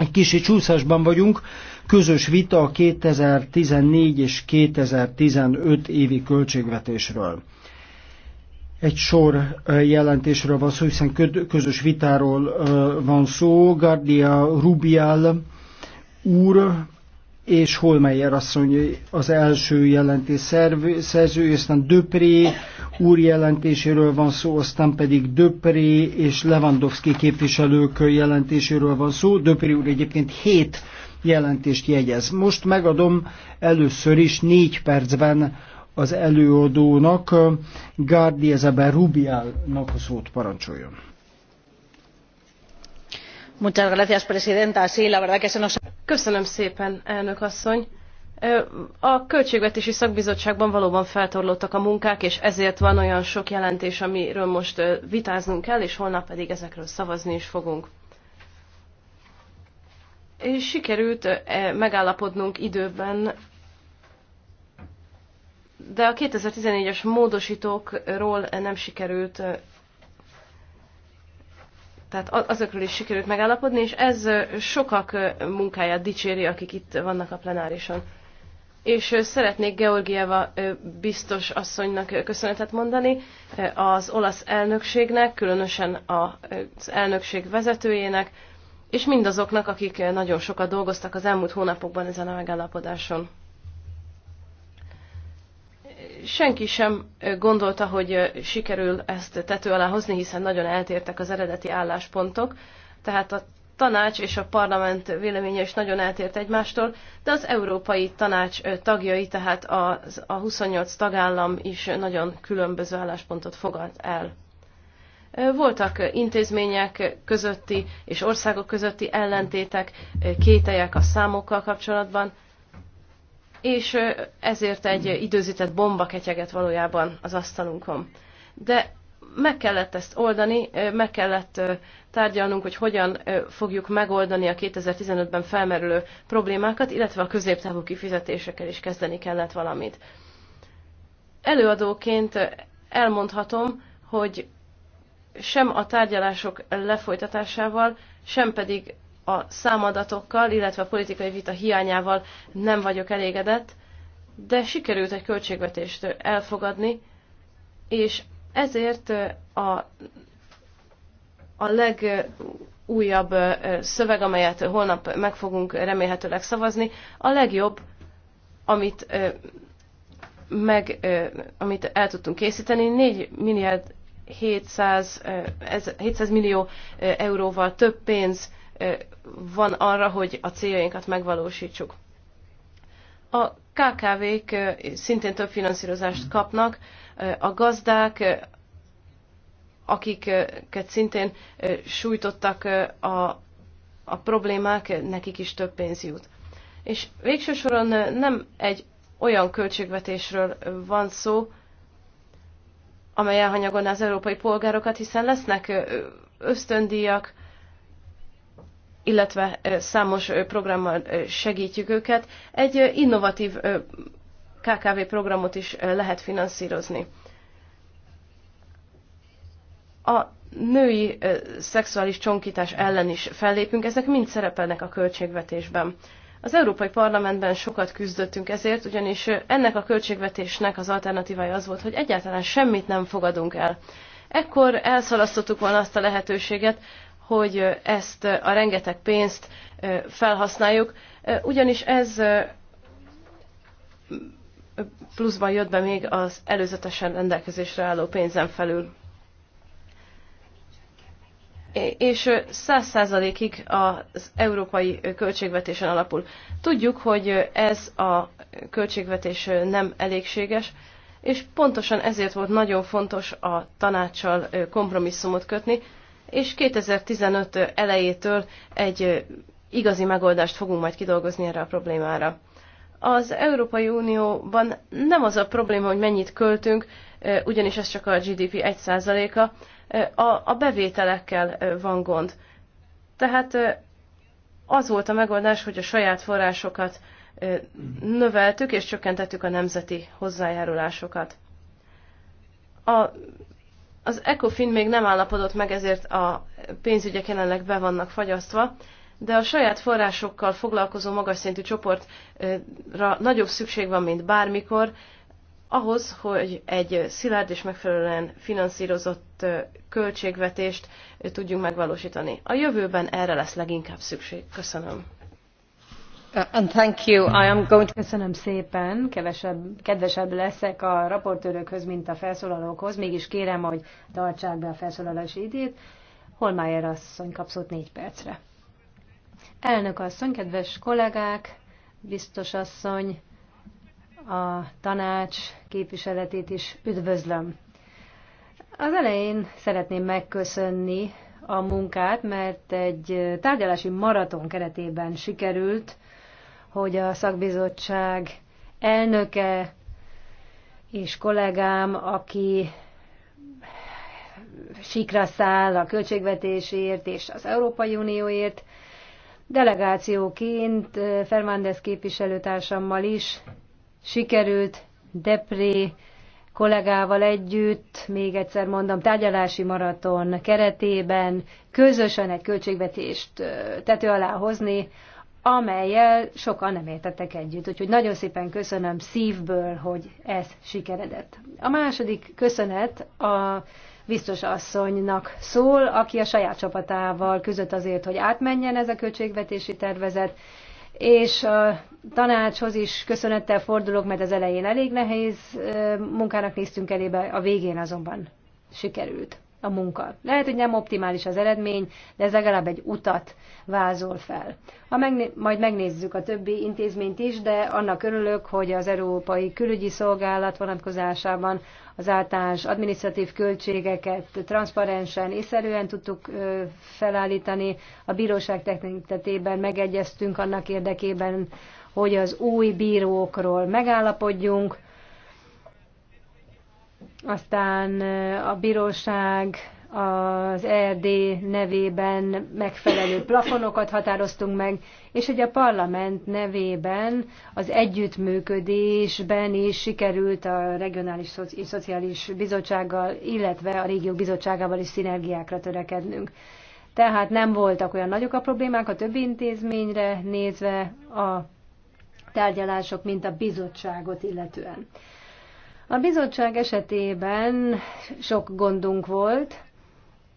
egy kicsi csúszásban vagyunk, közös vita a 2014 és 2015 évi költségvetésről. Egy sor jelentésről van szó, hiszen közös vitáról van szó. Gardia Rubial úr és Holmeyer asszony az első jelentés szerző, szerzője, aztán Döpré úr jelentéséről van szó, aztán pedig Döpré és Lewandowski képviselők jelentéséről van szó. Döpré úr egyébként hét jelentést jegyez. Most megadom először is négy percben az előadónak, Gárdi Ezeber Rubiálnak a szót parancsoljon. Köszönöm szépen, elnök asszony. A Költségvetési Szakbizottságban valóban feltorlódtak a munkák, és ezért van olyan sok jelentés, amiről most vitáznunk kell, és holnap pedig ezekről szavazni is fogunk. És sikerült e, megállapodnunk időben, de a fourteen es módostókról nem sikerült tehát azokról is sikerült megállapodni, és ez sokak munkáját dicséri, akik itt vannak a plenárison. És szeretnék Georgieva biztos asszonynak köszönetet mondani, az olasz elnökségnek, különösen az elnökség vezetőjének, és mindazoknak, akik nagyon sokat dolgoztak az elmúlt hónapokban ezen a megállapodáson senki sem gondolta, hogy sikerül ezt tető alá hozni, hiszen nagyon eltértek az eredeti álláspontok, tehát a tanács és a parlament véleménye is nagyon eltért egymástól, de az Európai Tanács tagjai, tehát a 28 tagállam is nagyon különböző álláspontot fogad el. Voltak intézmények közötti és országok közötti ellentétek, kételyek a számokkal kapcsolatban, és ezért egy időzített bomba ketyeget valójában az asztalunkon. De meg kellett ezt oldani, meg kellett tárgyalnunk, hogy hogyan fogjuk megoldani a 2015-ben felmerülő problémákat, illetve a középtávú kifizetésekkel is kezdeni kellett valamit. Előadóként elmondhatom, hogy sem a tárgyalások lefolytatásával, sem pedig a számadatokkal, illetve a politikai vita hiányával nem vagyok elégedett, de sikerült egy költségvetést elfogadni, és ezért a, a legújabb szöveg, amelyet holnap meg fogunk remélhetőleg szavazni, a legjobb, amit, meg, amit el tudtunk készíteni, 4 milliárd 700, 700 millió euróval több pénz van arra, hogy a céljainkat megvalósítsuk. A KKV-k szintén több finanszírozást kapnak, a gazdák, akiket szintén sújtottak a, a problémák, nekik is több pénz jut. És végső soron nem egy olyan költségvetésről van szó, amely elhanyagolná az európai polgárokat, hiszen lesznek ösztöndíjak, illetve számos programmal segítjük őket. Egy innovatív KKV programot is lehet finanszírozni. A női szexuális csonkítás ellen is fellépünk, ezek mind szerepelnek a költségvetésben. Az Európai Parlamentben sokat küzdöttünk ezért, ugyanis ennek a költségvetésnek az alternatívája az volt, hogy egyáltalán semmit nem fogadunk el. Ekkor elszalasztottuk volna azt a lehetőséget, hogy ezt a rengeteg pénzt felhasználjuk, ugyanis ez pluszban jött be még az előzetesen rendelkezésre álló pénzen felül. És száz százalékig az európai költségvetésen alapul. Tudjuk, hogy ez a költségvetés nem elégséges, és pontosan ezért volt nagyon fontos a tanácssal kompromisszumot kötni, és 2015 elejétől egy igazi megoldást fogunk majd kidolgozni erre a problémára. Az Európai Unióban nem az a probléma, hogy mennyit költünk, ugyanis ez csak a GDP 1%-a, a, a bevételekkel van gond. Tehát az volt a megoldás, hogy a saját forrásokat növeltük és csökkentettük a nemzeti hozzájárulásokat. A az ECOFIN még nem állapodott meg, ezért a pénzügyek jelenleg be vannak fagyasztva, de a saját forrásokkal foglalkozó magas szintű csoportra nagyobb szükség van, mint bármikor, ahhoz, hogy egy szilárd és megfelelően finanszírozott költségvetést tudjunk megvalósítani. A jövőben erre lesz leginkább szükség. Köszönöm. Uh, Köszönöm szépen, kedvesebb leszek a raportőrökhöz, mint a felszólalókhoz. Mégis kérem, hogy tartsák be a felszólalási időt holmeier asszony szót négy percre. Elnök asszony, kedves kollégák, biztos asszony, a tanács képviseletét is üdvözlöm. Az elején szeretném megköszönni a munkát, mert egy tárgyalási maraton keretében sikerült hogy a szakbizottság elnöke és kollégám, aki sikra száll a költségvetésért és az Európai Unióért, delegációként Fernández képviselőtársammal is sikerült Depré kollégával együtt, még egyszer mondom, tárgyalási maraton keretében közösen egy költségvetést tető alá hozni, amelyel sokan nem értettek együtt. Úgyhogy nagyon szépen köszönöm szívből, hogy ez sikeredett. A második köszönet a biztos asszonynak szól, aki a saját csapatával között azért, hogy átmenjen ez a költségvetési tervezet, és a tanácshoz is köszönettel fordulok, mert az elején elég nehéz munkának néztünk elébe, a végén azonban sikerült a munka. Lehet, hogy nem optimális az eredmény, de ez legalább egy utat vázol fel. Ha megné- majd megnézzük a többi intézményt is, de annak örülök, hogy az Európai Külügyi Szolgálat vonatkozásában az általános adminisztratív költségeket transzparensen, és szerűen tudtuk felállítani. A bíróság tekintetében megegyeztünk annak érdekében, hogy az új bírókról megállapodjunk, aztán a bíróság az ERD nevében megfelelő plafonokat határoztunk meg, és hogy a parlament nevében az együttműködésben is sikerült a Regionális és Szociális Bizottsággal, illetve a Régiók Bizottságával is szinergiákra törekednünk. Tehát nem voltak olyan nagyok a problémák a többi intézményre nézve a tárgyalások, mint a bizottságot illetően. A bizottság esetében sok gondunk volt,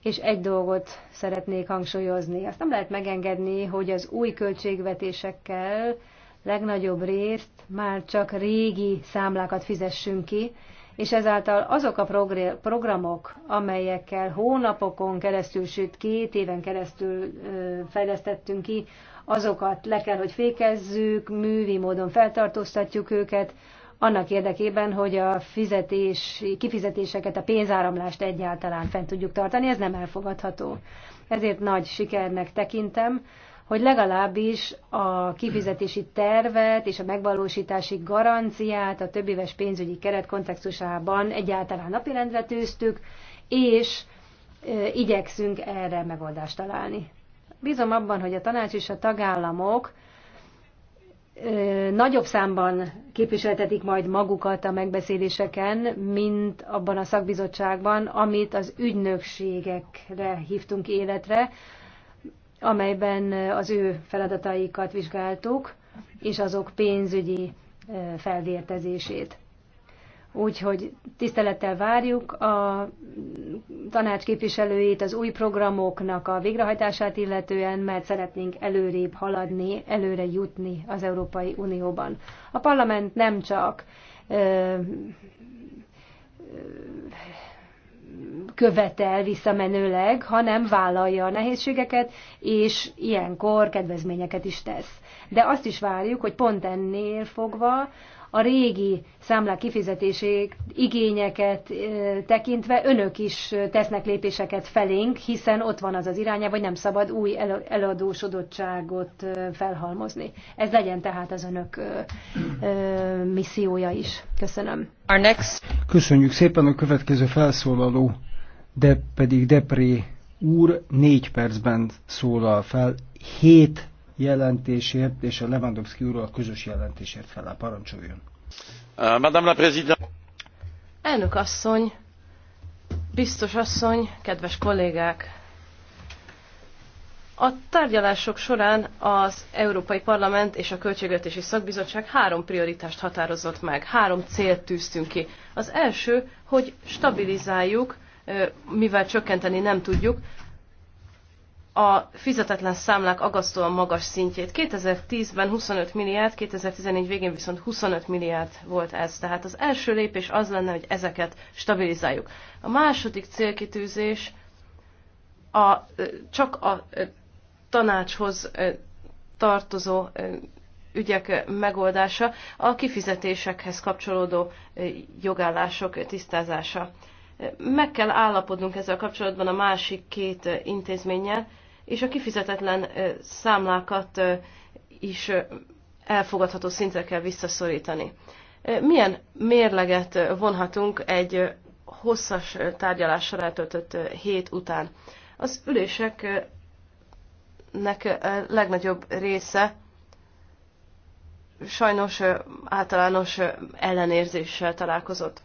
és egy dolgot szeretnék hangsúlyozni. Azt nem lehet megengedni, hogy az új költségvetésekkel legnagyobb részt már csak régi számlákat fizessünk ki, és ezáltal azok a programok, amelyekkel hónapokon keresztül, sőt két éven keresztül fejlesztettünk ki, azokat le kell, hogy fékezzük, művi módon feltartóztatjuk őket, annak érdekében, hogy a fizetés, kifizetéseket, a pénzáramlást egyáltalán fent tudjuk tartani, ez nem elfogadható. Ezért nagy sikernek tekintem, hogy legalábbis a kifizetési tervet és a megvalósítási garanciát a többéves pénzügyi keret kontextusában egyáltalán napirendre tűztük, és igyekszünk erre megoldást találni. Bízom abban, hogy a tanács és a tagállamok nagyobb számban képviseltetik majd magukat a megbeszéléseken, mint abban a szakbizottságban, amit az ügynökségekre hívtunk életre, amelyben az ő feladataikat vizsgáltuk, és azok pénzügyi felvértezését. Úgyhogy tisztelettel várjuk a tanácsképviselőjét az új programoknak a végrehajtását illetően, mert szeretnénk előrébb haladni, előre jutni az Európai Unióban. A parlament nem csak ö, ö, követel visszamenőleg, hanem vállalja a nehézségeket, és ilyenkor kedvezményeket is tesz. De azt is várjuk, hogy pont ennél fogva a régi számlák kifizetési igényeket tekintve önök is tesznek lépéseket felénk, hiszen ott van az az iránya, hogy nem szabad új eladósodottságot felhalmozni. Ez legyen tehát az önök missziója is. Köszönöm. Our next... Köszönjük szépen a következő felszólaló, de pedig Depré úr négy percben szólal fel, hét jelentésért és a Lewandowski úrral közös jelentésért fel parancsoljon. Madame la Présidente. Elnök asszony, biztos asszony, kedves kollégák! A tárgyalások során az Európai Parlament és a Költségvetési Szakbizottság három prioritást határozott meg, három célt tűztünk ki. Az első, hogy stabilizáljuk, mivel csökkenteni nem tudjuk, a fizetetlen számlák agasztóan magas szintjét. 2010-ben 25 milliárd, 2014 végén viszont 25 milliárd volt ez. Tehát az első lépés az lenne, hogy ezeket stabilizáljuk. A második célkitűzés a, csak a tanácshoz tartozó ügyek megoldása, a kifizetésekhez kapcsolódó jogállások tisztázása. Meg kell állapodnunk ezzel kapcsolatban a másik két intézménnyel, és a kifizetetlen számlákat is elfogadható szintre kell visszaszorítani. Milyen mérleget vonhatunk egy hosszas tárgyalással eltöltött hét után? Az üléseknek legnagyobb része sajnos általános ellenérzéssel találkozott.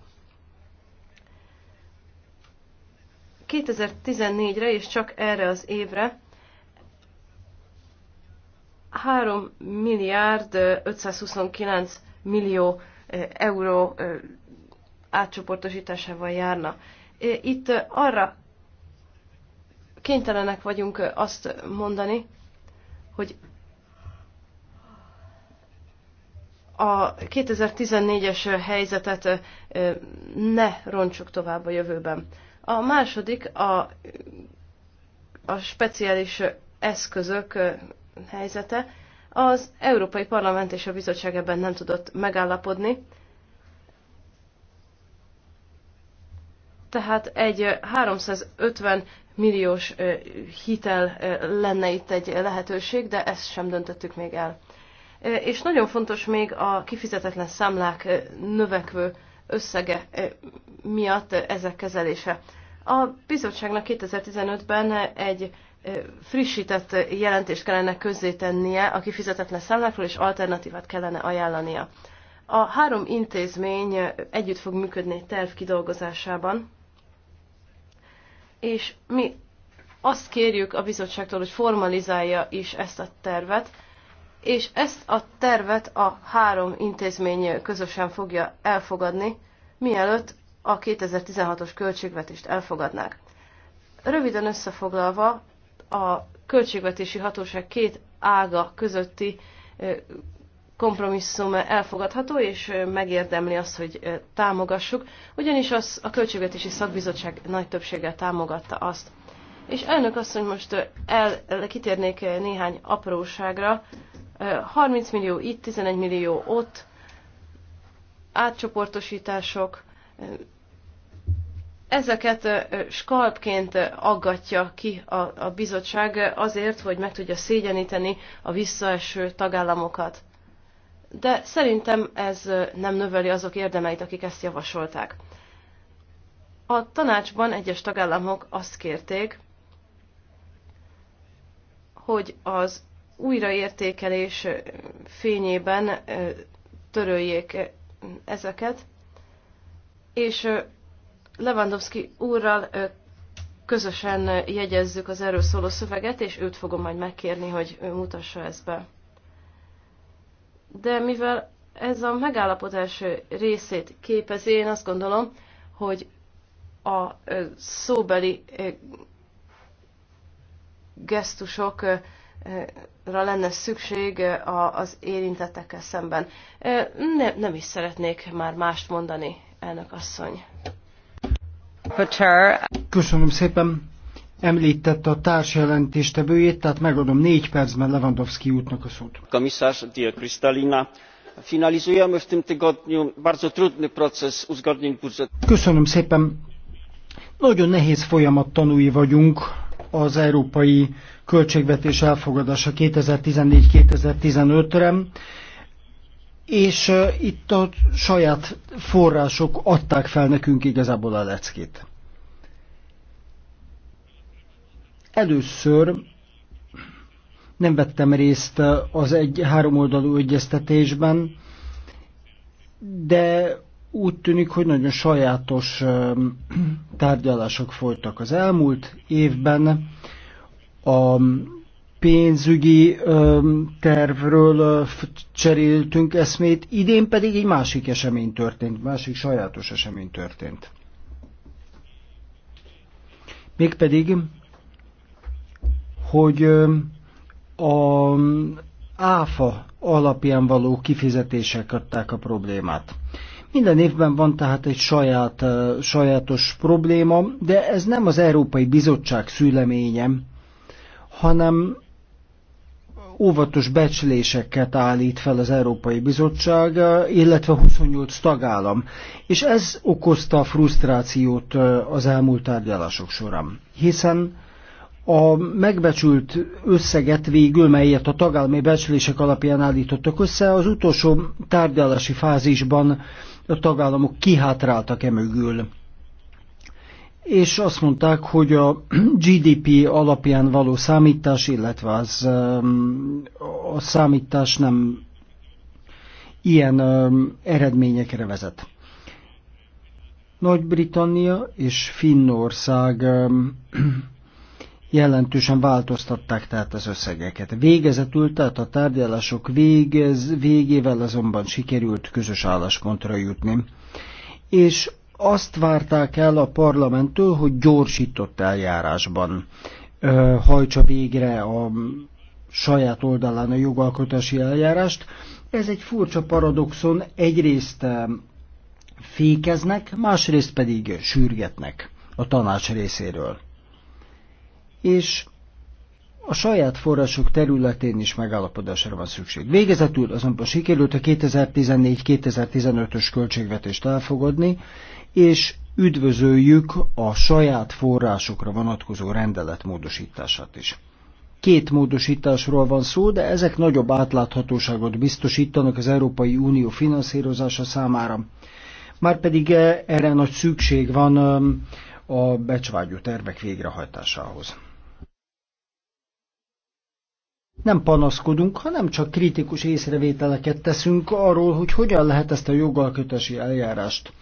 2014-re és csak erre az évre 3 milliárd 529 millió euró átcsoportosításával járna. Itt arra kénytelenek vagyunk azt mondani, hogy a 2014-es helyzetet ne roncsuk tovább a jövőben. A második a, a speciális eszközök helyzete. Az Európai Parlament és a Bizottság ebben nem tudott megállapodni, tehát egy 350 milliós hitel lenne itt egy lehetőség, de ezt sem döntöttük még el. És nagyon fontos még a kifizetetlen számlák növekvő összege miatt ezek kezelése. A bizottságnak 2015-ben egy frissített jelentést kellene közzétennie a kifizetetlen számlákról, és alternatívát kellene ajánlania. A három intézmény együtt fog működni egy terv kidolgozásában, és mi azt kérjük a bizottságtól, hogy formalizálja is ezt a tervet, és ezt a tervet a három intézmény közösen fogja elfogadni, mielőtt a 2016-os költségvetést elfogadnák. Röviden összefoglalva, a költségvetési hatóság két ága közötti kompromisszum elfogadható, és megérdemli azt, hogy támogassuk, ugyanis az a Költségvetési Szakbizottság nagy többséggel támogatta azt. És elnök azt, hogy most el, kitérnék néhány apróságra. 30 millió itt, 11 millió ott, átcsoportosítások, Ezeket skalpként aggatja ki a, a bizottság azért, hogy meg tudja szégyeníteni a visszaeső tagállamokat. De szerintem ez nem növeli azok érdemeit, akik ezt javasolták. A tanácsban egyes tagállamok azt kérték, hogy az újraértékelés fényében töröljék ezeket, és Lewandowski úrral közösen jegyezzük az erről szóló szöveget, és őt fogom majd megkérni, hogy ő mutassa ezt be. De mivel ez a megállapodás részét képezi, én azt gondolom, hogy a szóbeli gesztusokra lenne szükség az érintettekkel szemben. Nem is szeretnék már mást mondani, elnök asszony. Köszönöm szépen. Említette a tevőjét, tehát megadom négy percben Lewandowski útnak a szót. Komisarz Dia Kristalina, finalizujemy w tym tygodniu bardzo trudny proces uzgodnień budżetowych. Köszönöm szépen. Nagyon nehéz folyamat tanúi vagyunk az európai költségvetés elfogadása 2014-2015-re és itt a saját források adták fel nekünk igazából a leckét. Először nem vettem részt az egy háromoldalú egyeztetésben, de úgy tűnik, hogy nagyon sajátos tárgyalások folytak az elmúlt évben. A pénzügyi tervről cseréltünk eszmét, idén pedig egy másik esemény történt, másik sajátos esemény történt. Mégpedig, hogy a áfa alapján való kifizetések adták a problémát. Minden évben van tehát egy saját, sajátos probléma, de ez nem az Európai Bizottság szüleménye, hanem óvatos becsléseket állít fel az Európai Bizottság, illetve 28 tagállam, és ez okozta a frusztrációt az elmúlt tárgyalások során, hiszen a megbecsült összeget végül, melyet a tagállami becslések alapján állítottak össze, az utolsó tárgyalási fázisban a tagállamok kihátráltak emögül és azt mondták, hogy a GDP alapján való számítás, illetve az um, a számítás nem ilyen um, eredményekre vezet. Nagy-Britannia és Finnország um, jelentősen változtatták tehát az összegeket. Végezetül, tehát a tárgyalások végez, végével azonban sikerült közös álláspontra jutni. És azt várták el a parlamenttől, hogy gyorsított eljárásban ö, hajtsa végre a saját oldalán a jogalkotási eljárást. Ez egy furcsa paradoxon, egyrészt fékeznek, másrészt pedig sürgetnek a tanács részéről. És a saját források területén is megállapodásra van szükség. Végezetül azonban sikerült a 2014-2015-ös költségvetést elfogadni, és üdvözöljük a saját forrásokra vonatkozó rendelet módosítását is. Két módosításról van szó, de ezek nagyobb átláthatóságot biztosítanak az Európai Unió finanszírozása számára. Márpedig eh, erre nagy szükség van eh, a becsvágyó tervek végrehajtásához nem panaszkodunk, hanem csak kritikus észrevételeket teszünk arról, hogy hogyan lehet ezt a jogalkötési eljárást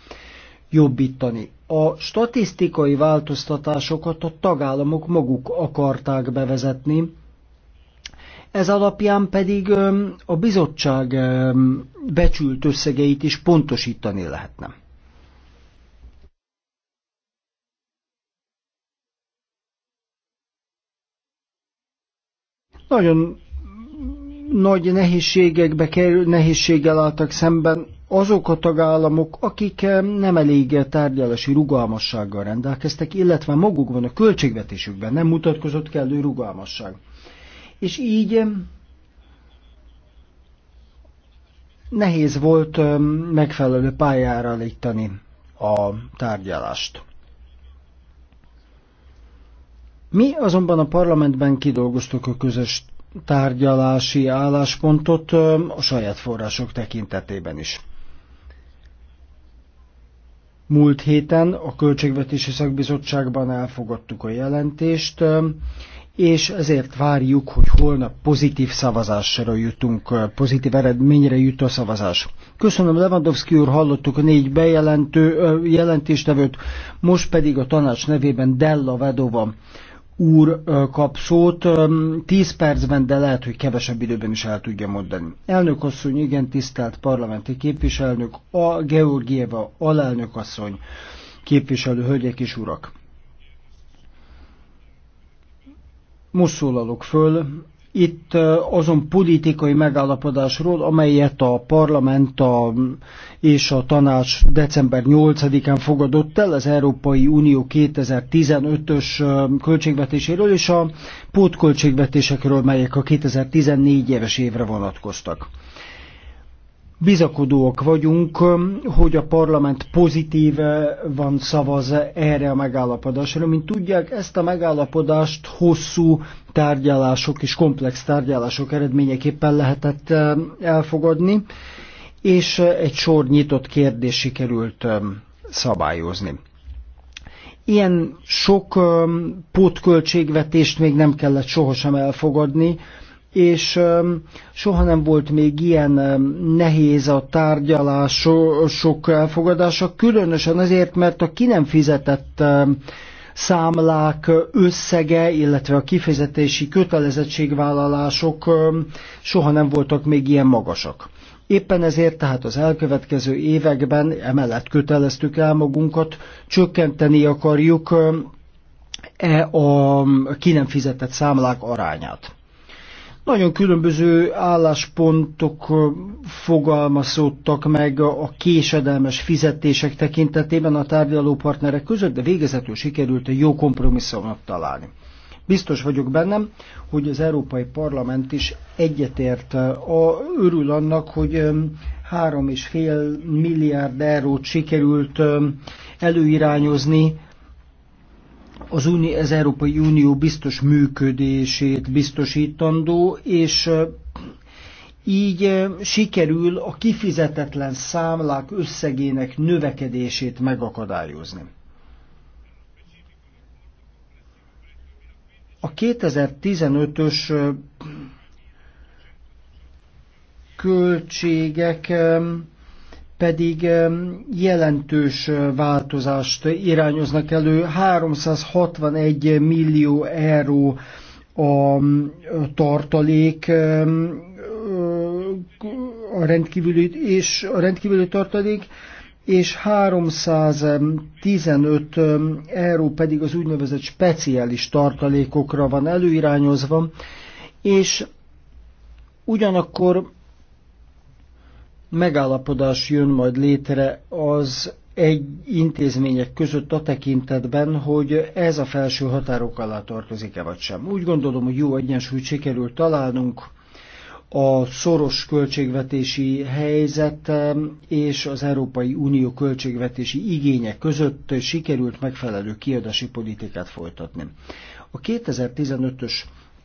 jobbítani. A statisztikai változtatásokat a tagállamok maguk akarták bevezetni, ez alapján pedig a bizottság becsült összegeit is pontosítani lehetne. Nagyon nagy nehézségekbe kerül, nehézséggel álltak szemben azok a tagállamok, akik eh, nem elég tárgyalási rugalmassággal rendelkeztek, illetve magukban a költségvetésükben nem mutatkozott kellő rugalmasság. És így eh, nehéz volt eh, megfelelő pályára állítani a tárgyalást. Mi azonban a parlamentben kidolgoztuk a közös tárgyalási álláspontot a saját források tekintetében is. Múlt héten a Költségvetési Szakbizottságban elfogadtuk a jelentést, és ezért várjuk, hogy holnap pozitív szavazásra jutunk, pozitív eredményre jut a szavazás. Köszönöm Lewandowski úr, hallottuk a négy bejelentő jelentéstevőt, most pedig a tanács nevében Della Vedova úr kap szót, 10 percben, de lehet, hogy kevesebb időben is el tudja mondani. Elnök asszony, igen, tisztelt parlamenti képviselők, a Georgieva alelnök asszony, képviselő hölgyek és urak. Most szólalok föl itt azon politikai megállapodásról, amelyet a parlament a, és a tanács december 8-án fogadott el az Európai Unió 2015-ös költségvetéséről és a pótköltségvetésekről, melyek a 2014 éves évre vonatkoztak bizakodóak vagyunk, um, hogy a parlament pozitíve van szavaz erre a megállapodásra. Mint tudják, ezt a megállapodást hosszú tárgyalások és komplex tárgyalások eredményeképpen lehetett um, elfogadni, és uh, egy sor nyitott kérdés sikerült um, szabályozni. Ilyen sok pótköltségvetést még nem kellett sohasem elfogadni, és soha nem volt még ilyen nehéz a tárgyalások elfogadása, különösen azért, mert a ki nem fizetett számlák összege, illetve a kifizetési kötelezettségvállalások soha nem voltak még ilyen magasak. Éppen ezért tehát az elkövetkező években emellett köteleztük el magunkat, csökkenteni akarjuk e a ki nem fizetett számlák arányát. Nagyon különböző álláspontok fogalmazódtak meg a késedelmes fizetések tekintetében a tárgyaló partnerek között, de végezetül sikerült egy jó kompromisszumot találni. Biztos vagyok bennem, hogy az Európai Parlament is egyetért a, örül annak, hogy 3,5 milliárd eurót sikerült előirányozni az, Uni, az Európai Unió biztos működését biztosítandó, és így sikerül a kifizetetlen számlák összegének növekedését megakadályozni. A 2015-ös költségek pedig jelentős változást irányoznak elő. 361 millió euró a tartalék a rendkívüli, és a rendkívüli tartalék, és 315 euró pedig az úgynevezett speciális tartalékokra van előirányozva, és ugyanakkor megállapodás jön majd létre az egy intézmények között a tekintetben, hogy ez a felső határok alá tartozik-e vagy sem. Úgy gondolom, hogy jó egyensúlyt sikerült találnunk a szoros költségvetési helyzet és az Európai Unió költségvetési igénye között sikerült megfelelő kiadási politikát folytatni. A 2015-ös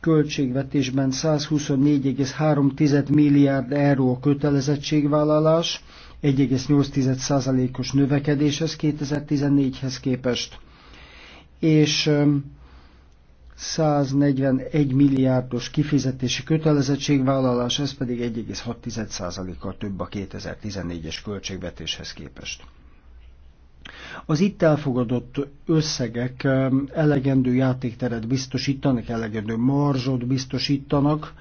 költségvetésben 124,3 milliárd euró a kötelezettségvállalás, 1,8%-os növekedéshez 2014-hez képest, és 141 milliárdos kifizetési kötelezettségvállalás, ez pedig 1,6%-kal több a 2014-es költségvetéshez képest. Az itt elfogadott összegek elegendő játékteret biztosítanak, elegendő marzsot biztosítanak,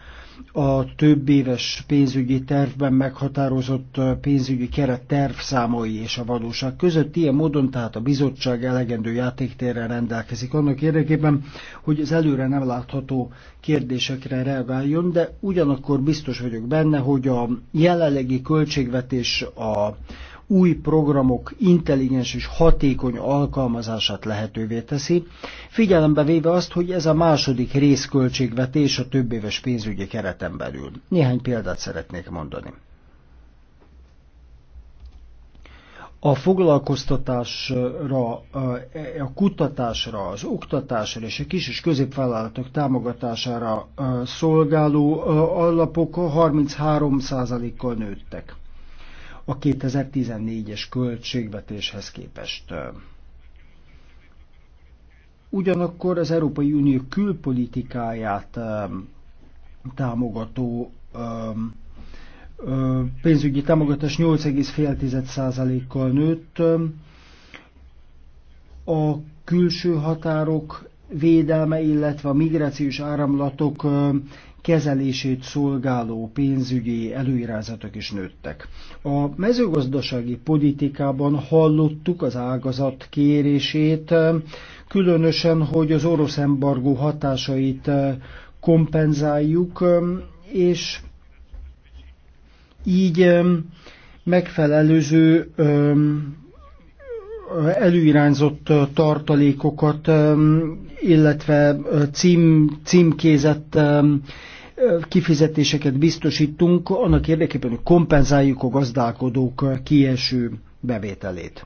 a több éves pénzügyi tervben meghatározott pénzügyi keret számai és a valóság között. Ilyen módon tehát a bizottság elegendő játéktérrel rendelkezik annak érdekében, hogy az előre nem látható kérdésekre reagáljon, de ugyanakkor biztos vagyok benne, hogy a jelenlegi költségvetés a új programok intelligens és hatékony alkalmazását lehetővé teszi, figyelembe véve azt, hogy ez a második részköltségvetés a többéves pénzügyi kereten belül. Néhány példát szeretnék mondani. a foglalkoztatásra, a kutatásra, az oktatásra és a kis és középvállalatok támogatására szolgáló alapok 33%-kal nőttek a 2014-es költségvetéshez képest. Ugyanakkor az Európai Unió külpolitikáját támogató pénzügyi támogatás 8,5%-kal nőtt. A külső határok védelme, illetve a migrációs áramlatok kezelését szolgáló pénzügyi előirányzatok is nőttek. A mezőgazdasági politikában hallottuk az ágazat kérését, különösen, hogy az orosz embargó hatásait eh, kompenzáljuk, eh, és így eh, megfelelőző előirányzott tartalékokat, illetve cím, címkézett kifizetéseket biztosítunk, annak érdekében, hogy kompenzáljuk a gazdálkodók kieső bevételét.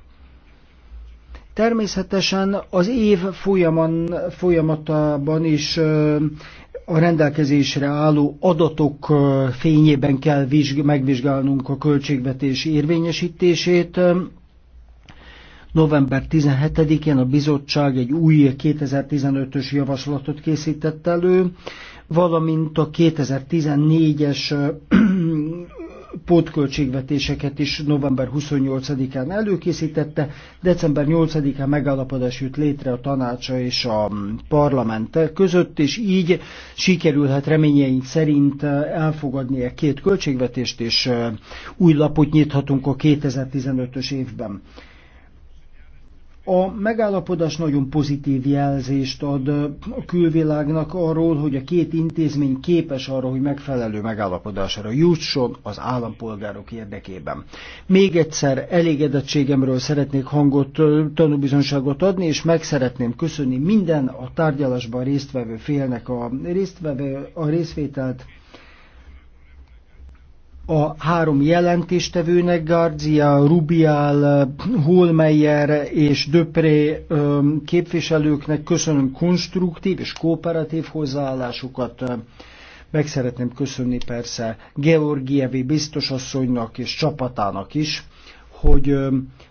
Természetesen az év folyaman, folyamatában is a rendelkezésre álló adatok fényében kell vizsg- megvizsgálnunk a költségvetés érvényesítését, November 17-én a bizottság egy új 2015-ös javaslatot készített elő, valamint a 2014-es pótköltségvetéseket is november 28-án előkészítette, december 8-án megállapodás jut létre a tanácsa és a parlament között, és így sikerülhet reményeink szerint elfogadni a e két költségvetést, és új lapot nyithatunk a 2015-ös évben. A megállapodás nagyon pozitív jelzést ad a külvilágnak arról, hogy a két intézmény képes arra, hogy megfelelő megállapodásra jusson az állampolgárok érdekében. Még egyszer elégedettségemről szeretnék hangot, tanúbizonságot adni, és meg szeretném köszönni minden a tárgyalásban résztvevő félnek a, résztvevő, a részvételt, a három jelentéstevőnek, Garcia, Rubial, Holmeyer és Döpré képviselőknek köszönöm konstruktív és kooperatív hozzáállásukat. Meg szeretném köszönni persze Georgievi biztosasszonynak és csapatának is hogy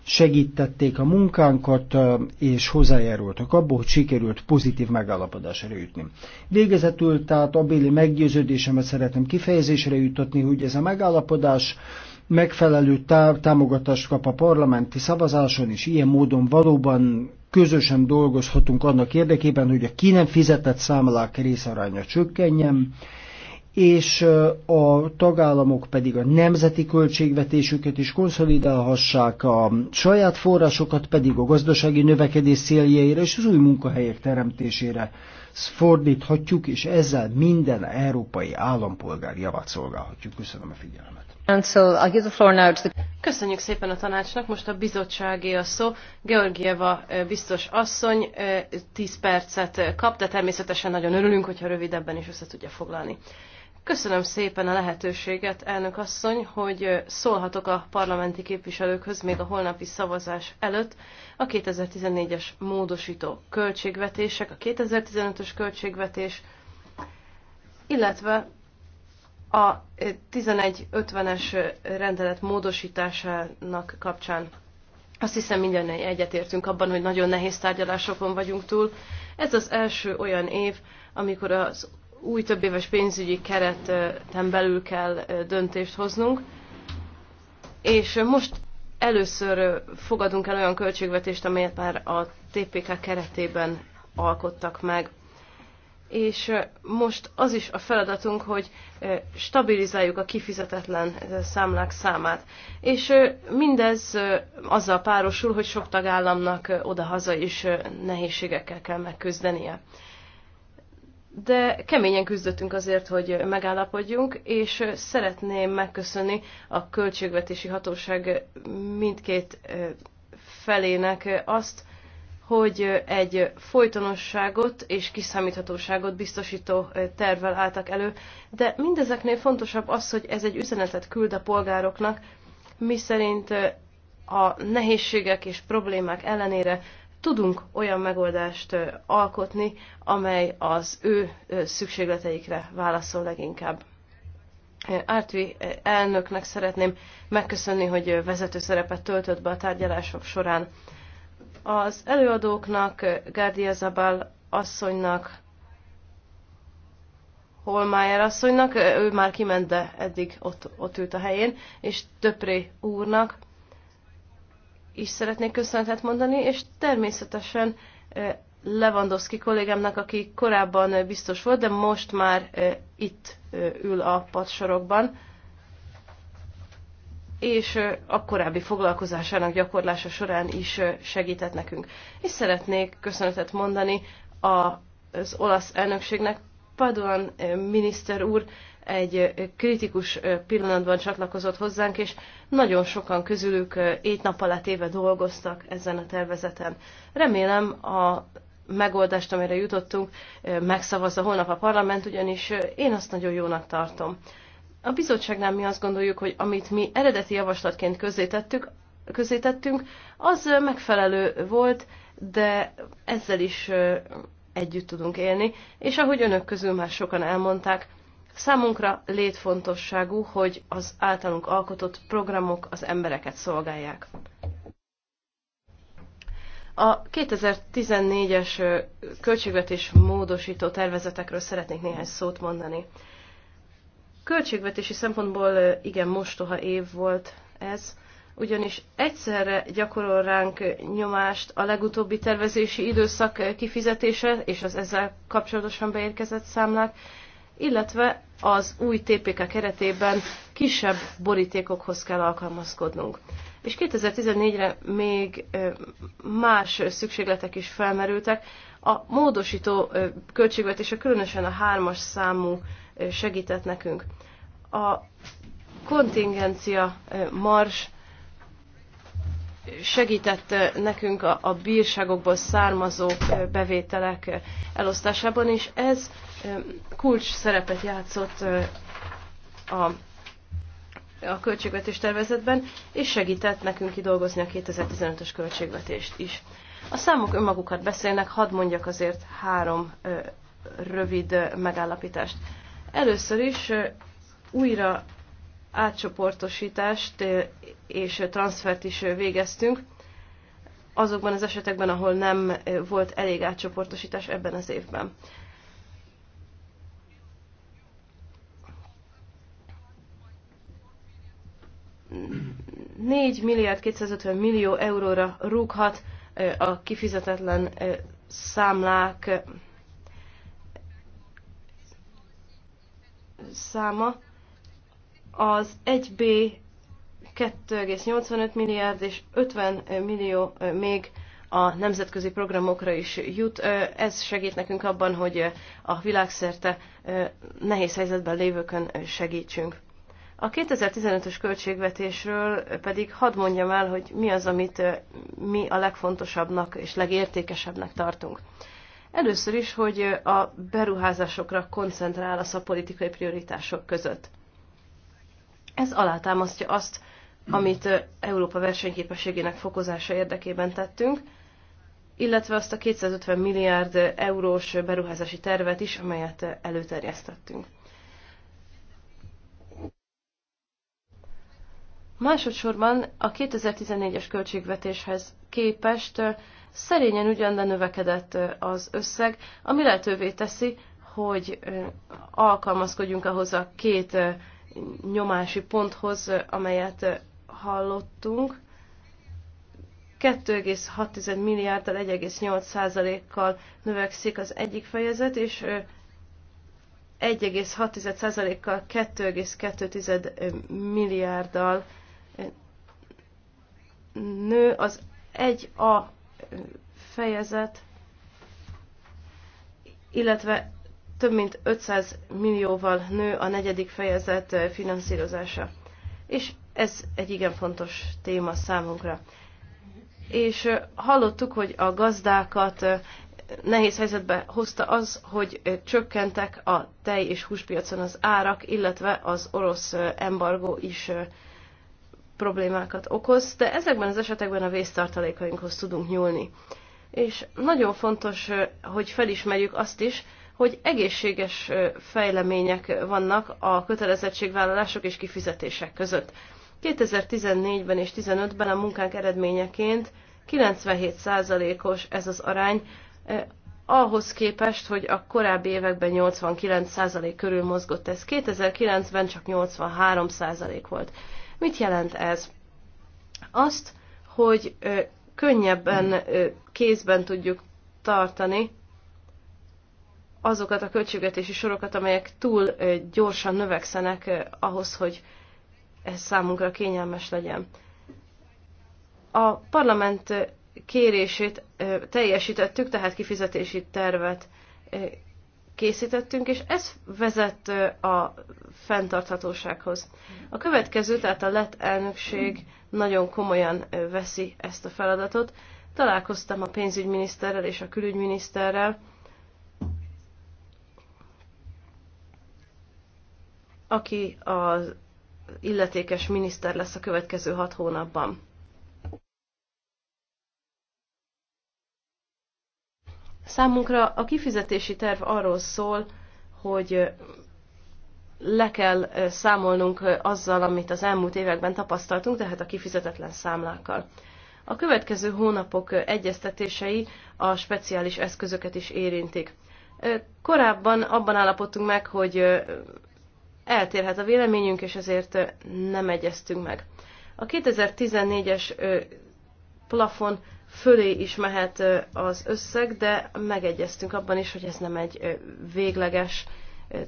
segítették a munkánkat, és hozzájárultak abból, hogy sikerült pozitív megállapodásra jutni. Végezetül tehát béli meggyőződésemet szeretném kifejezésre jutatni, hogy ez a megállapodás megfelelő támogatást kap a parlamenti szavazáson, és ilyen módon valóban közösen dolgozhatunk annak érdekében, hogy a ki nem fizetett számlák részaránya csökkenjen, és a tagállamok pedig a nemzeti költségvetésüket is konszolidálhassák, a saját forrásokat pedig a gazdasági növekedés céljaira és az új munkahelyek teremtésére fordíthatjuk, és ezzel minden európai állampolgár javát szolgálhatjuk. Köszönöm a figyelmet. Köszönjük szépen a tanácsnak, most a bizottságé a szó. Georgieva biztos asszony 10 percet kap, de természetesen nagyon örülünk, hogyha rövidebben is össze tudja foglalni. Köszönöm szépen a lehetőséget, elnök asszony, hogy szólhatok a parlamenti képviselőkhöz még a holnapi szavazás előtt a 2014-es módosító költségvetések, a 2015-ös költségvetés, illetve a 1150-es rendelet módosításának kapcsán. Azt hiszem minden egyetértünk abban, hogy nagyon nehéz tárgyalásokon vagyunk túl. Ez az első olyan év, amikor az új többéves pénzügyi kereten belül kell döntést hoznunk, és most először fogadunk el olyan költségvetést, amelyet már a TPK keretében alkottak meg. És most az is a feladatunk, hogy stabilizáljuk a kifizetetlen számlák számát. És mindez azzal párosul, hogy sok tagállamnak oda-haza is nehézségekkel kell megküzdenie de keményen küzdöttünk azért, hogy megállapodjunk, és szeretném megköszönni a Költségvetési Hatóság mindkét felének azt, hogy egy folytonosságot és kiszámíthatóságot biztosító tervvel álltak elő, de mindezeknél fontosabb az, hogy ez egy üzenetet küld a polgároknak, miszerint a nehézségek és problémák ellenére tudunk olyan megoldást alkotni, amely az ő szükségleteikre válaszol leginkább. Ártvi elnöknek szeretném megköszönni, hogy vezető szerepet töltött be a tárgyalások során. Az előadóknak, Gárdia Zabal asszonynak, Holmájer asszonynak, ő már kiment, de eddig ott, ott ült a helyén, és Töpré úrnak, is szeretnék köszönetet mondani, és természetesen Lewandowski kollégámnak, aki korábban biztos volt, de most már itt ül a padsorokban, és a korábbi foglalkozásának gyakorlása során is segített nekünk. És szeretnék köszönetet mondani az olasz elnökségnek, Paduan miniszter úr egy kritikus pillanatban csatlakozott hozzánk, és nagyon sokan közülük ét nap alatt éve dolgoztak ezen a tervezeten. Remélem a megoldást, amire jutottunk, megszavazza holnap a parlament, ugyanis én azt nagyon jónak tartom. A bizottságnál mi azt gondoljuk, hogy amit mi eredeti javaslatként közzétettük, közzétettünk, az megfelelő volt, de ezzel is együtt tudunk élni, és ahogy önök közül már sokan elmondták, Számunkra létfontosságú, hogy az általunk alkotott programok az embereket szolgálják. A 2014-es költségvetés módosító tervezetekről szeretnék néhány szót mondani. Költségvetési szempontból igen mostoha év volt ez, ugyanis egyszerre gyakorol ránk nyomást a legutóbbi tervezési időszak kifizetése és az ezzel kapcsolatosan beérkezett számlák, illetve az új TPK keretében kisebb borítékokhoz kell alkalmazkodnunk. És 2014-re még más szükségletek is felmerültek. A módosító költségvetése különösen a hármas számú segített nekünk. A kontingencia mars segített eh, nekünk a, a bírságokból származó eh, bevételek eh, elosztásában, és ez kulcs szerepet játszott a, a költségvetés tervezetben, és segített nekünk kidolgozni a 2015-ös költségvetést is. A számok önmagukat beszélnek, hadd mondjak azért három rövid megállapítást. Először is újra átcsoportosítást és transfert is végeztünk, azokban az esetekben, ahol nem volt elég átcsoportosítás ebben az évben. Négy milliárd 250 millió euróra rúghat a kifizetetlen számlák száma az 1B 2,85 milliárd és 50 millió még a nemzetközi programokra is jut. Ez segít nekünk abban, hogy a világszerte nehéz helyzetben lévőkön segítsünk. A 2015-ös költségvetésről pedig hadd mondjam el, hogy mi az, amit mi a legfontosabbnak és legértékesebbnek tartunk. Először is, hogy a beruházásokra koncentrál a politikai prioritások között. Ez alátámasztja azt, amit Európa versenyképességének fokozása érdekében tettünk, illetve azt a 250 milliárd eurós beruházási tervet is, amelyet előterjesztettünk. Másodszorban a 2014-es költségvetéshez képest szerényen ugyan, de növekedett az összeg, ami lehetővé teszi, hogy alkalmazkodjunk ahhoz a két nyomási ponthoz, amelyet hallottunk. 2,6 milliárddal 1,8%-kal növekszik az egyik fejezet, és 1,6%-kal 2,2 milliárddal nő az 1A fejezet, illetve több mint 500 millióval nő a negyedik fejezet eh, finanszírozása. És ez egy igen fontos téma számunkra. És eh, hallottuk, hogy a gazdákat eh, nehéz helyzetbe hozta az, hogy csökkentek a tej és húspiacon az árak, illetve az orosz embargó is problémákat okoz, de ezekben az esetekben a vésztartalékainkhoz tudunk nyúlni. És nagyon fontos, hogy felismerjük azt is, hogy egészséges fejlemények vannak a kötelezettségvállalások és kifizetések között. 2014-ben és 2015-ben a munkánk eredményeként 97%-os ez az arány, ahhoz képest, hogy a korábbi években 89% körül mozgott ez. 2009-ben csak 83% volt. Mit jelent ez? Azt, hogy könnyebben kézben tudjuk tartani azokat a költségvetési sorokat, amelyek túl gyorsan növekszenek ahhoz, hogy ez számunkra kényelmes legyen. A parlament kérését teljesítettük, tehát kifizetési tervet készítettünk, és ez vezet a fenntarthatósághoz. A következő, tehát a lett elnökség nagyon komolyan veszi ezt a feladatot. Találkoztam a pénzügyminiszterrel és a külügyminiszterrel, aki az illetékes miniszter lesz a következő hat hónapban. Számunkra a kifizetési terv arról szól, hogy le kell számolnunk azzal, amit az elmúlt években tapasztaltunk, tehát a kifizetetlen számlákkal. A következő hónapok egyeztetései a speciális eszközöket is érintik. Korábban abban állapodtunk meg, hogy eltérhet a véleményünk, és ezért nem egyeztünk meg. A 2014-es plafon fölé is mehet az összeg, de megegyeztünk abban is, hogy ez nem egy végleges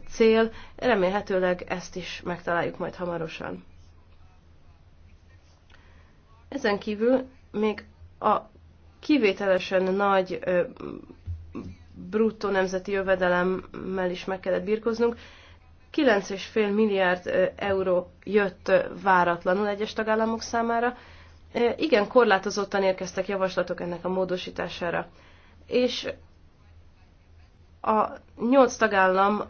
cél. Remélhetőleg ezt is megtaláljuk majd hamarosan. Ezen kívül még a kivételesen nagy bruttó nemzeti jövedelemmel is meg kellett birkoznunk. 9,5 milliárd euró jött váratlanul egyes tagállamok számára. Igen, korlátozottan érkeztek javaslatok ennek a módosítására. És a nyolc tagállam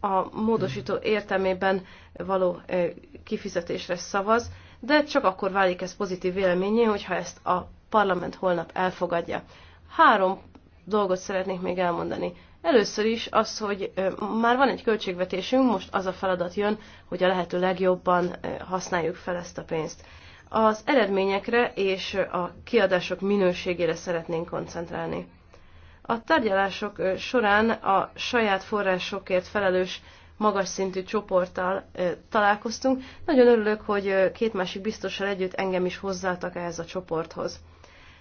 a módosító értelmében való kifizetésre szavaz, de csak akkor válik ez pozitív véleményé, hogyha ezt a parlament holnap elfogadja. Három dolgot szeretnék még elmondani. Először is az, hogy már van egy költségvetésünk, most az a feladat jön, hogy a lehető legjobban használjuk fel ezt a pénzt. Az eredményekre és a kiadások minőségére szeretnénk koncentrálni. A tárgyalások során a saját forrásokért felelős magas szintű csoporttal találkoztunk. Nagyon örülök, hogy két másik biztossal együtt engem is hozzáltak ehhez a csoporthoz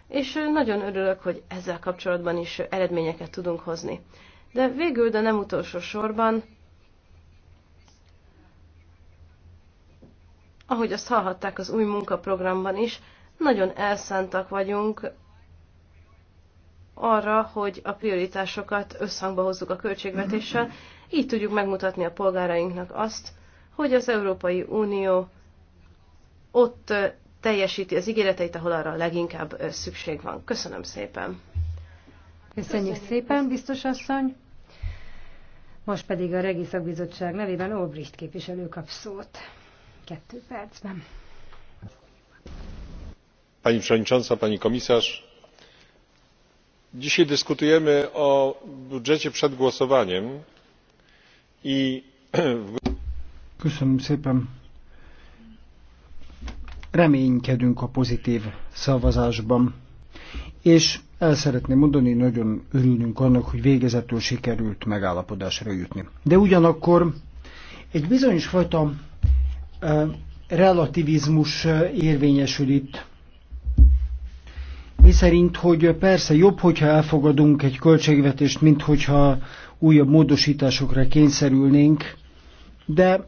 és nagyon örülök, hogy ezzel kapcsolatban is eredményeket tudunk hozni. De végül, de nem utolsó sorban, ahogy azt hallhatták az új munkaprogramban is, nagyon elszántak vagyunk arra, hogy a prioritásokat összhangba hozzuk a költségvetéssel, így tudjuk megmutatni a polgárainknak azt, hogy az Európai Unió ott teljesíti az ígéreteit, ahol arra leginkább szükség van. Köszönöm szépen! Köszönjük szépen, biztos asszony! Most pedig a Regiszak Bizottság nevében Olbricht képviselő kap szót. Kettő percben. Pani Przewodnicząca, Pani Komisarz! Dzisiaj dyskutujemy o budżecie przed głosowaniem i... Köszönöm szépen! reménykedünk a pozitív szavazásban. És el szeretném mondani, nagyon örülünk annak, hogy végezetül sikerült megállapodásra jutni. De ugyanakkor egy bizonyos fajta relativizmus érvényesül itt, szerint, hogy persze jobb, hogyha elfogadunk egy költségvetést, mint hogyha újabb módosításokra kényszerülnénk, de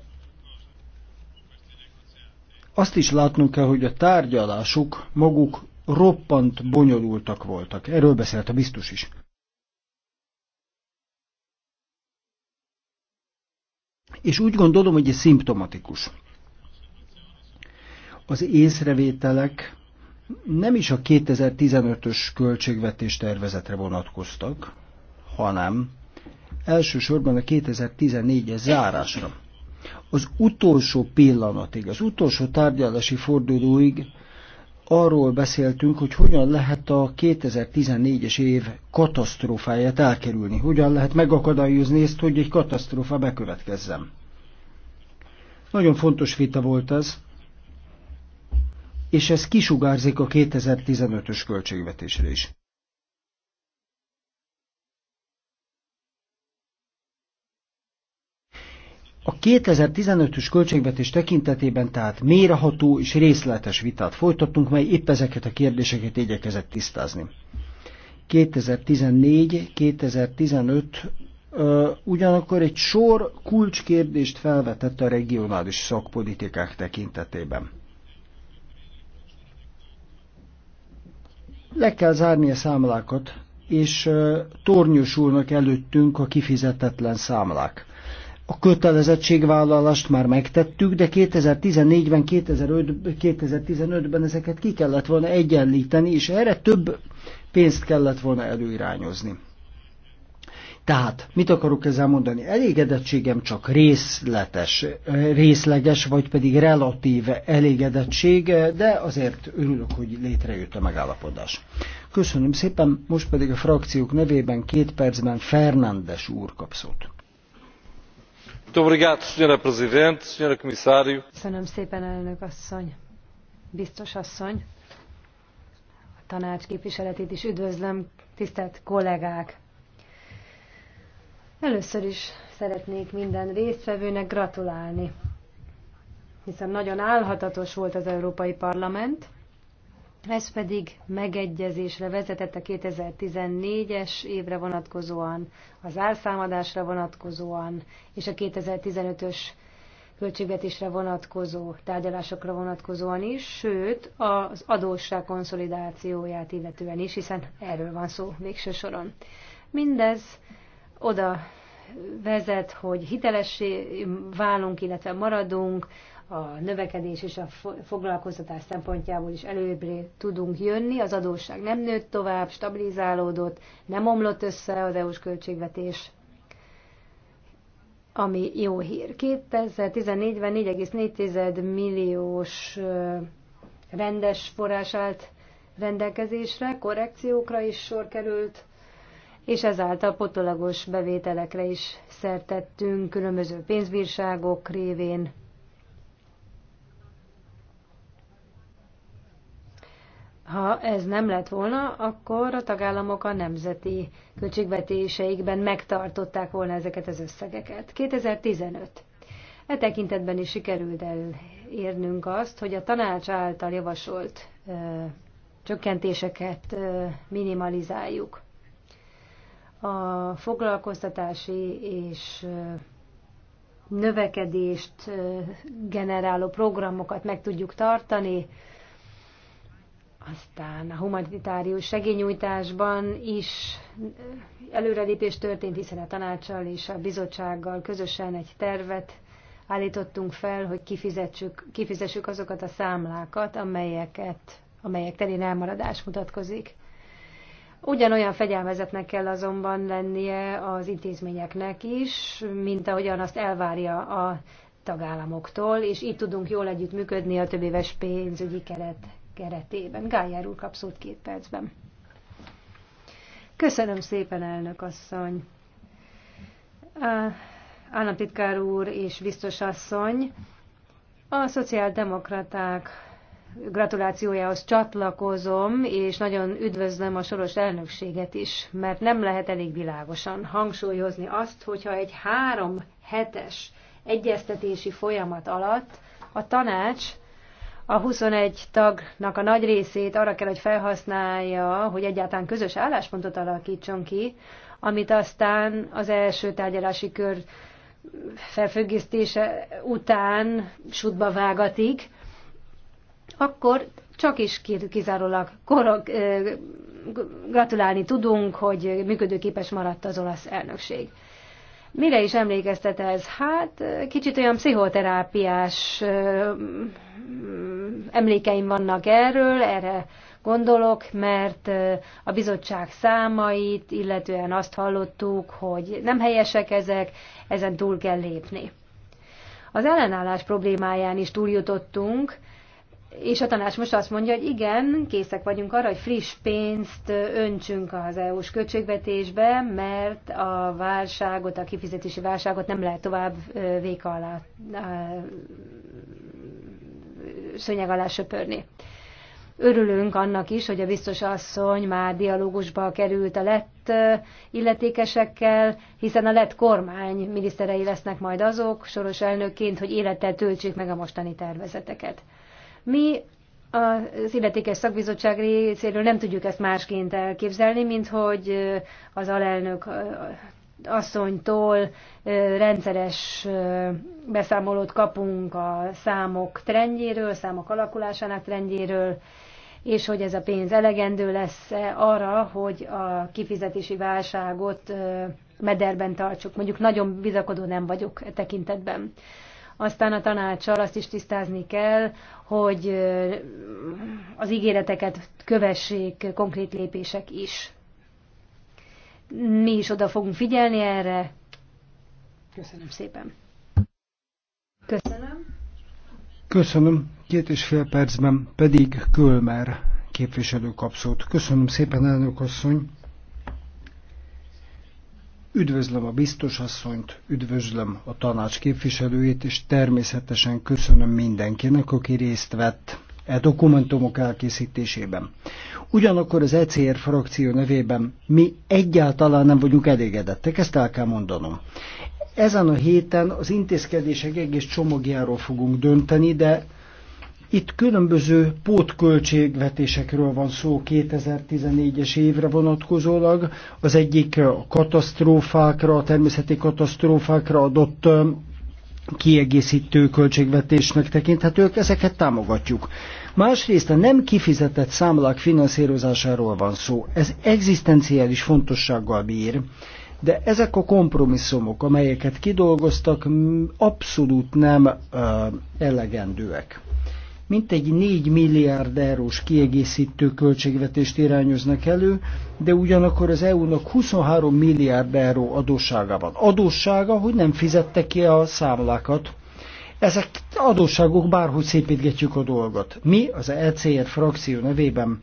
azt is látnunk kell, hogy a tárgyalások maguk roppant bonyolultak voltak. Erről beszélt a biztos is. És úgy gondolom, hogy ez szimptomatikus. Az észrevételek nem is a 2015-ös költségvetés tervezetre vonatkoztak, hanem elsősorban a 2014-es zárásra az utolsó pillanatig, az utolsó tárgyalási fordulóig arról beszéltünk, hogy hogyan lehet a 2014-es év katasztrófáját elkerülni, hogyan lehet megakadályozni ezt, hogy egy katasztrófa bekövetkezzen. Nagyon fontos vita volt ez, és ez kisugárzik a 2015-ös költségvetésre is. A 2015-ös költségvetés tekintetében tehát méreható és részletes vitát folytattunk, mely épp ezeket a kérdéseket igyekezett tisztázni. 2014-2015 ugyanakkor egy sor kulcskérdést felvetett a regionális szakpolitikák tekintetében. Le kell zárni a számlákat, és tornyosulnak előttünk a kifizetetlen számlák. A kötelezettségvállalást már megtettük, de 2014-ben, 2015-ben ezeket ki kellett volna egyenlíteni, és erre több pénzt kellett volna előirányozni. Tehát, mit akarok ezzel mondani? Elégedettségem csak részletes, részleges, vagy pedig relatív elégedettség, de azért örülök, hogy létrejött a megállapodás. Köszönöm szépen, most pedig a frakciók nevében két percben Fernándes úr kapszott elnök asszony, biztos asszony. A tanács képviseletét is üdvözlöm, tisztelt kollégák. Először is szeretnék minden résztvevőnek gratulálni, hiszen nagyon álhatatos volt az Európai Parlament, ez pedig megegyezésre vezetett a 2014-es évre vonatkozóan, az árszámadásra vonatkozóan és a 2015-ös költségvetésre vonatkozó tárgyalásokra vonatkozóan is, sőt az adósság konszolidációját illetően is, hiszen erről van szó végső soron. Mindez oda vezet, hogy hitelessé válunk, illetve maradunk, a növekedés és a foglalkoztatás szempontjából is előbbre tudunk jönni. Az adósság nem nőtt tovább, stabilizálódott, nem omlott össze az EU-s költségvetés, ami jó hír. 2014-ben 4,4 milliós rendes forrás állt rendelkezésre, korrekciókra is sor került, és ezáltal potolagos bevételekre is szertettünk különböző pénzbírságok révén. Ha ez nem lett volna, akkor a tagállamok a nemzeti költségvetéseikben megtartották volna ezeket az összegeket. 2015. E tekintetben is sikerült elérnünk azt, hogy a tanács által javasolt ö, csökkentéseket ö, minimalizáljuk. A foglalkoztatási és ö, növekedést ö, generáló programokat meg tudjuk tartani, aztán a humanitárius segélynyújtásban is előrelépés történt, hiszen a tanácssal és a bizottsággal közösen egy tervet állítottunk fel, hogy kifizessük, kifizessük azokat a számlákat, amelyeket, amelyek terén elmaradás mutatkozik. Ugyanolyan fegyelmezetnek kell azonban lennie az intézményeknek is, mint ahogyan azt elvárja a tagállamoktól, és így tudunk jól együttműködni a többéves pénzügyi keret keretében. Gályár úr kap szót két percben. Köszönöm szépen, elnök asszony. Államtitkár úr és biztos asszony, a szociáldemokraták gratulációjához csatlakozom, és nagyon üdvözlöm a soros elnökséget is, mert nem lehet elég világosan hangsúlyozni azt, hogyha egy három hetes egyeztetési folyamat alatt a tanács a 21 tagnak a nagy részét arra kell, hogy felhasználja, hogy egyáltalán közös álláspontot alakítson ki, amit aztán az első tárgyalási kör felfüggesztése után sútba vágatik, akkor csak is kizárólag korog, gratulálni tudunk, hogy működőképes maradt az olasz elnökség. Mire is emlékeztet ez? Hát kicsit olyan pszichoterápiás emlékeim vannak erről, erre gondolok, mert a bizottság számait, illetően azt hallottuk, hogy nem helyesek ezek, ezen túl kell lépni. Az ellenállás problémáján is túljutottunk, és a tanács most azt mondja, hogy igen, készek vagyunk arra, hogy friss pénzt öntsünk az EU-s költségvetésbe, mert a válságot, a kifizetési válságot nem lehet tovább véka alá, szönyeg alá söpörni. Örülünk annak is, hogy a biztos asszony már dialógusba került a lett illetékesekkel, hiszen a lett kormány miniszterei lesznek majd azok, soros elnökként, hogy élettel töltsék meg a mostani tervezeteket. Mi az illetékes szakbizottság részéről nem tudjuk ezt másként elképzelni, mint hogy az alelnök asszonytól rendszeres beszámolót kapunk a számok trendjéről, számok alakulásának trendjéről, és hogy ez a pénz elegendő lesz arra, hogy a kifizetési válságot mederben tartsuk. Mondjuk nagyon bizakodó nem vagyok e tekintetben. Aztán a tanácssal azt is tisztázni kell, hogy az ígéreteket kövessék konkrét lépések is. Mi is oda fogunk figyelni erre. Köszönöm szépen. Köszönöm. Köszönöm. Két és fél percben pedig Kölmer képviselő kapszót. Köszönöm szépen, elnök asszony. Üdvözlöm a biztosasszonyt, üdvözlöm a tanács képviselőjét, és természetesen köszönöm mindenkinek, aki részt vett e dokumentumok elkészítésében. Ugyanakkor az ECR frakció nevében mi egyáltalán nem vagyunk elégedettek, ezt el kell mondanom. Ezen a héten az intézkedések egész csomagjáról fogunk dönteni, de itt különböző pótköltségvetésekről van szó 2014-es évre vonatkozólag. Az egyik a katasztrófákra, a természeti katasztrófákra adott kiegészítő költségvetésnek tekinthetők, ezeket támogatjuk. Másrészt a nem kifizetett számlák finanszírozásáról van szó. Ez egzisztenciális fontossággal bír, de ezek a kompromisszumok, amelyeket kidolgoztak, abszolút nem uh, elegendőek mintegy 4 milliárd eurós kiegészítő költségvetést irányoznak elő, de ugyanakkor az EU-nak 23 milliárd euró adóssága van. Adóssága, hogy nem fizette ki a számlákat. Ezek adósságok, bárhogy szépítgetjük a dolgot. Mi az ECR frakció nevében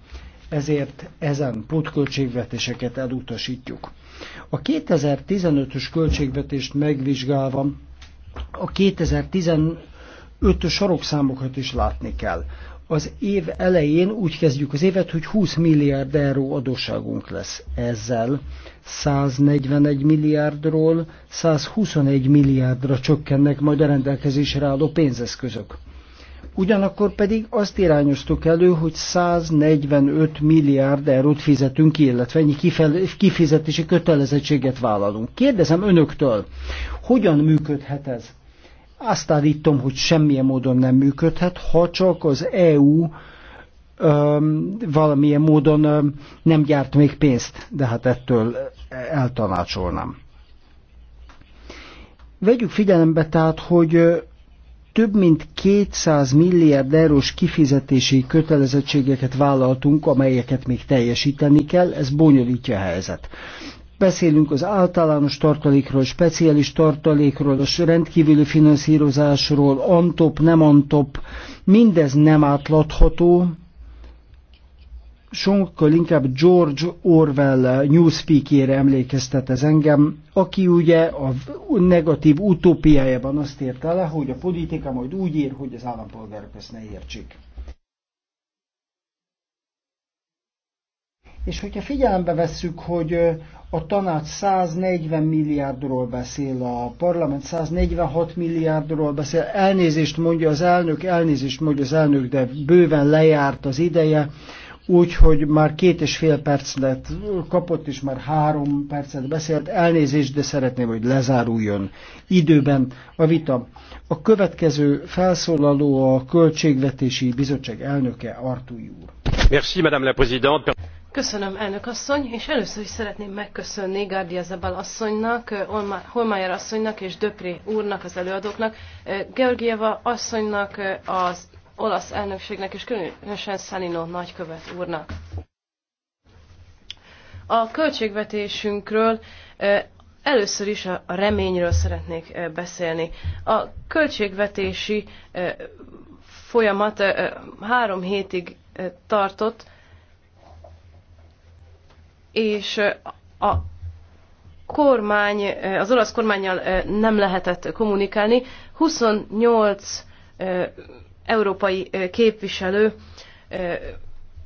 ezért ezen pótköltségvetéseket elutasítjuk. A 2015-ös költségvetést megvizsgálva a 2010 ötös sarokszámokat is látni kell. Az év elején úgy kezdjük az évet, hogy 20 milliárd euró adósságunk lesz. Ezzel 141 milliárdról 121 milliárdra csökkennek majd a rendelkezésre álló pénzeszközök. Ugyanakkor pedig azt irányoztuk elő, hogy 145 milliárd eurót fizetünk ki, illetve ennyi kifizetési kötelezettséget vállalunk. Kérdezem önöktől, hogyan működhet ez? azt állítom, hogy semmilyen módon nem működhet, ha csak az EU öm, valamilyen módon öm, nem gyárt még pénzt, de hát ettől eltanácsolnám. Vegyük figyelembe tehát, hogy több mint 200 milliárd eurós kifizetési kötelezettségeket vállaltunk, amelyeket még teljesíteni kell, ez bonyolítja a helyzet. Beszélünk az általános tartalékról, speciális tartalékról, a rendkívüli finanszírozásról, antop, nem antop. Mindez nem átlatható. sokkal inkább George Orwell newspeakére emlékeztet ez engem, aki ugye a negatív utópiájában azt érte le, hogy a politika majd úgy ír, hogy az állampolgárok ezt ne értsék. És hogyha figyelembe vesszük, hogy a tanács 140 milliárdról beszél, a parlament 146 milliárdról beszél. Elnézést mondja az elnök, elnézést mondja az elnök, de bőven lejárt az ideje úgyhogy már két és fél percet kapott, és már három percet beszélt. Elnézést, de szeretném, hogy lezáruljon időben a vita. A következő felszólaló a Költségvetési Bizottság elnöke Artúj úr. Merci, Madame la Présidente. Köszönöm, elnök asszony, és először is szeretném megköszönni Gárdia Zabal asszonynak, Holmájer asszonynak és Döpré úrnak, az előadóknak, Georgieva asszonynak, az olasz elnökségnek és különösen Szalino nagykövet úrnak. A költségvetésünkről először is a reményről szeretnék beszélni. A költségvetési folyamat három hétig tartott, és a kormány, az olasz kormányjal nem lehetett kommunikálni. 28 európai képviselő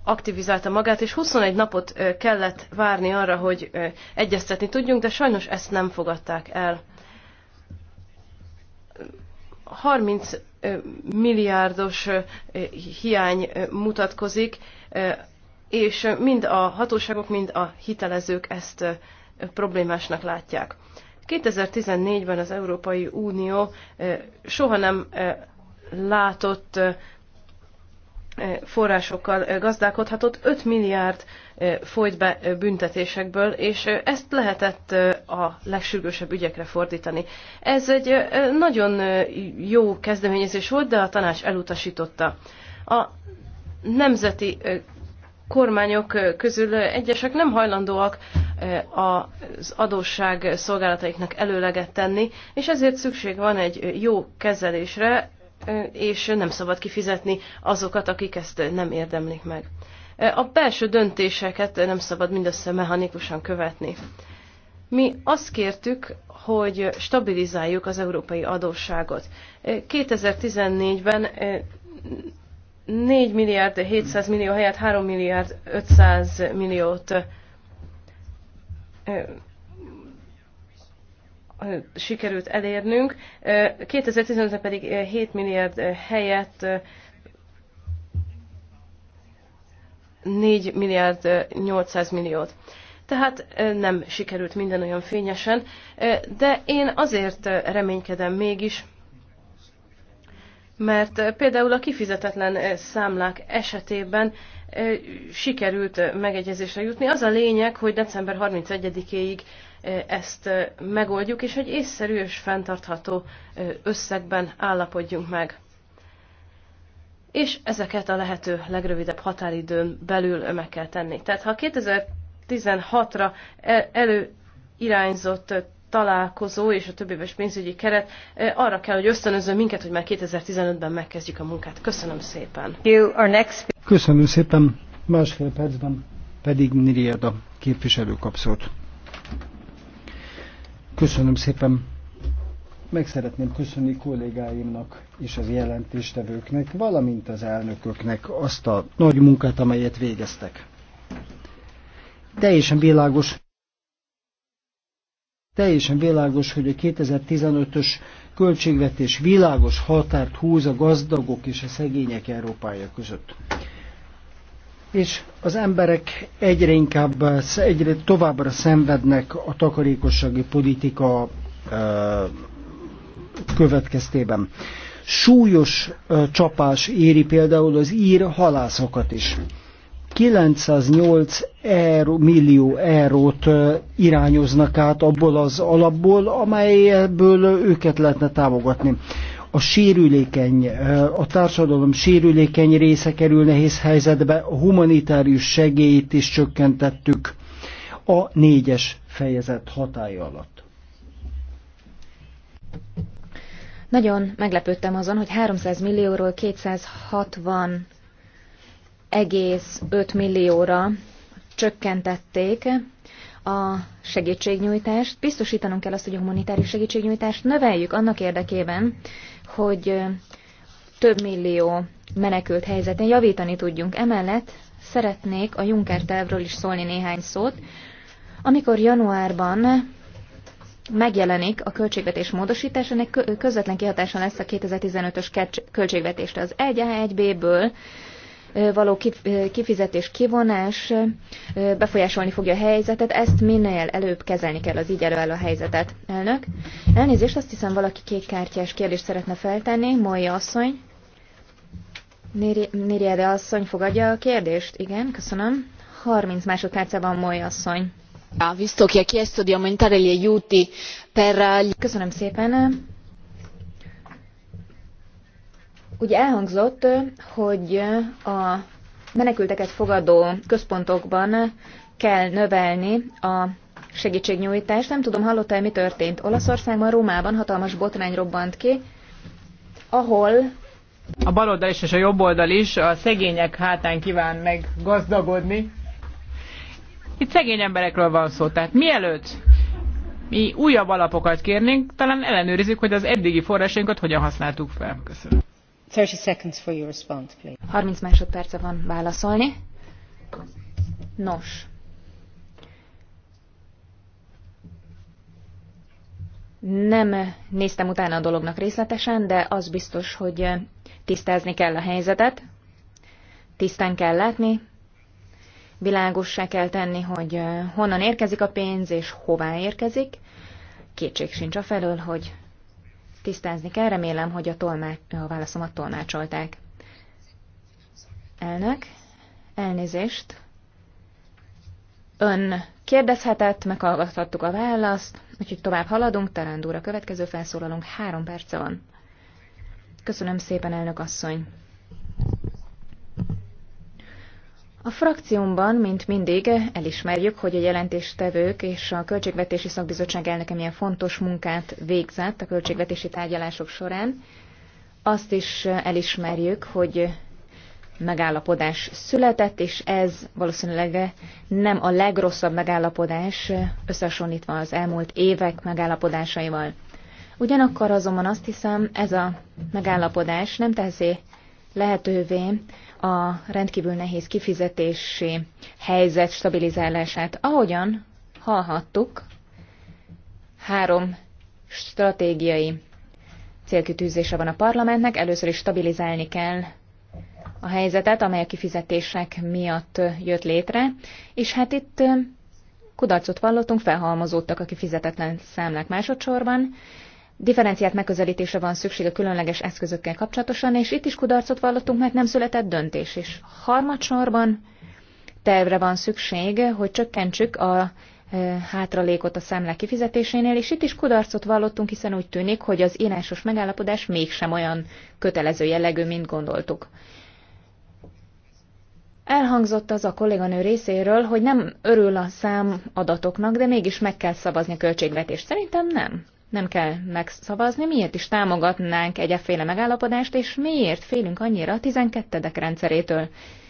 aktivizálta magát, és 21 napot kellett várni arra, hogy egyeztetni tudjunk, de sajnos ezt nem fogadták el. 30 milliárdos hiány mutatkozik és mind a hatóságok, mind a hitelezők ezt problémásnak látják. 2014-ben az Európai Unió soha nem látott forrásokkal gazdálkodhatott, 5 milliárd folyt be büntetésekből, és ezt lehetett a legsürgősebb ügyekre fordítani. Ez egy nagyon jó kezdeményezés volt, de a tanács elutasította. A nemzeti kormányok közül egyesek nem hajlandóak az adósság szolgálataiknak előleget tenni, és ezért szükség van egy jó kezelésre, és nem szabad kifizetni azokat, akik ezt nem érdemlik meg. A belső döntéseket nem szabad mindössze mechanikusan követni. Mi azt kértük, hogy stabilizáljuk az európai adósságot. 2014-ben 4 milliárd 700 millió helyett 3 milliárd 500 milliót sikerült elérnünk, 2015-ben pedig 7 milliárd helyett 4 milliárd 800 milliót. Tehát nem sikerült minden olyan fényesen, de én azért reménykedem mégis, mert eh, például a kifizetetlen eh, számlák esetében eh, sikerült megegyezésre jutni. Az a lényeg, hogy december 31-éig ezt megoldjuk, és egy észszerű és fenntartható összegben állapodjunk meg. És ezeket a lehető legrövidebb határidőn belül meg kell tenni. Tehát ha 2016-ra előirányzott találkozó és a többéves pénzügyi keret arra kell, hogy ösztönözzön minket, hogy már 2015-ben megkezdjük a munkát. Köszönöm szépen. Köszönöm szépen. Másfél percben pedig Niriada képviselő kapszót. Köszönöm szépen. Meg szeretném köszönni kollégáimnak és az jelentéstevőknek, valamint az elnököknek azt a nagy munkát, amelyet végeztek. Teljesen világos, Teljesen világos, hogy a 2015-ös költségvetés világos határt húz a gazdagok és a szegények Európája között. És az emberek egyre inkább, egyre továbbra szenvednek a takarékossági politika következtében. Súlyos csapás éri például az ír halászokat is. 908 euró, millió eurót irányoznak át abból az alapból, amelyből őket lehetne támogatni. A sérülékeny, a társadalom sérülékeny része kerül nehéz helyzetbe, a humanitárius segélyt is csökkentettük a négyes fejezet hatája alatt. Nagyon meglepődtem azon, hogy 300 millióról 260 1,5 millióra csökkentették a segítségnyújtást. Biztosítanunk kell azt, hogy a humanitárius segítségnyújtást növeljük annak érdekében, hogy több millió menekült helyzetén javítani tudjunk. Emellett szeretnék a Juncker tervről is szólni néhány szót. Amikor januárban megjelenik a költségvetés módosítás, ennek közvetlen kihatása lesz a 2015-ös költségvetésre. Az 1A, 1B-ből való kifizetés kivonás befolyásolni fogja a helyzetet, ezt minél előbb kezelni kell az így a helyzetet. Elnök, elnézést, azt hiszem valaki kékkártyás kérdést szeretne feltenni, Mai asszony. Nériade asszony fogadja a kérdést? Igen, köszönöm. 30 másodpercben Moly asszony. Visto che ha chiesto di aumentare gli aiuti per... Köszönöm szépen. Ugye elhangzott, hogy a menekülteket fogadó központokban kell növelni a segítségnyújtást. Nem tudom, hallottál, mi történt. Olaszországban, Rómában hatalmas botrány robbant ki, ahol a oldal is és a jobb oldal is a szegények hátán kíván meg gazdagodni. Itt szegény emberekről van szó, tehát mielőtt mi újabb alapokat kérnénk, talán ellenőrizzük, hogy az eddigi forrásainkat hogyan használtuk fel. Köszönöm. 30, másodperce van válaszolni. Nos. Nem néztem utána a dolognak részletesen, de az biztos, hogy tisztázni kell a helyzetet, tisztán kell látni, világossá kell tenni, hogy honnan érkezik a pénz és hová érkezik. Kétség sincs a felől, hogy tisztázni kell. Remélem, hogy a, tolmá... a válaszomat tolmácsolták. Elnök, elnézést. Ön kérdezhetett, meghallgathattuk a választ, úgyhogy tovább haladunk. a következő felszólalunk, három perce van. Köszönöm szépen, elnök asszony. A frakciómban, mint mindig, elismerjük, hogy a jelentéstevők és a Költségvetési Szakbizottság elnöke milyen fontos munkát végzett a költségvetési tárgyalások során. Azt is elismerjük, hogy megállapodás született, és ez valószínűleg nem a legrosszabb megállapodás összehasonlítva az elmúlt évek megállapodásaival. Ugyanakkor azonban azt hiszem, ez a megállapodás nem teszi lehetővé a rendkívül nehéz kifizetési helyzet stabilizálását. Ahogyan hallhattuk, három stratégiai célkitűzése van a parlamentnek. Először is stabilizálni kell a helyzetet, amely a kifizetések miatt jött létre, és hát itt kudarcot vallottunk, felhalmozódtak a kifizetetlen számlák másodszorban, differenciált megközelítésre van szükség a különleges eszközökkel kapcsolatosan, és itt is kudarcot vallottunk, mert nem született döntés is. Harmadsorban tervre van szükség, hogy csökkentsük a e, hátralékot a szemle kifizetésénél, és itt is kudarcot vallottunk, hiszen úgy tűnik, hogy az írásos megállapodás mégsem olyan kötelező jellegű, mint gondoltuk. Elhangzott az a kolléganő részéről, hogy nem örül a szám adatoknak, de mégis meg kell szavazni a költségvetést. Szerintem nem nem kell megszavazni, miért is támogatnánk egyeféle megállapodást, és miért félünk annyira a 12 rendszerétől.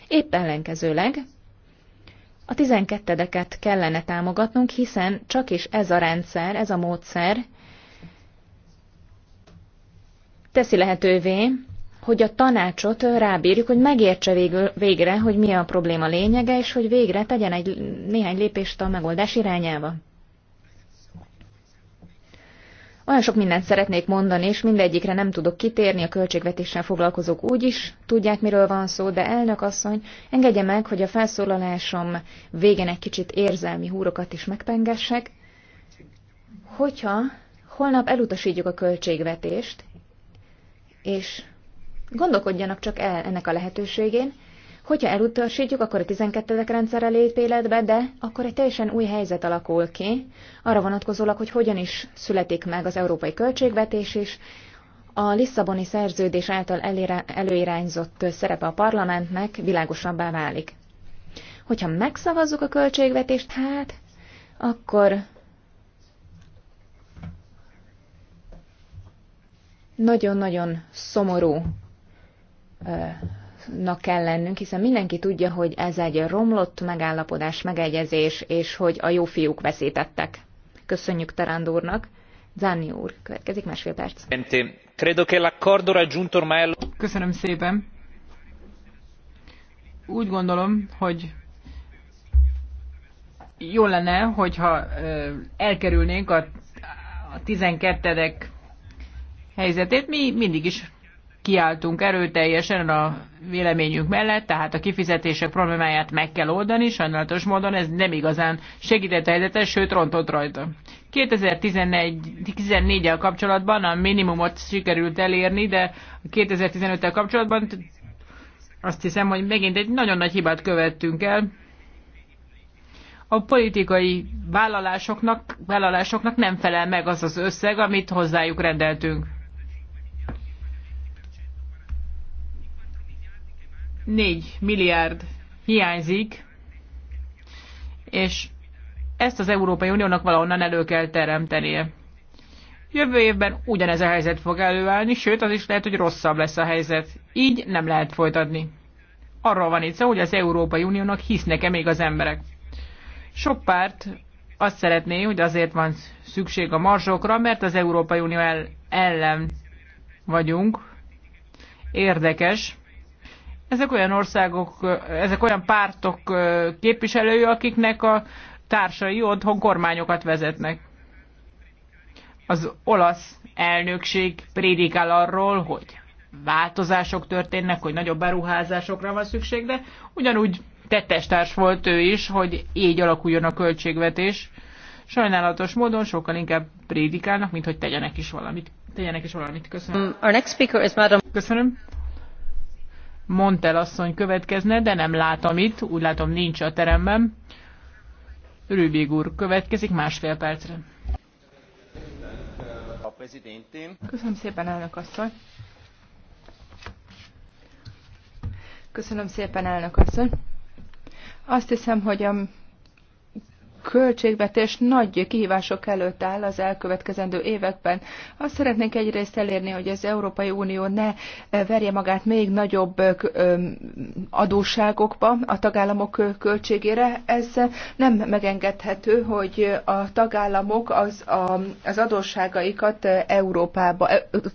Épp ellenkezőleg a 12 kellene támogatnunk, hiszen csak is ez a rendszer, ez a módszer teszi lehetővé, hogy a tanácsot rábírjuk, hogy megértse végül, végre, hogy mi a probléma lényege, és hogy végre tegyen egy néhány lépést a megoldás irányába. Olyan sok mindent szeretnék mondani, és mindegyikre nem tudok kitérni, a költségvetéssel foglalkozók úgy is tudják, miről van szó, de elnök asszony, engedje meg, hogy a felszólalásom végén egy kicsit érzelmi húrokat is megpengessek. Hogyha holnap elutasítjuk a költségvetést, és gondolkodjanak csak el ennek a lehetőségén, Hogyha elutasítjuk, akkor a 12. rendszerre lép életbe, de akkor egy teljesen új helyzet alakul ki, arra vonatkozólag, hogy hogyan is születik meg az európai költségvetés is, a Lisszaboni szerződés által előirányzott szerepe a parlamentnek világosabbá válik. Hogyha megszavazzuk a költségvetést, hát akkor nagyon-nagyon szomorú tudatosnak kell lennünk, hiszen mindenki tudja, hogy ez egy romlott megállapodás, megegyezés, és hogy a jó fiúk veszítettek. Köszönjük Taránd úrnak. Zanni úr, következik másfél perc. Köszönöm szépen. Úgy gondolom, hogy jó lenne, hogyha elkerülnénk a, a 12 helyzetét. Mi mindig is kiálltunk erőteljesen a véleményünk mellett, tehát a kifizetések problémáját meg kell oldani, sajnálatos módon ez nem igazán segített a helyzetet, sőt rontott rajta. 2014-el kapcsolatban a minimumot sikerült elérni, de 2015-tel kapcsolatban azt hiszem, hogy megint egy nagyon nagy hibát követtünk el. A politikai vállalásoknak, vállalásoknak nem felel meg az az összeg, amit hozzájuk rendeltünk. 4 milliárd hiányzik, és ezt az Európai Uniónak valahonnan elő kell teremtenie. Jövő évben ugyanez a helyzet fog előállni, sőt az is lehet, hogy rosszabb lesz a helyzet. Így nem lehet folytatni. Arról van itt szó, hogy az Európai Uniónak hisznek-e még az emberek. Sok párt azt szeretné, hogy azért van szükség a marzsokra, mert az Európai Unió ellen vagyunk. Érdekes, ezek olyan országok, ezek olyan pártok képviselői, akiknek a társai otthon kormányokat vezetnek. Az olasz elnökség prédikál arról, hogy változások történnek, hogy nagyobb beruházásokra van szükség, de ugyanúgy tettestárs volt ő is, hogy így alakuljon a költségvetés. Sajnálatos módon sokkal inkább prédikálnak, mint hogy tegyenek is valamit. Tegyenek is valamit. Köszönöm. Um, our next speaker is Köszönöm. Montel asszony következne, de nem látom itt, úgy látom nincs a teremben. Rübig úr következik másfél percre. Köszönöm szépen, elnök asszony. Köszönöm szépen, elnök asszony. Azt hiszem, hogy a költségvetés nagy kihívások előtt áll az elkövetkezendő években. Azt szeretnénk egyrészt elérni, hogy az Európai Unió ne e, verje magát még nagyobb e, adósságokba a tagállamok költségére. Ez nem megengedhető, hogy a tagállamok az, a, az adósságaikat e, Európába,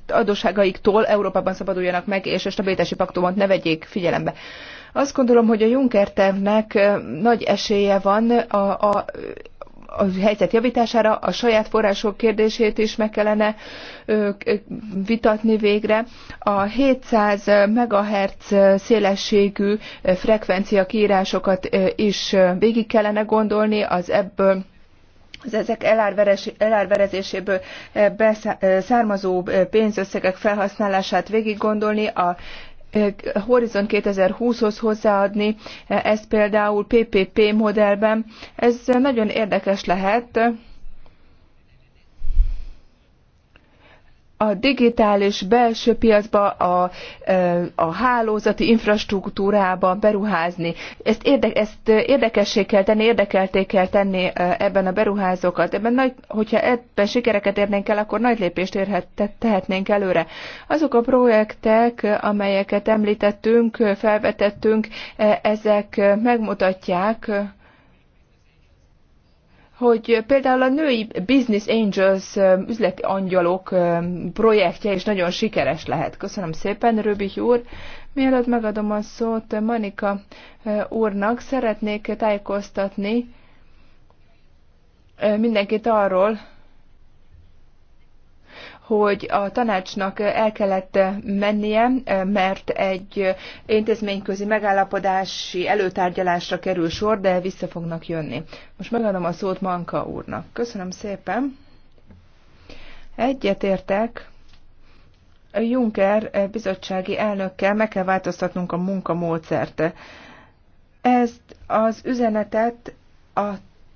adósságaiktól Európában szabaduljanak meg, és a stabilitási paktumot ne vegyék figyelembe. Azt gondolom, hogy a Juncker tervnek nagy esélye van a, a a helyzet javítására, a saját források kérdését is meg kellene vitatni végre. A 700 MHz szélességű frekvencia kiírásokat is végig kellene gondolni, az ebből az ezek elárverezéséből származó pénzösszegek felhasználását végig gondolni, a Horizon 2020-hoz hozzáadni, ezt például PPP modellben. Ez nagyon érdekes lehet. a digitális belső piacba, a, a hálózati infrastruktúrába beruházni. Ezt, érde, ezt érdekessé kell tenni, érdekelté kell tenni ebben a beruházókat. Ebben nagy, hogyha ebben sikereket érnénk el, akkor nagy lépést érhet, tehetnénk előre. Azok a projektek, amelyeket említettünk, felvetettünk, e, ezek megmutatják, hogy például a női Business Angels üzleti angyalok projektje is nagyon sikeres lehet. Köszönöm szépen, Röbi úr. Mielőtt megadom a szót Manika úrnak, szeretnék tájékoztatni mindenkit arról, hogy a tanácsnak el kellett mennie, mert egy intézményközi megállapodási előtárgyalásra kerül sor, de vissza fognak jönni. Most megadom a szót Manka úrnak. Köszönöm szépen. Egyetértek. Juncker bizottsági elnökkel meg kell változtatnunk a munkamódszert. Ezt az üzenetet a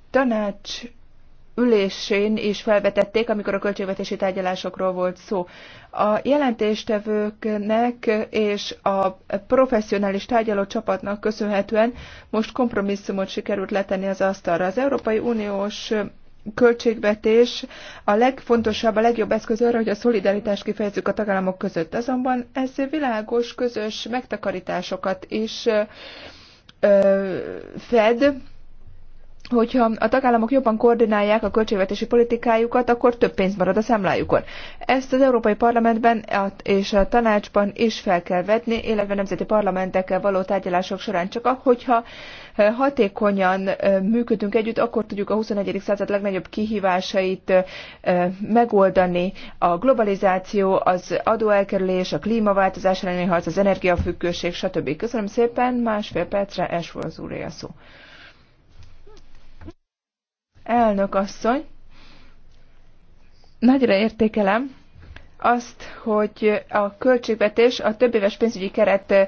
tanács ülésén is felvetették, amikor a költségvetési tárgyalásokról volt szó. A jelentéstevőknek és a professzionális tárgyaló csapatnak köszönhetően most kompromisszumot sikerült letenni az asztalra. Az Európai Uniós költségvetés a legfontosabb, a legjobb eszköz arra, hogy a szolidaritást kifejezzük a tagállamok között. Azonban ez világos, közös megtakarításokat is fed, hogyha a tagállamok jobban koordinálják a költségvetési politikájukat, akkor több pénz marad a számlájukon. Ezt az Európai Parlamentben és a tanácsban is fel kell vetni, illetve nemzeti parlamentekkel való tárgyalások során csak, hogyha hatékonyan működünk együtt, akkor tudjuk a 21. század legnagyobb kihívásait megoldani. A globalizáció, az adóelkerülés, a klímaváltozás elleni harc, az energiafüggőség, stb. Köszönöm szépen, másfél percre Ashworth úr szó elnök asszony. Nagyra értékelem azt, hogy a költségvetés a többéves pénzügyi keret eh,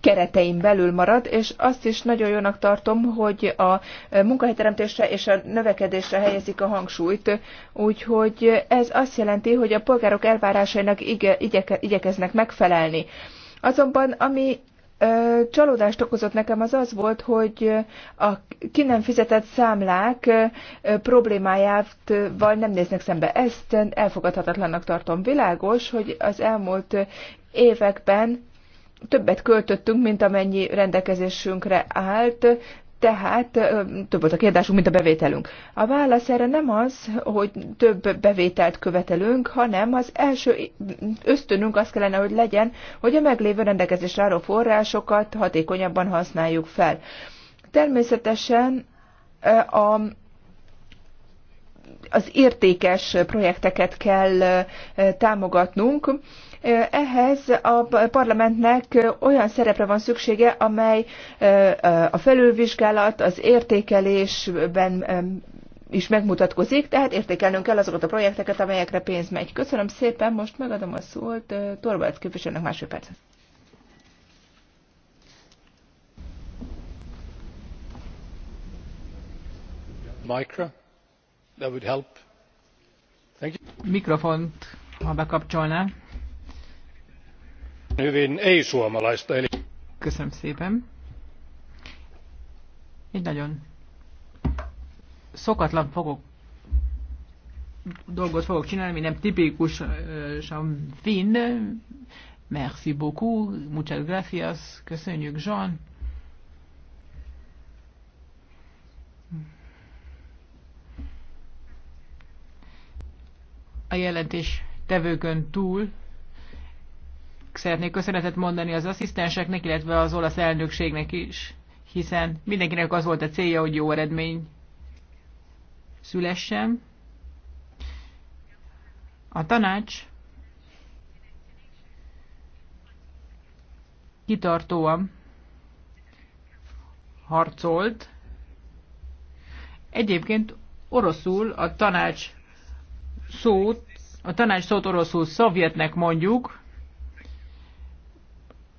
keretein belül marad, és azt is nagyon jónak tartom, hogy a eh, munkahelyteremtésre és a növekedésre helyezik a hangsúlyt, úgyhogy ez azt jelenti, hogy a polgárok elvárásainak igye, igyekeznek megfelelni. Azonban, ami csalódást okozott nekem az az volt, hogy a ki nem fizetett számlák problémájával nem néznek szembe. Ezt elfogadhatatlannak tartom. Világos, hogy az elmúlt években többet költöttünk, mint amennyi rendelkezésünkre állt, tehát több volt a kérdésünk, mint a bevételünk. A válasz erre nem az, hogy több bevételt követelünk, hanem az első ösztönünk az kellene, hogy legyen, hogy a meglévő rendelkezésre álló forrásokat hatékonyabban használjuk fel. Természetesen a az értékes projekteket kell támogatnunk, ehhez a parlamentnek olyan szerepre van szüksége, amely a felülvizsgálat, az értékelésben is megmutatkozik, tehát értékelnünk kell azokat a projekteket, amelyekre pénz megy. Köszönöm szépen, most megadom a szót Torvalds képviselőnek you. Mikrofont, ha bekapcsolná. Hyvin ei suomalaista, eli... Köszönöm szépen. Egy nagyon szokatlan fogok dolgot fogok csinálni, nem sem finn. Merci beaucoup, muchas gracias, köszönjük Jean. A jelentés tevőkön túl szeretnék köszönetet mondani az asszisztenseknek, illetve az olasz elnökségnek is, hiszen mindenkinek az volt a célja, hogy jó eredmény szülessen. A tanács kitartóan harcolt. Egyébként oroszul a tanács szót, a tanács szót oroszul szovjetnek mondjuk,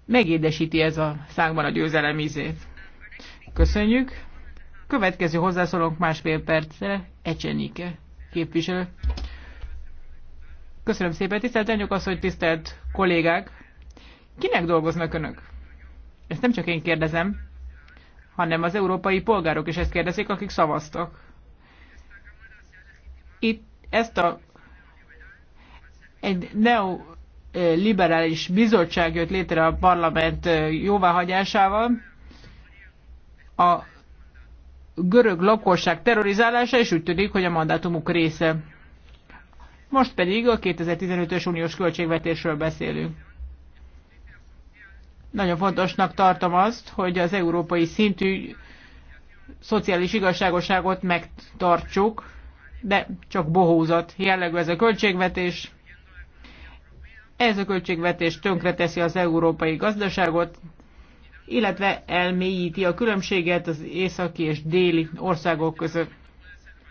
megédesíti ez a szánkban a győzelem ízét. Köszönjük. Következő hozzászólónk másfél percre, Ecsenike képviselő. Köszönöm szépen, tisztelt elnök asszony, tisztelt kollégák! Kinek dolgoznak önök? Ezt nem csak én kérdezem, hanem az európai polgárok is ezt kérdezik, akik szavaztak. Itt ezt a egy neo liberális bizottság jött létre a parlament jóváhagyásával. A görög lakosság terrorizálása, és úgy tűnik, hogy a mandátumuk része. Most pedig a 2015-ös uniós költségvetésről beszélünk. Nagyon fontosnak tartom azt, hogy az európai szintű szociális igazságoságot megtartsuk, de csak bohózat jellegű ez a költségvetés. Ez a költségvetés tönkreteszi az európai gazdaságot, illetve elmélyíti a különbséget az északi és déli országok között.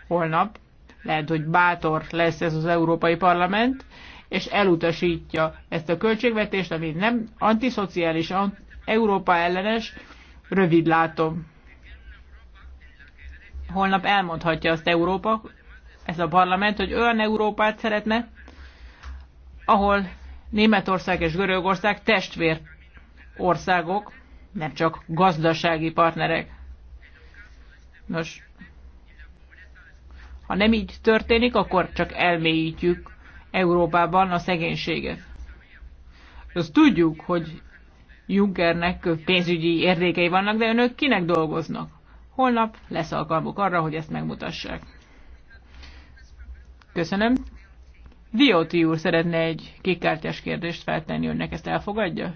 Holnap lehet, hogy bátor lesz ez az Európai Parlament, és elutasítja ezt a költségvetést, ami nem antiszociális, Európa ellenes, rövid látom. Holnap elmondhatja azt Európa, ez a parlament, hogy olyan Európát szeretne, ahol Németország és Görögország testvér országok, nem csak gazdasági partnerek. Nos, ha nem így történik, akkor csak elmélyítjük Európában a szegénységet. Azt tudjuk, hogy Junckernek pénzügyi érdékei vannak, de önök kinek dolgoznak? Holnap lesz alkalmuk arra, hogy ezt megmutassák. Köszönöm. Dióti úr szeretne egy kékkártyás kérdést feltenni önnek, ezt elfogadja?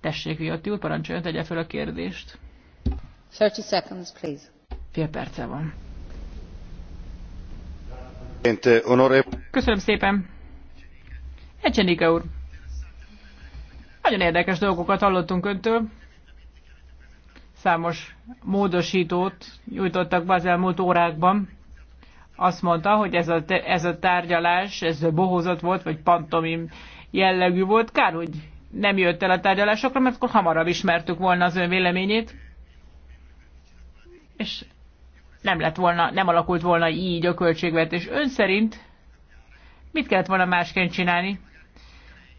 Tessék, Dióti úr, parancsoljon, tegye fel a kérdést. 30 seconds, please. Fél perce van. Köszönöm szépen. Ecsenike úr. Nagyon érdekes dolgokat hallottunk öntől. Számos módosítót nyújtottak be az elmúlt órákban azt mondta, hogy ez a, ez a tárgyalás, ez bohózat volt, vagy pantomim jellegű volt. Kár, hogy nem jött el a tárgyalásokra, mert akkor hamarabb ismertük volna az ön véleményét. És nem lett volna, nem alakult volna így a költségvetés. Ön szerint mit kellett volna másként csinálni?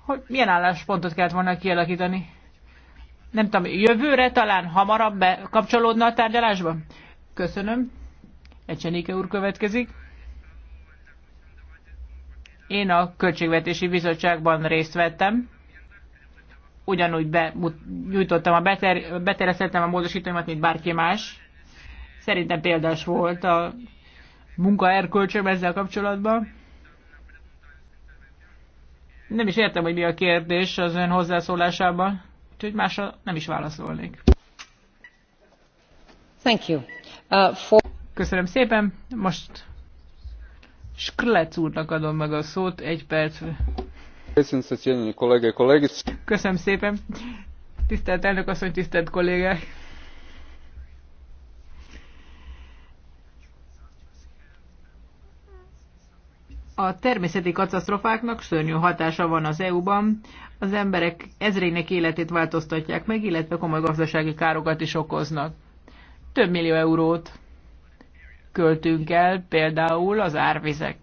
Hogy milyen álláspontot kellett volna kialakítani? Nem tudom, jövőre talán hamarabb bekapcsolódna a tárgyalásba? Köszönöm. Ecsenike úr következik. Én a Költségvetési Bizottságban részt vettem, ugyanúgy be, nyújtottam a beter, betereszeltem a módosítóimat, mint bárki más. Szerintem példás volt a munkaerkölcsöm ezzel kapcsolatban. Nem is értem, hogy mi a kérdés az ön hozzászólásában, úgyhogy másra nem is válaszolnék. Thank you. Uh, for Köszönöm szépen. Most Skrlec úrnak adom meg a szót, egy perc. Köszönöm szépen. Tisztelt elnök asszony, tisztelt kollégák. A természeti katasztrofáknak szörnyű hatása van az EU-ban, az emberek ezrének életét változtatják meg, illetve komoly gazdasági károkat is okoznak. Több millió eurót költünk el például az árvizek,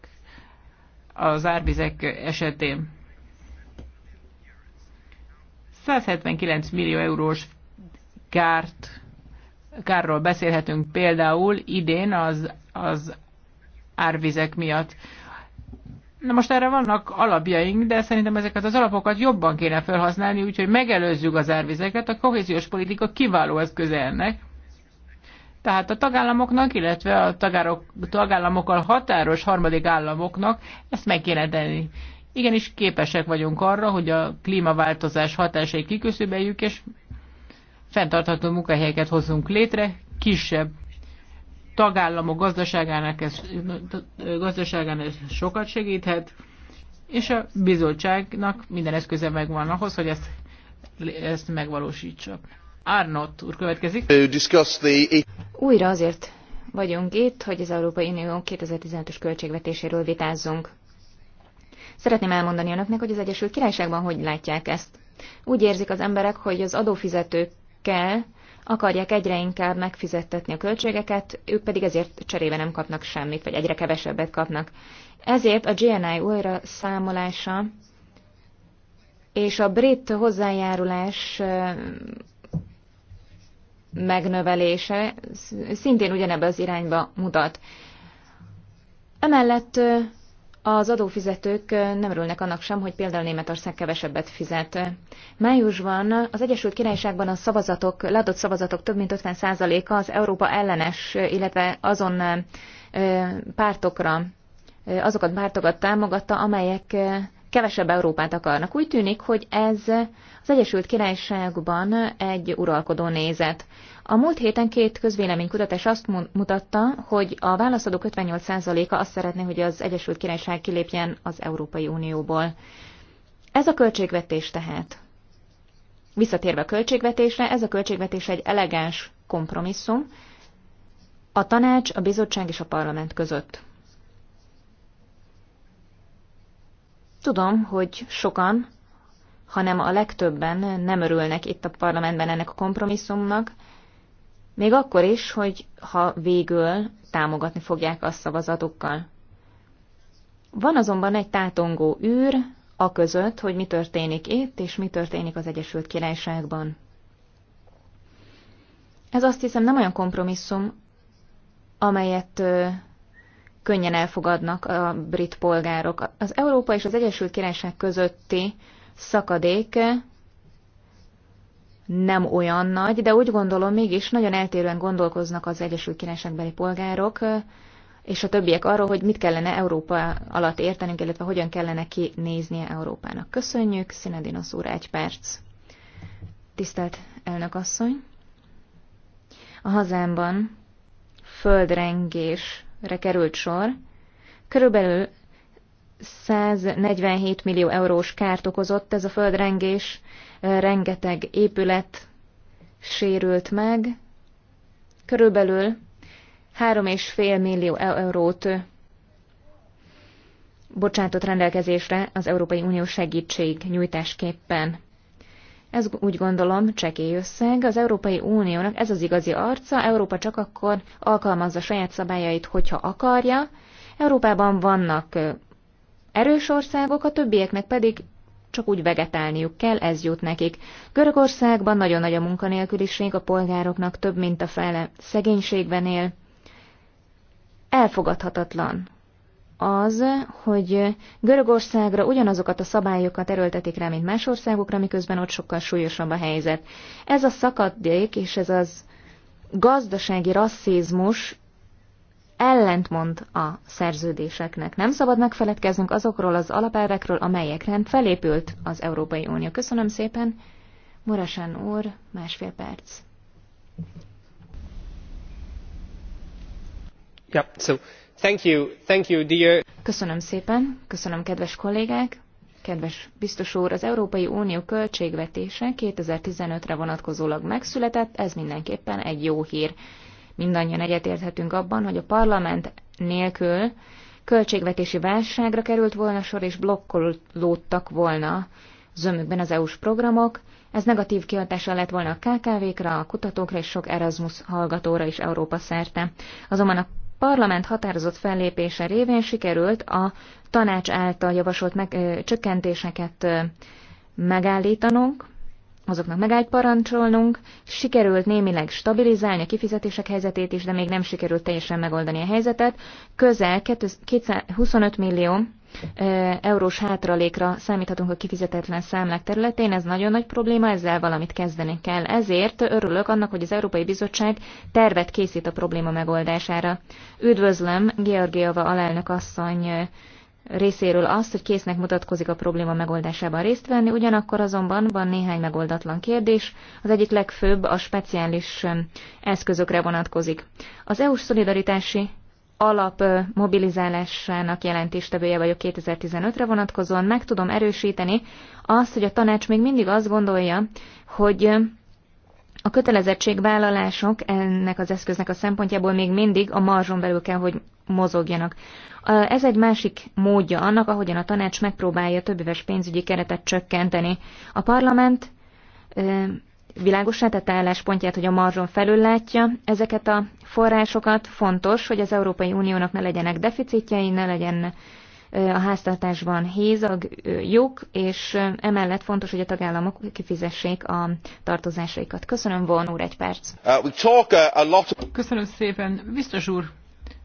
az árvizek esetén. 179 millió eurós kárt, kárról beszélhetünk például idén az, az árvizek miatt. Na most erre vannak alapjaink, de szerintem ezeket az alapokat jobban kéne felhasználni, úgyhogy megelőzzük az árvizeket, a kohéziós politika kiváló eszköze ennek. Tehát a tagállamoknak, illetve a tagárok, tagállamokkal határos harmadik államoknak ezt meg kéne tenni. Igenis képesek vagyunk arra, hogy a klímaváltozás hatásai kiköszöbeljük, és fenntartható munkahelyeket hozzunk létre, kisebb tagállamok gazdaságának ez, gazdaságán ez sokat segíthet, és a bizottságnak minden eszköze megvan ahhoz, hogy ezt, ezt megvalósítsa. Arnott úr következik. Újra azért vagyunk itt, hogy az Európai Unió 2015-ös költségvetéséről vitázzunk. Szeretném elmondani önöknek, hogy az Egyesült Királyságban hogy látják ezt. Úgy érzik az emberek, hogy az adófizetőkkel akarják egyre inkább megfizettetni a költségeket, ők pedig ezért cserébe nem kapnak semmit, vagy egyre kevesebbet kapnak. Ezért a GNI újra számolása és a brit hozzájárulás megnövelése szintén ugyanebbe az irányba mutat. Emellett az adófizetők nem örülnek annak sem, hogy például Németország kevesebbet fizet. Májusban az Egyesült Királyságban a szavazatok, leadott szavazatok több mint 50%-a az Európa ellenes, illetve azon pártokra, azokat pártokat támogatta, amelyek kevesebb Európát akarnak. Úgy tűnik, hogy ez az Egyesült Királyságban egy uralkodó nézet. A múlt héten két közvéleménykutatás azt mutatta, hogy a válaszadók 58%-a azt szeretné, hogy az Egyesült Királyság kilépjen az Európai Unióból. Ez a költségvetés tehát. Visszatérve a költségvetésre, ez a költségvetés egy elegáns kompromisszum a tanács, a bizottság és a parlament között. Tudom, hogy sokan, hanem a legtöbben nem örülnek itt a parlamentben ennek a kompromisszumnak, még akkor is, hogy ha végül támogatni fogják a szavazatukkal. Van azonban egy tátongó űr, a között, hogy mi történik itt, és mi történik az Egyesült Királyságban. Ez azt hiszem nem olyan kompromisszum, amelyet könnyen elfogadnak a brit polgárok. Az Európa és az Egyesült Királyság közötti szakadék nem olyan nagy, de úgy gondolom mégis nagyon eltérően gondolkoznak az Egyesült Királyságbeli polgárok, és a többiek arról, hogy mit kellene Európa alatt értenünk, illetve hogyan kellene kinéznie Európának. Köszönjük, Szinedinosz úr, egy perc. Tisztelt elnök asszony! A hazámban földrengés re került sor. Körülbelül 147 millió eurós kárt okozott ez a földrengés, rengeteg épület sérült meg, körülbelül 3,5 millió e- eurót bocsátott rendelkezésre az Európai Unió segítség nyújtásképpen. Ez úgy gondolom csekély összeg. Az Európai Uniónak ez az igazi arca. Európa csak akkor alkalmazza saját szabályait, hogyha akarja. Európában vannak erős országok, a többieknek pedig csak úgy vegetálniuk kell, ez jut nekik. Görögországban nagyon nagy a munkanélküliség, a polgároknak több mint a fele szegénységben él. Elfogadhatatlan, az, hogy Görögországra ugyanazokat a szabályokat erőltetik rá, mint más országokra, miközben ott sokkal súlyosabb a helyzet. Ez a szakadék és ez az gazdasági rasszizmus ellentmond a szerződéseknek. Nem szabad megfeledkeznünk azokról az alapelvekről, amelyekre felépült az Európai Unió. Köszönöm szépen. Morasán úr, másfél perc. Yeah, so Köszönöm szépen, köszönöm kedves kollégák, kedves biztos úr, az Európai Unió költségvetése 2015-re vonatkozólag megszületett, ez mindenképpen egy jó hír. Mindannyian egyetérthetünk abban, hogy a parlament nélkül költségvetési válságra került volna sor, és blokkolódtak volna zömükben az EU-s programok, ez negatív kihatással lett volna a KKV-kra, a kutatókra és sok Erasmus hallgatóra is Európa szerte. Azonban a parlament határozott fellépése révén sikerült a tanács által javasolt meg, ö, csökkentéseket ö, megállítanunk, azoknak megállt parancsolnunk, sikerült némileg stabilizálni a kifizetések helyzetét is, de még nem sikerült teljesen megoldani a helyzetet. Közel 225 millió eurós hátralékra számíthatunk a kifizetetlen számlák területén, ez nagyon nagy probléma, ezzel valamit kezdeni kell. Ezért örülök annak, hogy az Európai Bizottság tervet készít a probléma megoldására. Üdvözlöm Georgiava alelnök asszony részéről azt, hogy késznek mutatkozik a probléma megoldásában részt venni, ugyanakkor azonban van néhány megoldatlan kérdés, az egyik legfőbb a speciális eszközökre vonatkozik. Az EU-s szolidaritási alap mobilizálásának jelentéstevője vagyok 2015-re vonatkozóan, meg tudom erősíteni azt, hogy a tanács még mindig azt gondolja, hogy a kötelezettségvállalások ennek az eszköznek a szempontjából még mindig a marzson belül kell, hogy mozogjanak. Ez egy másik módja annak, ahogyan a tanács megpróbálja többéves pénzügyi keretet csökkenteni. A parlament világosá tette álláspontját, hogy a marzson felül látja ezeket a forrásokat. Fontos, hogy az Európai Uniónak ne legyenek deficitjei, ne legyen a háztartásban hézag, lyuk, és emellett fontos, hogy a tagállamok kifizessék a tartozásaikat. Köszönöm, Von úr, egy perc. Uh, uh, Köszönöm szépen. Biztos úr,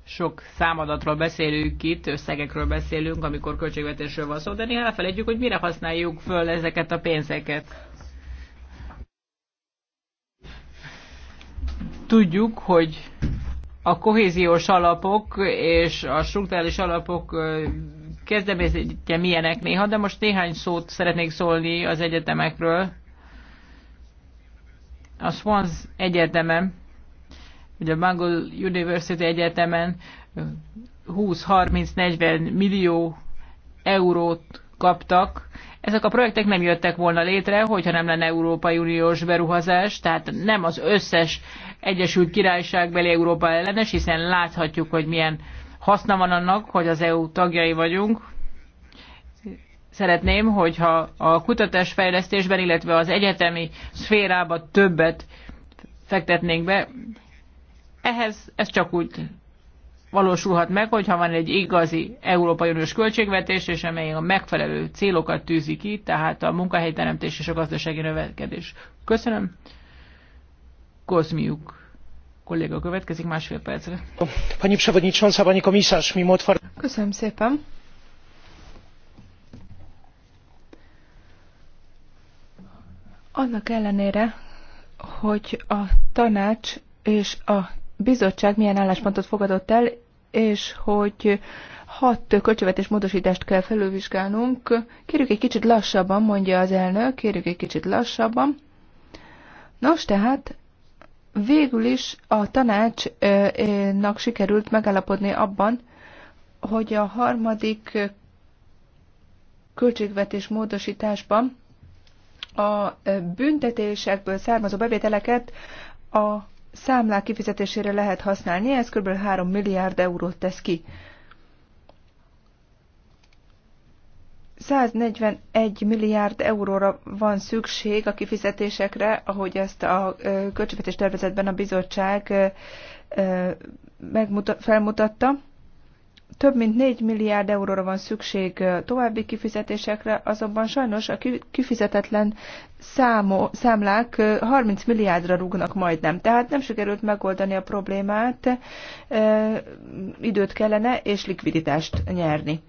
sok számadatról beszélünk itt, összegekről beszélünk, amikor költségvetésről van szó, de néha elfelejtjük, hogy mire használjuk föl ezeket a pénzeket. Tudjuk, hogy a kohéziós alapok és a struktúrális alapok kezdeményezetje milyenek néha, de most néhány szót szeretnék szólni az egyetemekről. A Swans Egyetemen, ugye a Bengal University Egyetemen 20-30-40 millió eurót kaptak. Ezek a projektek nem jöttek volna létre, hogyha nem lenne Európai Uniós beruházás, tehát nem az összes Egyesült Királyság beli Európa ellenes, hiszen láthatjuk, hogy milyen haszna van annak, hogy az EU tagjai vagyunk. Szeretném, hogyha a kutatás fejlesztésben, illetve az egyetemi szférába többet fektetnénk be. Ehhez ez csak úgy valósulhat meg, hogyha van egy igazi Európai Uniós költségvetés, és amely a megfelelő célokat tűzi ki, tehát a munkahelyteremtés és a gazdasági növekedés. Köszönöm. Kozmiuk kolléga következik másfél percre. Pani Przewodnicząca, Pani Komisarz, mimo Köszönöm szépen. Annak ellenére, hogy a tanács és a bizottság milyen álláspontot fogadott el, és hogy hat költségvetés módosítást kell felülvizsgálnunk. Kérjük egy kicsit lassabban, mondja az elnök, kérjük egy kicsit lassabban. Nos, tehát végül is a tanácsnak sikerült megállapodni abban, hogy a harmadik költségvetés módosításban a büntetésekből származó bevételeket a számlák kifizetésére lehet használni, ez kb. 3 milliárd eurót tesz ki. 141 milliárd euróra van szükség a kifizetésekre, ahogy ezt a költségvetés tervezetben a bizottság felmutatta több mint 4 milliárd euróra van szükség további kifizetésekre, azonban sajnos a kifizetetlen számo számlák 30 milliárdra rúgnak majdnem. Tehát nem sikerült megoldani a problémát, időt kellene és likviditást nyerni.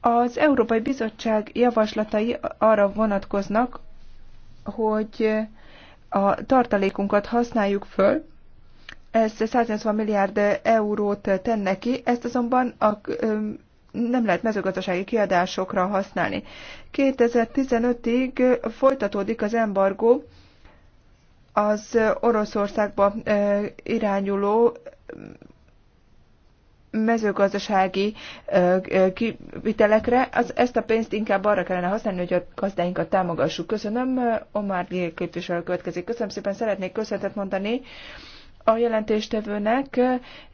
Az Európai Bizottság javaslatai arra vonatkoznak, hogy a tartalékunkat használjuk föl, ez 180 milliárd eurót tenne ki, ezt azonban a, nem lehet mezőgazdasági kiadásokra használni. 2015-ig folytatódik az embargó az Oroszországba irányuló mezőgazdasági kivitelekre. Az, ezt a pénzt inkább arra kellene használni, hogy a gazdáinkat támogassuk. Köszönöm, Omar Díl képviselő következik. Köszönöm szépen, szeretnék köszönetet mondani a jelentéstevőnek,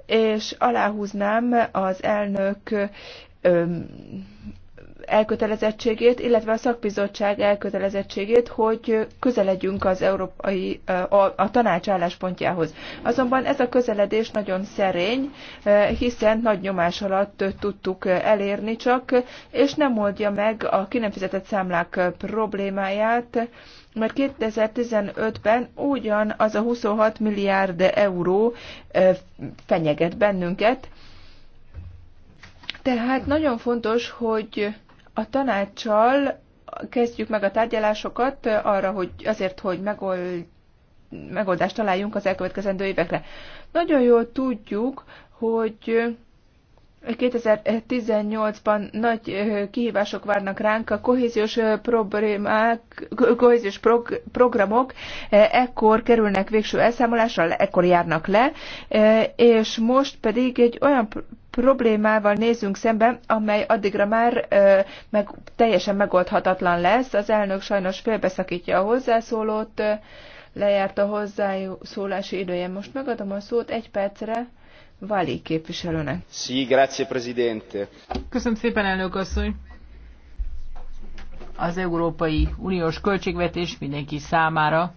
és aláhúznám az elnök elkötelezettségét, illetve a szakbizottság elkötelezettségét, hogy közeledjünk az európai, a, a tanács álláspontjához. Azonban ez a közeledés nagyon szerény, hiszen nagy nyomás alatt tudtuk elérni csak, és nem oldja meg a kinemfizetett számlák problémáját, mert 2015-ben ugyan az a 26 milliárd euró fenyeget bennünket. Tehát nagyon fontos, hogy a tanácssal kezdjük meg a tárgyalásokat arra, hogy azért, hogy megold, megoldást találjunk az elkövetkezendő évekre. Nagyon jól tudjuk, hogy 2018-ban nagy kihívások várnak ránk, a kohéziós problémák, kohéziós prog- programok ekkor kerülnek végső elszámolásra, ekkor járnak le, és most pedig egy olyan problémával nézünk szembe, amely addigra már ö, meg, teljesen megoldhatatlan lesz. Az elnök sajnos félbeszakítja a hozzászólót, ö, lejárt a hozzászólási idője. Most megadom a szót egy percre. Vali képviselőnek. Sí, grazie, presidente. Köszönöm szépen, elnök asszony. Az Európai Uniós költségvetés mindenki számára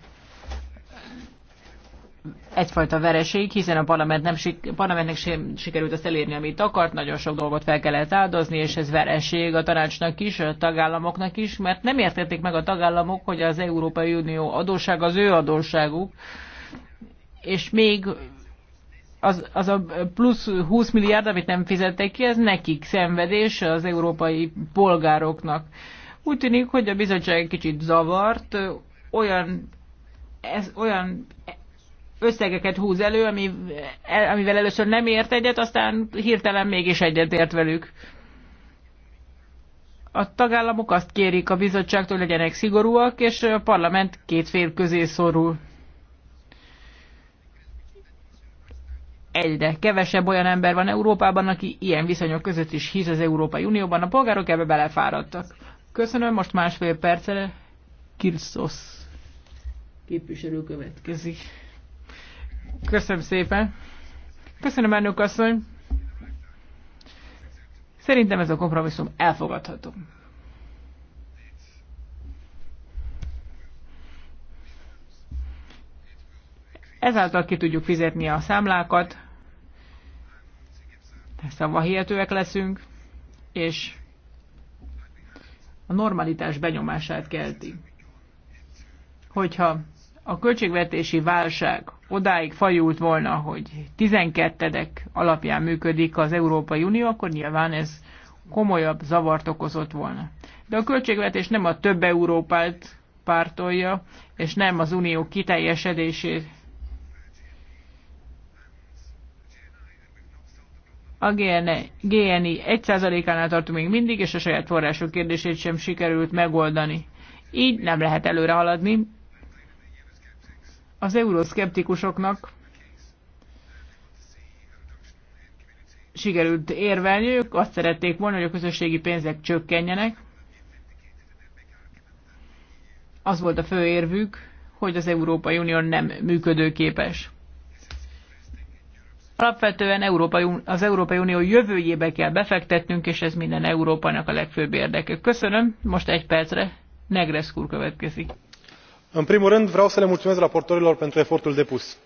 egyfajta vereség, hiszen a parlament nem, parlamentnek sem sikerült azt elérni, amit akart, nagyon sok dolgot fel kellett áldozni, és ez vereség a tanácsnak is, a tagállamoknak is, mert nem értették meg a tagállamok, hogy az Európai Unió adósság az ő adósságuk, és még az, az a plusz 20 milliárd, amit nem fizettek ki, ez nekik szenvedés, az európai polgároknak. Úgy tűnik, hogy a bizottság kicsit zavart, olyan, ez, olyan összegeket húz elő, ami, amivel először nem ért egyet, aztán hirtelen mégis egyet ért velük. A tagállamok azt kérik a bizottságtól, hogy legyenek szigorúak, és a parlament két fél közé szorul. egyre kevesebb olyan ember van Európában, aki ilyen viszonyok között is hisz az Európai Unióban. A polgárok ebbe belefáradtak. Köszönöm, most másfél percre Kirszosz képviselő következik. Köszönöm szépen. Köszönöm, elnök asszony. Szerintem ez a kompromisszum elfogadható. Ezáltal ki tudjuk fizetni a számlákat, hihetőek leszünk, és a normalitás benyomását kelti. Hogyha a költségvetési válság odáig fajult volna, hogy 12 alapján működik az Európai Unió, akkor nyilván ez komolyabb zavart okozott volna. De a költségvetés nem a több Európát pártolja, és nem az unió kiteljesedését A GNI e, 1%-ánál tartunk még mindig, és a saját források kérdését sem sikerült megoldani. Így nem lehet előre haladni. Az euroszkeptikusoknak sikerült érvelniük, azt szerették volna, hogy a közösségi pénzek csökkenjenek. Az volt a fő érvük, hogy az Európai Unió nem működőképes. Alapvetően Európai, az Európai Unió jövőjébe kell befektetnünk, és ez minden Európának a legfőbb érdeke. Köszönöm, most egy percre Negrescu következik. În primul rând, vreau să le mulțumesc raportorilor pentru efortul depus.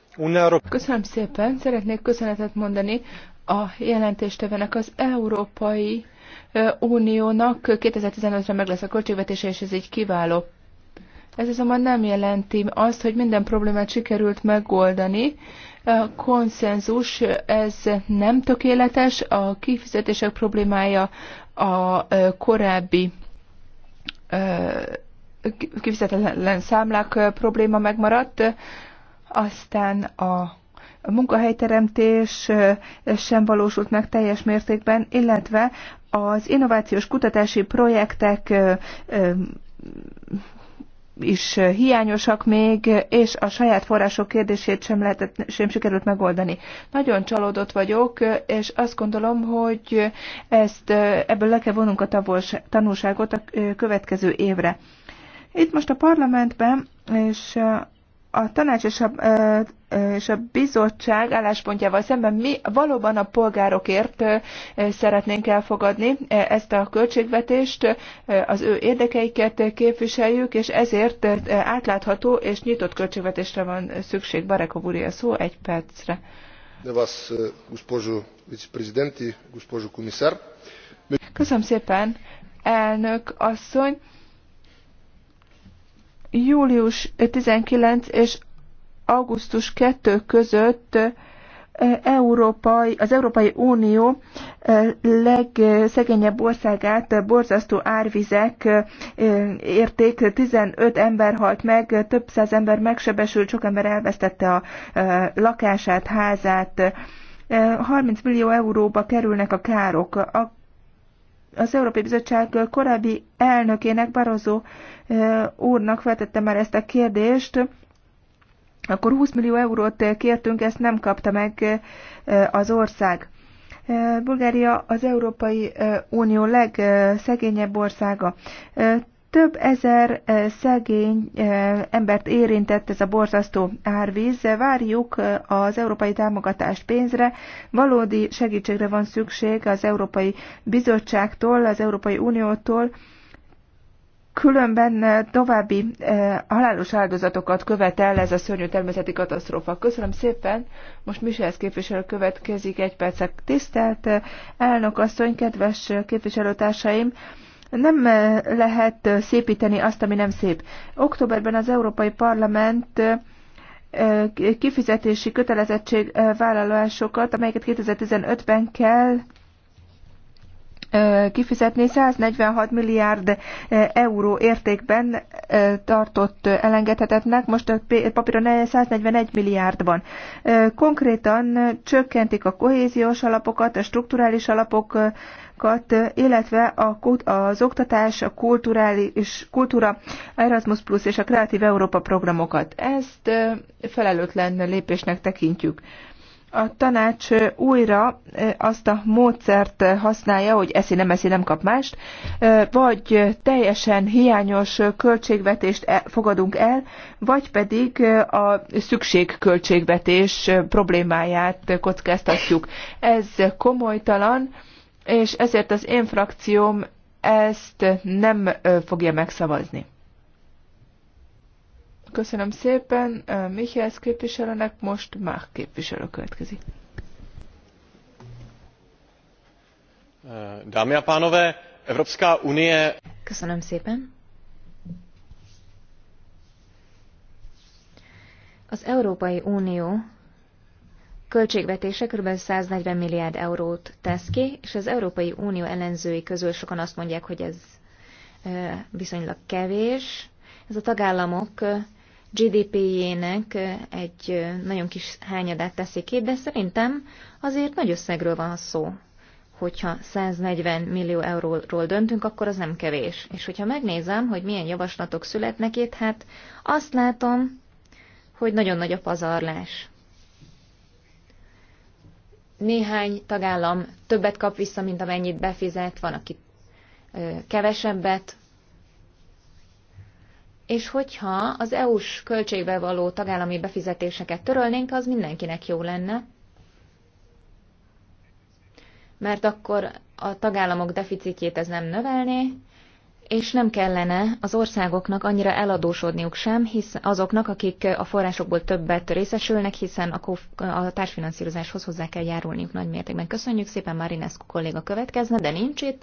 Köszönöm szépen, szeretnék köszönetet mondani a jelentéstevenek az Európai Uniónak 2015-re meg lesz a költségvetése, és ez így kiváló. Ez azonban nem jelenti azt, hogy minden problémát sikerült megoldani, konszenzus, ez nem tökéletes, a kifizetések problémája a korábbi kifizetetlen számlák probléma megmaradt, aztán a a munkahelyteremtés sem valósult meg teljes mértékben, illetve az innovációs kutatási projektek is hiányosak még, és a saját források kérdését sem, lehetett, sem sikerült megoldani. Nagyon csalódott vagyok, és azt gondolom, hogy ezt ebből le kell vonunk a tavos, tanulságot a következő évre. Itt most a parlamentben és a tanács és a, és a bizottság álláspontjával szemben mi valóban a polgárokért szeretnénk elfogadni ezt a költségvetést, az ő érdekeiket képviseljük, és ezért átlátható és nyitott költségvetésre van szükség. Barekov úr, a szó egy percre. De vas, viceprezidenti, Köszönöm szépen, elnök asszony július 19 és augusztus 2 között eh, Európai, az Európai Unió eh, legszegényebb országát borzasztó árvizek eh, érték, 15 ember halt meg, több száz ember megsebesült, sok ember elvesztette a lakását, házát. 30 millió euróba kerülnek a károk. A az Európai Bizottság korábbi elnökének, Barozó úrnak feltettem már ezt a kérdést, akkor 20 millió eurót kértünk, ezt nem kapta meg az ország. Bulgária az Európai Unió legszegényebb országa. Több ezer szegény embert érintett ez a borzasztó árvíz. Várjuk az európai támogatást pénzre. Valódi segítségre van szükség az Európai Bizottságtól, az Európai Uniótól Különben eh, további eh, halálos áldozatokat követel ez a szörnyű természeti katasztrófa. Köszönöm szépen. Most Michels képviselő következik egy percet. Tisztelt eh, elnök asszony, kedves képviselőtársaim! nem lehet szépíteni azt, ami nem szép. Októberben az Európai Parlament kifizetési kötelezettség vállalásokat, amelyeket 2015-ben kell kifizetni. 146 milliárd euró értékben tartott elengedhetetnek, most a papíron 141 milliárd van. Konkrétan csökkentik a kohéziós alapokat, a strukturális alapokat, illetve az oktatás, a kulturális, kultúra, Erasmus Plus és a Kreatív Európa programokat. Ezt felelőtlen lépésnek tekintjük a tanács újra azt a módszert használja, hogy eszi nem eszi, nem kap mást, vagy teljesen hiányos költségvetést e, fogadunk el, vagy pedig a szükségköltségvetés problémáját kockáztatjuk. Ez komolytalan, és ezért az én frakcióm ezt nem fogja megszavazni. Köszönöm szépen. Mihály képviselőnek most már képviselő következik. Dámy a pánové, Evropská unie... Köszönöm szépen. Az Európai Unió költségvetése kb. 140 milliárd eurót tesz ki, és az Európai Unió ellenzői közül sokan azt mondják, hogy ez viszonylag kevés. Ez a tagállamok GDP-jének egy nagyon kis hányadát teszik ki, de szerintem azért nagy összegről van szó. Hogyha 140 millió euróról döntünk, akkor az nem kevés. És hogyha megnézem, hogy milyen javaslatok születnek itt, hát azt látom, hogy nagyon nagy a pazarlás. Néhány tagállam többet kap vissza, mint amennyit befizet, van, aki kevesebbet, és hogyha az EU-s költségbe való tagállami befizetéseket törölnénk, az mindenkinek jó lenne, mert akkor a tagállamok deficitjét ez nem növelné, és nem kellene az országoknak annyira eladósodniuk sem, hisz azoknak, akik a forrásokból többet részesülnek, hiszen a, társfinanszírozáshoz hozzá kell járulniuk nagy mértékben. Köszönjük szépen, Marinescu kolléga következne, de nincs itt.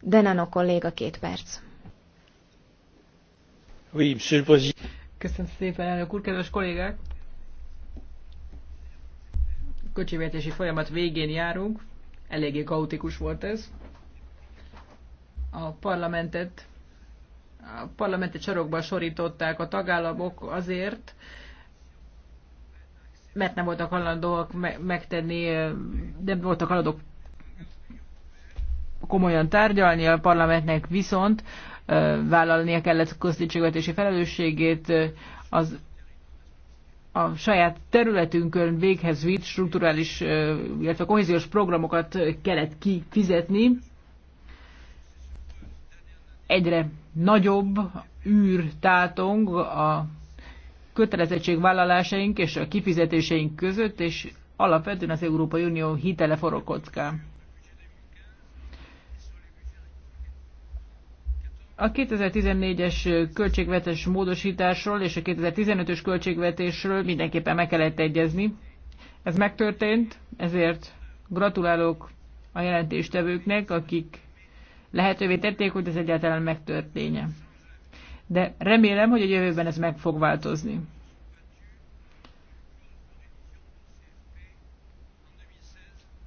Denano kolléga két perc. Oui, monsieur le président. Köszönöm szépen, elnök úr, kedves kollégák! Kocsivetési folyamat végén járunk, eléggé kaotikus volt ez. A parlamentet, a parlamentet sarokba sorították a tagállamok azért, mert nem voltak hajlandóak megtenni, nem voltak hajlandók komolyan tárgyalni a parlamentnek, viszont vállalnia kellett köztítségvetési felelősségét, az a saját területünkön véghez vitt strukturális, illetve kohéziós programokat kellett kifizetni. Egyre nagyobb űr tátong a kötelezettségvállalásaink és a kifizetéseink között, és alapvetően az Európai Unió hitele forog kockán. A 2014-es költségvetés módosításról és a 2015-ös költségvetésről mindenképpen meg kellett egyezni. Ez megtörtént, ezért gratulálok a jelentéstevőknek, akik lehetővé tették, hogy ez egyáltalán megtörténje. De remélem, hogy a jövőben ez meg fog változni.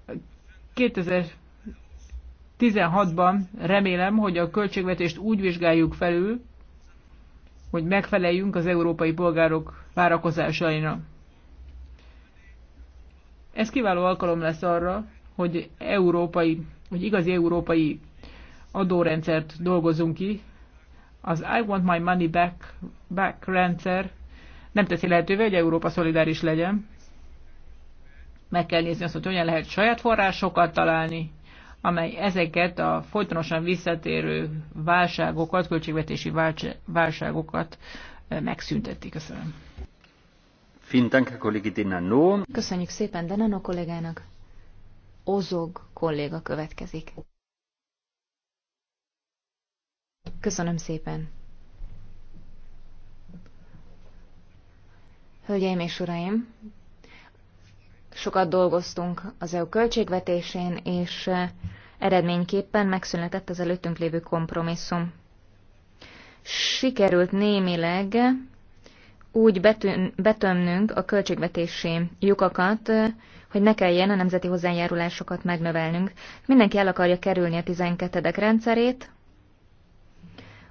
A 2000 16-ban remélem, hogy a költségvetést úgy vizsgáljuk felül, hogy megfeleljünk az európai polgárok várakozásainak. Ez kiváló alkalom lesz arra, hogy európai, hogy igazi európai adórendszert dolgozunk ki. Az I want my money back, back rendszer nem teszi lehetővé, hogy Európa szolidáris legyen. Meg kell nézni azt, hogy hogyan lehet saját forrásokat találni, amely ezeket a folytonosan visszatérő válságokat, költségvetési válságokat megszünteti. Köszönöm. Köszönjük szépen Denano kollégának. Ozog kolléga következik. Köszönöm szépen. Hölgyeim és uraim, sokat dolgoztunk az EU költségvetésén, és eh, eredményképpen megszületett az előttünk lévő kompromisszum. Sikerült némileg úgy betömnünk a költségvetési lyukakat, eh, hogy ne kelljen a nemzeti hozzájárulásokat megnövelnünk. Mindenki el akarja kerülni a 12. rendszerét,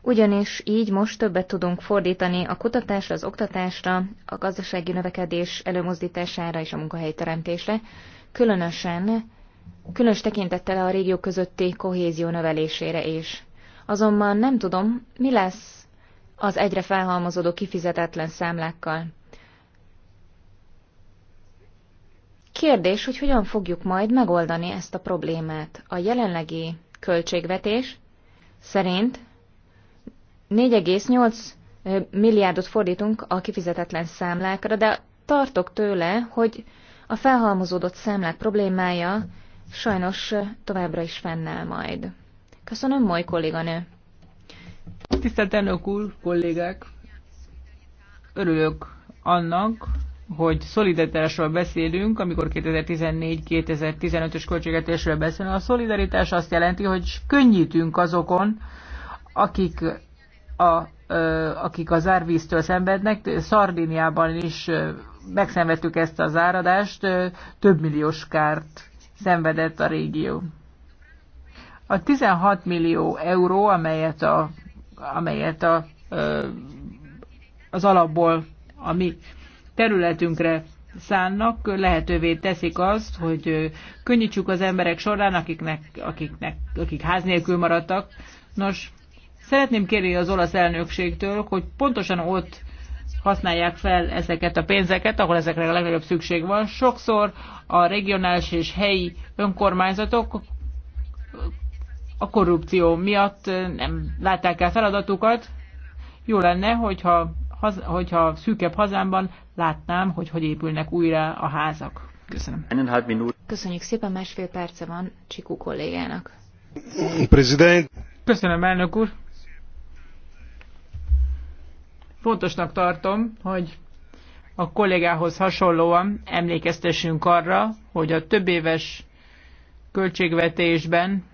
ugyanis így most többet tudunk fordítani a kutatásra, az oktatásra, a gazdasági növekedés előmozdítására és a munkahelyteremtésre, különösen, különös tekintettel a régió közötti kohézió növelésére is. Azonban nem tudom, mi lesz az egyre felhalmozódó kifizetetlen számlákkal. Kérdés, hogy hogyan fogjuk majd megoldani ezt a problémát. A jelenlegi költségvetés szerint 4,8 milliárdot fordítunk a kifizetetlen számlákra, de tartok tőle, hogy a felhalmozódott számlák problémája sajnos továbbra is fennáll majd. Köszönöm, moly kolléganő! Tisztelt elnök úr, kollégák! Örülök annak, hogy szolidaritásról beszélünk, amikor 2014-2015-ös költségvetésről beszélünk. A szolidaritás azt jelenti, hogy könnyítünk azokon, akik a, akik az árvíztől szenvednek. Szardiniában is megszenvedtük ezt az áradást, több milliós kárt szenvedett a régió. A 16 millió euró, amelyet a, amelyet a, az alapból a mi területünkre szánnak, lehetővé teszik azt, hogy könnyítsük az emberek során, akiknek, akiknek, akik ház nélkül maradtak. Nos, Szeretném kérni az olasz elnökségtől, hogy pontosan ott használják fel ezeket a pénzeket, ahol ezekre a legnagyobb szükség van. Sokszor a regionális és helyi önkormányzatok a korrupció miatt nem látták el feladatukat. Jó lenne, hogyha, hogyha szűkebb hazámban látnám, hogy hogy épülnek újra a házak. Köszönöm. Köszönjük szépen, másfél perce van Csikú kollégának. Köszönöm, elnök úr. Fontosnak tartom, hogy a kollégához hasonlóan emlékeztessünk arra, hogy a több éves költségvetésben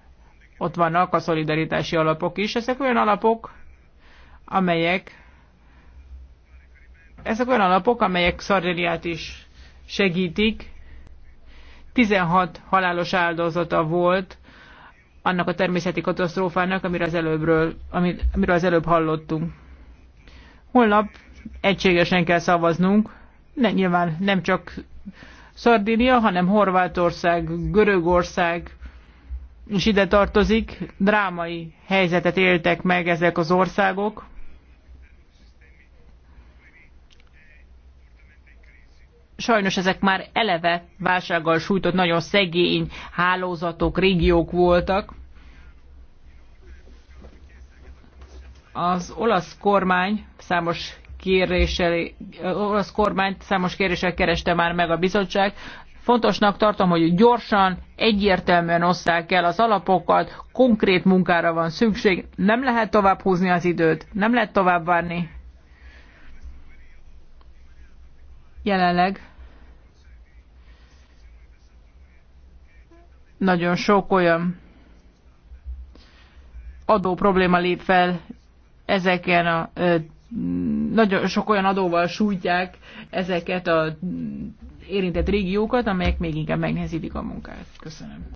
ott vannak a szolidaritási alapok is. Ezek olyan alapok, amelyek ezek olyan alapok, amelyek Szardeliát is segítik. 16 halálos áldozata volt annak a természeti katasztrófának, amiről az előbbről, amiről az előbb hallottunk. Holnap egységesen kell szavaznunk, ne, nyilván nem csak Szardinia, hanem Horvátország, Görögország is ide tartozik. Drámai helyzetet éltek meg ezek az országok. Sajnos ezek már eleve válsággal sújtott, nagyon szegény hálózatok, régiók voltak. az olasz kormány számos kéréssel, olasz kormány számos kéréssel kereste már meg a bizottság. Fontosnak tartom, hogy gyorsan, egyértelműen osszák el az alapokat, konkrét munkára van szükség, nem lehet tovább húzni az időt, nem lehet tovább várni. Jelenleg nagyon sok olyan adó probléma lép fel ezeken a nagyon sok olyan adóval sújtják ezeket a érintett régiókat, amelyek még inkább megnehezítik a munkát. Köszönöm.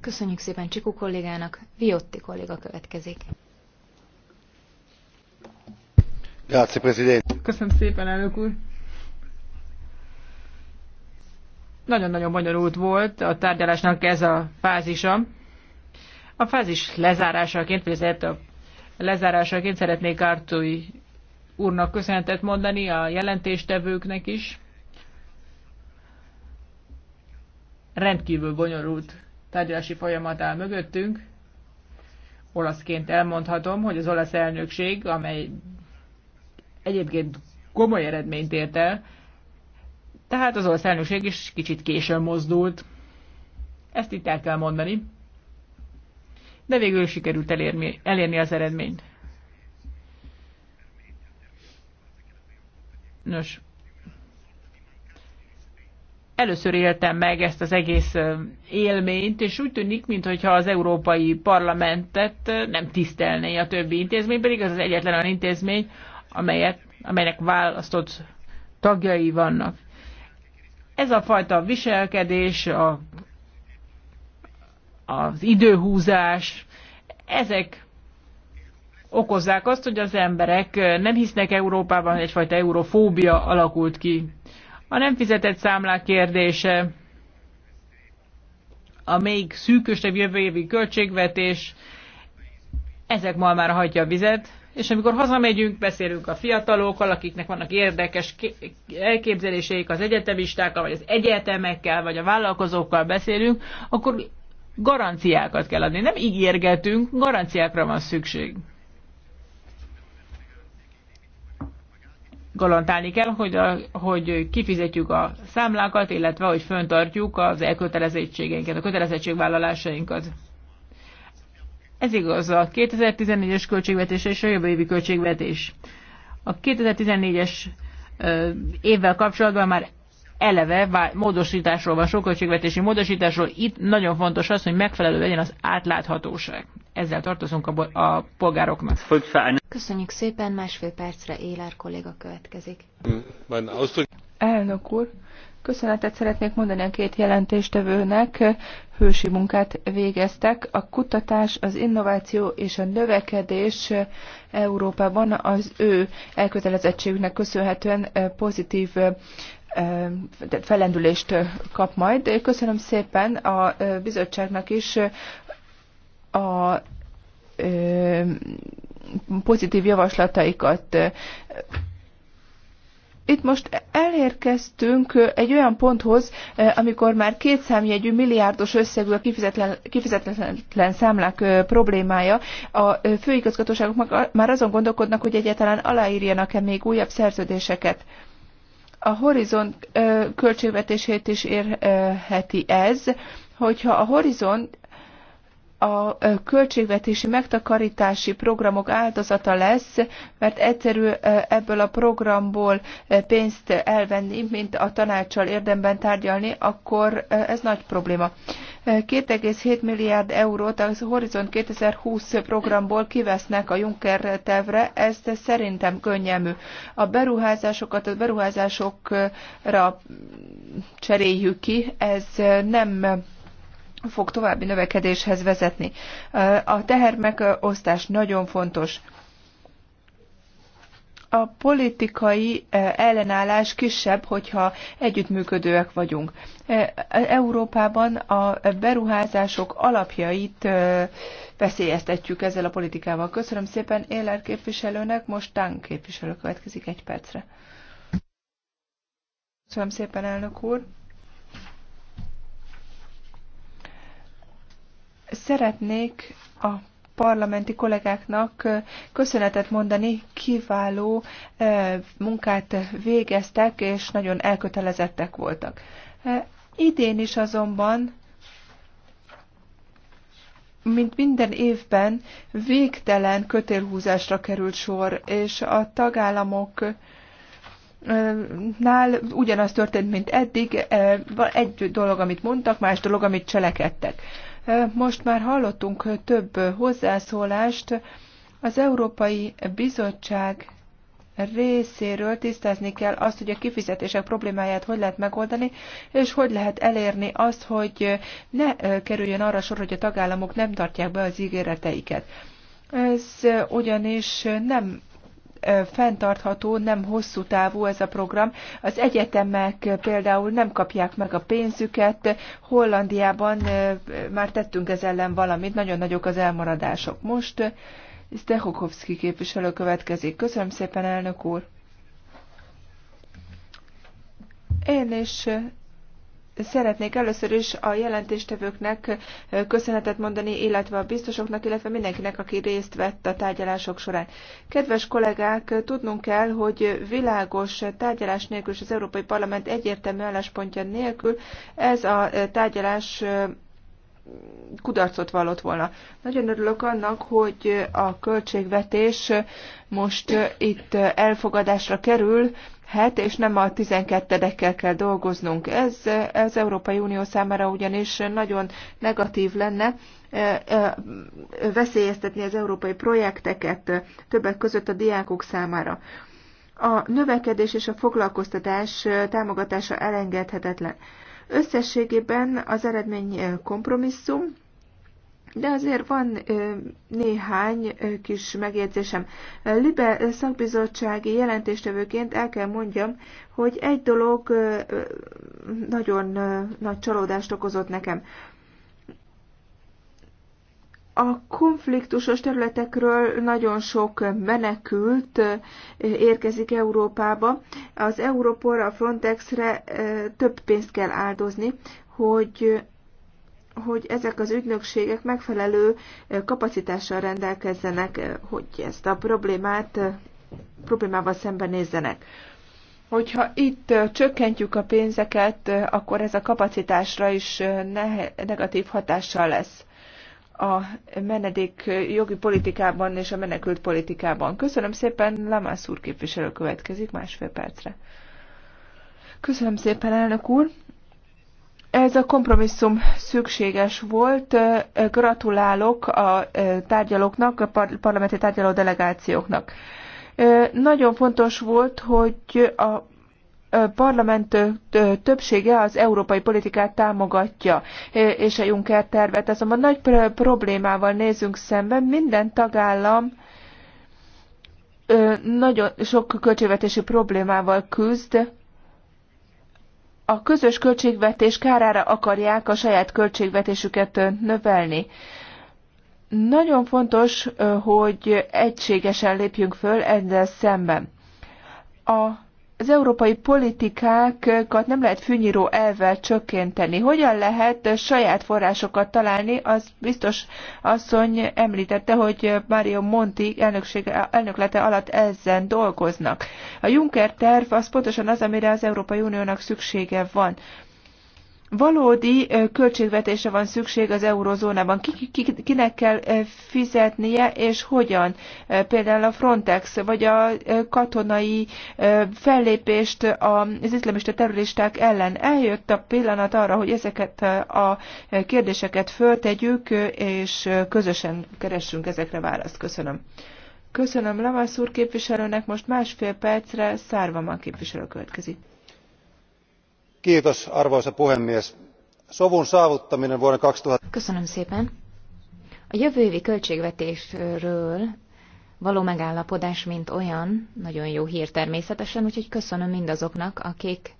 Köszönjük szépen Csikó kollégának. Viotti kolléga következik. Köszönöm szépen, elnök úr. Nagyon-nagyon bonyolult volt a tárgyalásnak ez a fázisa. A fázis lezárásaként, vagy az a Lezárásaként szeretnék Ártói úrnak köszönetet mondani, a jelentéstevőknek is. Rendkívül bonyolult tárgyalási folyamat áll mögöttünk. Olaszként elmondhatom, hogy az olasz elnökség, amely egyébként komoly eredményt ért el, tehát az olasz elnökség is kicsit későn mozdult. Ezt itt el kell mondani de végül sikerült elérni, elérni az eredményt. Nos, először éltem meg ezt az egész élményt, és úgy tűnik, mintha az Európai Parlamentet nem tisztelné a többi intézmény, pedig az az egyetlen olyan intézmény, amelyet, amelynek választott tagjai vannak. Ez a fajta viselkedés, a az időhúzás, ezek okozzák azt, hogy az emberek nem hisznek Európában, egyfajta eurofóbia alakult ki. A nem fizetett számlák kérdése, a még szűkösebb jövő évi költségvetés, ezek ma már hagyja a vizet, és amikor hazamegyünk, beszélünk a fiatalokkal, akiknek vannak érdekes elképzeléseik, az egyetemistákkal, vagy az egyetemekkel, vagy a vállalkozókkal beszélünk, akkor garanciákat kell adni. Nem ígérgetünk, garanciákra van szükség. Garantálni kell, hogy, a, hogy kifizetjük a számlákat, illetve hogy föntartjuk az elkötelezettségeinket, a kötelezettségvállalásainkat. Ez igaz a 2014-es költségvetés és a jövő évi költségvetés. A 2014-es évvel kapcsolatban már eleve módosításról van, sok módosításról. Itt nagyon fontos az, hogy megfelelő legyen az átláthatóság. Ezzel tartozunk a, a polgároknak. Köszönjük szépen, másfél percre Élár kolléga következik. Elnök úr, köszönetet szeretnék mondani a két jelentéstevőnek. Hősi munkát végeztek. A kutatás, az innováció és a növekedés Európában az ő elkötelezettségüknek köszönhetően pozitív felendülést kap majd. Köszönöm szépen a bizottságnak is a pozitív javaslataikat. Itt most elérkeztünk egy olyan ponthoz, amikor már két számjegyű milliárdos összegű a kifizetlen, kifizetlen számlák problémája. A főigazgatóságok már azon gondolkodnak, hogy egyáltalán aláírjanak-e még újabb szerződéseket a horizont költségvetését is érheti ez, hogyha a horizont a költségvetési megtakarítási programok áldozata lesz, mert egyszerű ebből a programból pénzt elvenni, mint a tanácssal érdemben tárgyalni, akkor ez nagy probléma. 2,7 milliárd eurót az Horizont 2020 programból kivesznek a Juncker tervre, ez szerintem könnyelmű. A beruházásokat a beruházásokra cseréljük ki, ez nem fog további növekedéshez vezetni. A teher megosztás nagyon fontos. A politikai ellenállás kisebb, hogyha együttműködőek vagyunk. Európában a beruházások alapjait veszélyeztetjük ezzel a politikával. Köszönöm szépen Éler képviselőnek, most Tán képviselő következik egy percre. Köszönöm szépen, elnök úr. Szeretnék a parlamenti kollégáknak köszönetet mondani, kiváló munkát végeztek, és nagyon elkötelezettek voltak. Idén is azonban, mint minden évben, végtelen kötélhúzásra került sor, és a tagállamok nál ugyanaz történt, mint eddig, egy dolog, amit mondtak, más dolog, amit cselekedtek. Most már hallottunk több hozzászólást. Az Európai Bizottság részéről tisztázni kell azt, hogy a kifizetések problémáját hogy lehet megoldani, és hogy lehet elérni azt, hogy ne kerüljön arra sor, hogy a tagállamok nem tartják be az ígéreteiket. Ez ugyanis nem fenntartható, nem hosszú távú ez a program. Az egyetemek például nem kapják meg a pénzüket. Hollandiában már tettünk ez ellen valamit, nagyon nagyok az elmaradások. Most Stehokovszki képviselő következik. Köszönöm szépen, elnök úr! Én is Szeretnék először is a jelentéstevőknek köszönetet mondani, illetve a biztosoknak, illetve mindenkinek, aki részt vett a tárgyalások során. Kedves kollégák, tudnunk kell, hogy világos tárgyalás nélkül és az Európai Parlament egyértelmű álláspontja nélkül ez a tárgyalás kudarcot vallott volna. Nagyon örülök annak, hogy a költségvetés most itt elfogadásra kerül, Hát, és nem a 12-edekkel kell dolgoznunk. Ez az Európai Unió számára ugyanis nagyon negatív lenne e, e, veszélyeztetni az európai projekteket többek között a diákok számára. A növekedés és a foglalkoztatás támogatása elengedhetetlen. Összességében az eredmény kompromisszum, de azért van néhány kis megjegyzésem. Libe szakbizottsági jelentéstevőként el kell mondjam, hogy egy dolog nagyon nagy csalódást okozott nekem. A konfliktusos területekről nagyon sok menekült eh, érkezik Európába. Az Európóra, a Frontexre eh, több pénzt kell áldozni, hogy hogy ezek az ügynökségek megfelelő eh, kapacitással rendelkezzenek, hogy ezt a problémát, problémával szembenézzenek. Hogyha itt csökkentjük a pénzeket, akkor ez a kapacitásra is negatív hatással lesz a menedék jogi politikában és a menekült politikában. Köszönöm szépen, Lamász úr képviselő következik másfél percre. Köszönöm szépen, elnök úr. Ez a kompromisszum szükséges volt. Gratulálok a tárgyalóknak, a parlamenti tárgyaló delegációknak. Nagyon fontos volt, hogy a parlament többsége az európai politikát támogatja, és a Juncker tervet. Azonban nagy problémával nézünk szemben, minden tagállam nagyon sok költségvetési problémával küzd, a közös költségvetés kárára akarják a saját költségvetésüket növelni. Nagyon fontos, hogy egységesen lépjünk föl ezzel szemben. A az európai politikákat nem lehet fűnyíró elvvel csökkenteni. Hogyan lehet saját forrásokat találni? Az biztos asszony említette, hogy Mario Monti elnöksége, elnöklete alatt ezen dolgoznak. A Juncker terv az pontosan az, amire az Európai Uniónak szüksége van. Valódi költségvetése van szükség az eurozónában. Ki, ki, kinek kell fizetnie, és hogyan? Például a Frontex, vagy a katonai fellépést az iszlamista terroristák ellen. Eljött a pillanat arra, hogy ezeket a kérdéseket föltegyük, és közösen keressünk ezekre választ. Köszönöm. Köszönöm Lavasz úr képviselőnek, most másfél percre szárva Szárvama képviselő következik arvoisa puhemies sovun saavuttaminen vuonna kaksituhatta. a jövő évi költségvetésről való megállapodás mint olyan nagyon jó hír természetesen úgyhogy köszönöm mindazoknak akik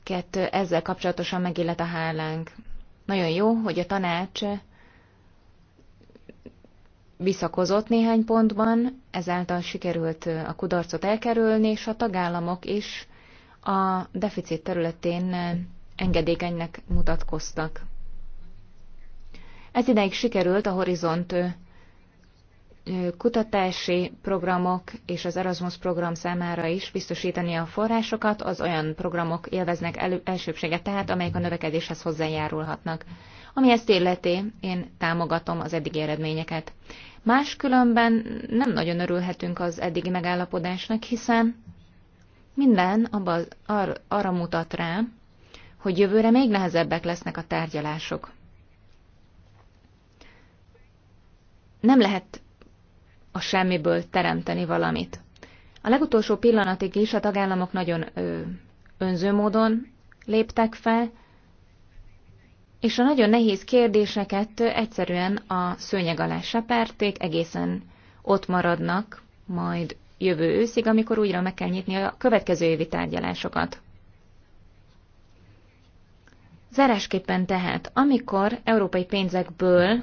akiket ezzel kapcsolatosan megillet a hálánk. Nagyon jó, hogy a tanács visszakozott néhány pontban, ezáltal sikerült a kudarcot elkerülni, és a tagállamok is a deficit területén eh, engedékenynek mutatkoztak. Ez ideig sikerült a Horizont eh, kutatási programok és az Erasmus program számára is biztosítani a forrásokat, az olyan programok élveznek elő, elsőbséget tehát, amelyek a növekedéshez hozzájárulhatnak. Ami ezt illeti, én támogatom az eddigi eredményeket. Máskülönben nem nagyon örülhetünk az eddigi megállapodásnak, hiszen minden abba, ar, arra mutat rá, hogy jövőre még nehezebbek lesznek a tárgyalások. Nem lehet a semmiből teremteni valamit. A legutolsó pillanatig is a tagállamok nagyon ö, önző módon léptek fel, és a nagyon nehéz kérdéseket egyszerűen a szőnyeg alá seperték, egészen ott maradnak majd jövő őszig, amikor újra meg kell nyitni a következő évi tárgyalásokat. Zárásképpen tehát, amikor európai pénzekből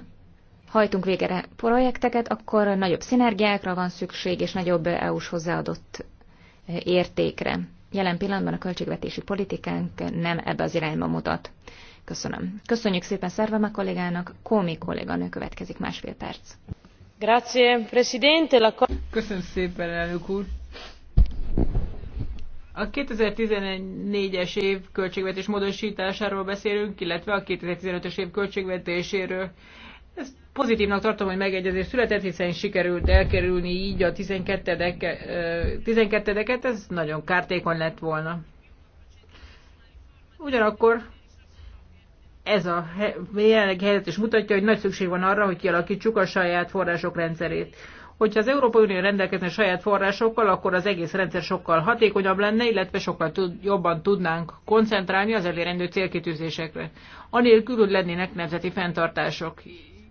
hajtunk végre projekteket, akkor nagyobb szinergiákra van szükség, és nagyobb EU-s hozzáadott eh, értékre. Jelen pillanatban a költségvetési politikánk nem ebbe az irányba mutat. Köszönöm. Köszönjük szépen Szervema kollégának, Kómi kolléganő következik másfél perc. Köszönöm szépen, elnök úr! A 2014-es év költségvetés módosításáról beszélünk, illetve a 2015 es év költségvetéséről. Ezt pozitívnak tartom, hogy megegyezés született, hiszen sikerült elkerülni így a 12-deket, 12 ez nagyon kártékony lett volna. Ugyanakkor ez a jelenleg helyzet is mutatja, hogy nagy szükség van arra, hogy kialakítsuk a saját források rendszerét. Hogyha az Európai Unió rendelkezne saját forrásokkal, akkor az egész rendszer sokkal hatékonyabb lenne, illetve sokkal tud, jobban tudnánk koncentrálni az elérendő célkitűzésekre. Anélkül, hogy lennének nemzeti fenntartások.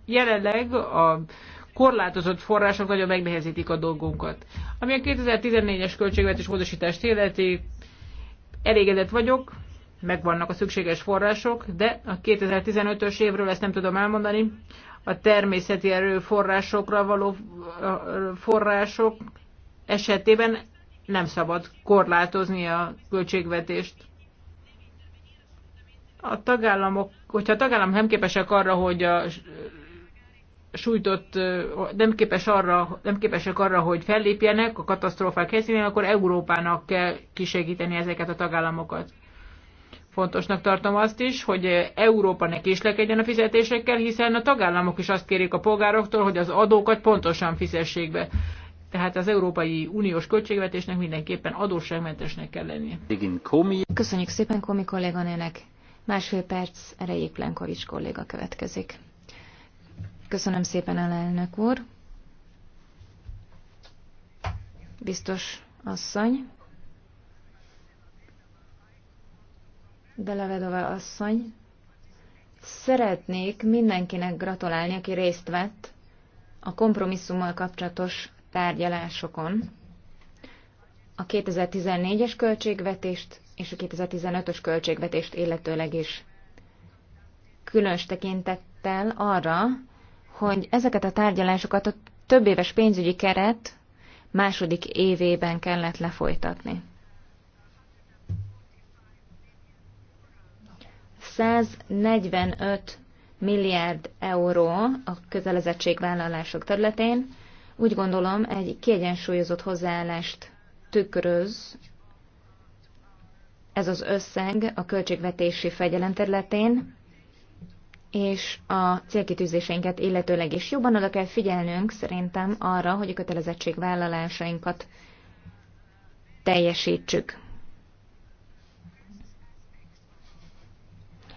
Jelenleg a korlátozott források nagyon megnehezítik a dolgunkat. Ami a 2014-es költségvetés módosítást illeti, elégedett vagyok, megvannak a szükséges források, de a 2015-ös évről ezt nem tudom elmondani. A természeti erőforrásokra való források esetében nem szabad korlátozni a költségvetést. A tagállamok, hogyha a tagállam nem képesek arra, hogy a sújtott, nem, képes arra, nem képesek arra, hogy fellépjenek a katasztrófák helyszínén, akkor Európának kell kisegíteni ezeket a tagállamokat. Fontosnak tartom azt is, hogy Európa ne késlekedjen a fizetésekkel, hiszen a tagállamok is azt kérik a polgároktól, hogy az adókat pontosan fizessék be. Tehát az Európai Uniós költségvetésnek mindenképpen adósságmentesnek kell lennie. Köszönjük szépen Komi kolléganőnek. Másfél perc erejéig Plenkovics kolléga következik. Köszönöm szépen, elnök úr. Biztos asszony. Belevedova asszony. Szeretnék mindenkinek gratulálni, aki részt vett a kompromisszummal kapcsolatos tárgyalásokon. A 2014-es költségvetést és a 2015-ös költségvetést illetőleg is. Különös tekintettel arra, hogy ezeket a tárgyalásokat a több éves pénzügyi keret második évében kellett lefolytatni. 145 milliárd euró a kötelezettségvállalások területén, úgy gondolom egy kiegyensúlyozott hozzáállást tükröz ez az összeg a költségvetési fegyelem területén, és a célkitűzéseinket illetőleg is jobban oda kell figyelnünk szerintem arra, hogy a kötelezettségvállalásainkat teljesítsük.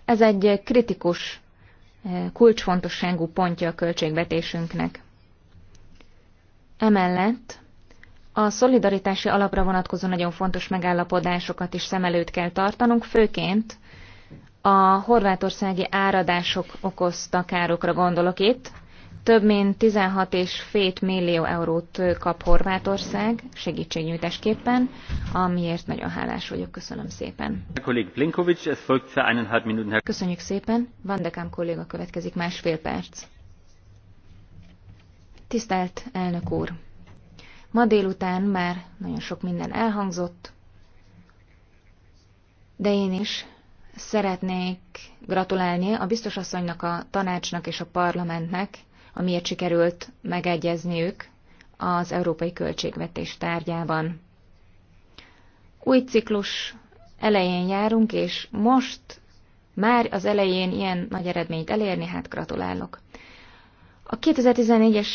Ez egy kritikus, eh, kulcsfontosságú pontja a költségvetésünknek. Emellett a szolidaritási alapra vonatkozó nagyon fontos megállapodásokat is szem előtt kell tartanunk, főként a horvátországi áradások okozta károkra gondolok itt, több mint 16,5 millió eurót kap Horvátország segítségnyújtásképpen, amiért nagyon hálás vagyok. Köszönöm szépen. Köszönjük szépen. Vandekám kolléga következik másfél perc. Tisztelt elnök úr! Ma délután már nagyon sok minden elhangzott, de én is szeretnék gratulálni a biztosasszonynak, a tanácsnak és a parlamentnek amiért sikerült megegyezniük az európai költségvetés tárgyában. Új ciklus elején járunk, és most már az elején ilyen nagy eredményt elérni, hát gratulálok. A 2014-es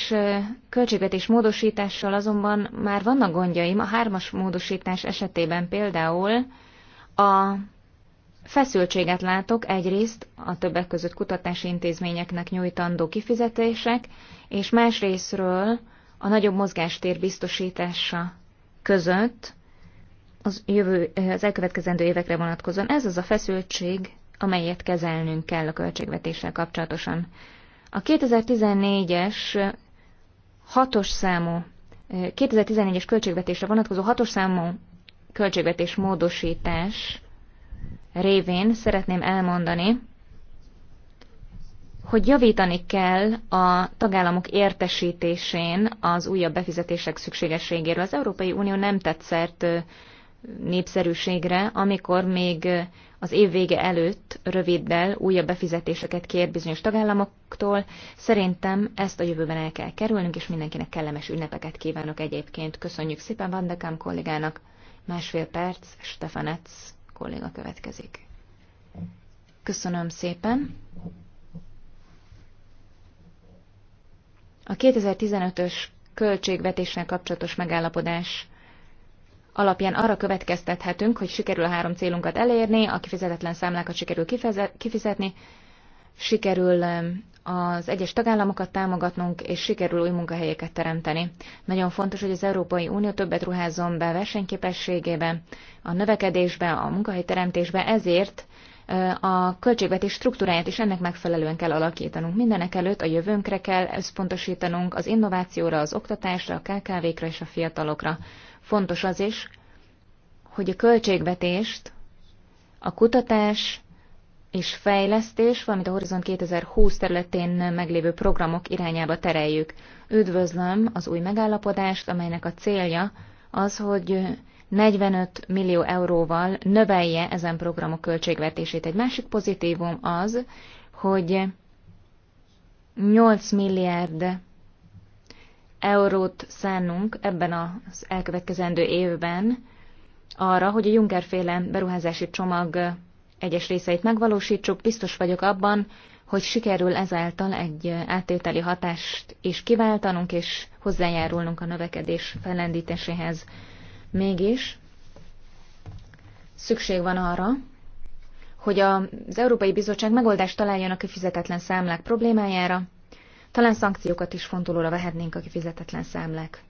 költségvetés módosítással azonban már vannak gondjaim. A hármas módosítás esetében például a Feszültséget látok egyrészt a többek között kutatási intézményeknek nyújtandó kifizetések, és másrésztről a nagyobb mozgástér biztosítása között az, jövő, az elkövetkezendő évekre vonatkozóan. Ez az a feszültség, amelyet kezelnünk kell a költségvetéssel kapcsolatosan. A 2014-es hatos számú, 2014-es költségvetésre vonatkozó hatos számú költségvetés módosítás révén szeretném elmondani, hogy javítani kell a tagállamok értesítésén az újabb befizetések szükségességéről. Az Európai Unió nem tett szert népszerűségre, amikor még az év vége előtt röviddel újabb befizetéseket kér bizonyos tagállamoktól. Szerintem ezt a jövőben el kell kerülnünk, és mindenkinek kellemes ünnepeket kívánok egyébként. Köszönjük szépen Vandekám kollégának. Másfél perc, Stefanetsz kolléga következik. Köszönöm szépen. A 2015-ös költségvetéssel kapcsolatos megállapodás alapján arra következtethetünk, hogy sikerül a három célunkat elérni, a kifizetetlen számlákat sikerül kifizetni, sikerül um, az egyes tagállamokat támogatnunk, és sikerül új munkahelyeket teremteni. Nagyon fontos, hogy az Európai Unió többet ruházzon be versenyképességébe, a növekedésbe, a munkahelyteremtésbe, ezért a költségvetés struktúráját is ennek megfelelően kell alakítanunk. Mindenek előtt a jövőnkre kell összpontosítanunk, az innovációra, az oktatásra, a KKV-kra és a fiatalokra. Fontos az is, hogy a költségvetést a kutatás, és fejlesztés, valamint a Horizont 2020 területén meglévő programok irányába tereljük. Üdvözlöm az új megállapodást, amelynek a célja az, hogy 45 millió euróval növelje ezen programok költségvetését. Egy másik pozitívum az, hogy 8 milliárd eurót szánunk ebben az elkövetkezendő évben arra, hogy a Juncker féle beruházási csomag egyes részeit megvalósítsuk, biztos vagyok abban, hogy sikerül ezáltal egy áttételi hatást is kiváltanunk, és hozzájárulnunk a növekedés fellendítéséhez. Mégis szükség van arra, hogy az Európai Bizottság megoldást találjon a kifizetetlen számlák problémájára, talán szankciókat is fontolóra vehetnénk a kifizetetlen számlák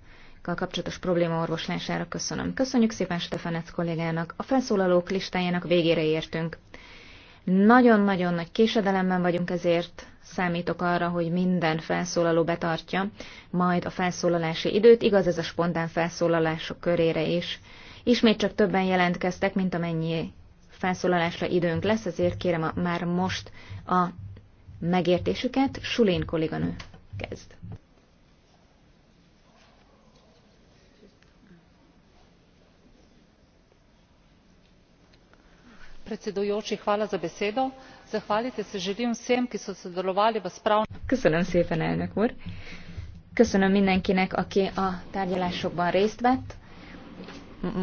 kapcsolatos probléma orvoslására köszönöm. Köszönjük szépen Stefanec kollégának. A felszólalók listájának végére értünk. Nagyon-nagyon nagy késedelemben vagyunk, ezért számítok arra, hogy minden felszólaló betartja majd a felszólalási időt. Igaz ez a spontán felszólalások körére is. Ismét csak többen jelentkeztek, mint amennyi felszólalásra időnk lesz, ezért kérem a, már most a megértésüket. Sulén kolléganő kezd. zahvaliti se želim vsem ki so sodelovali v spravnem. köszönöm mindenkinek aki a tárgyalásokban részt vett.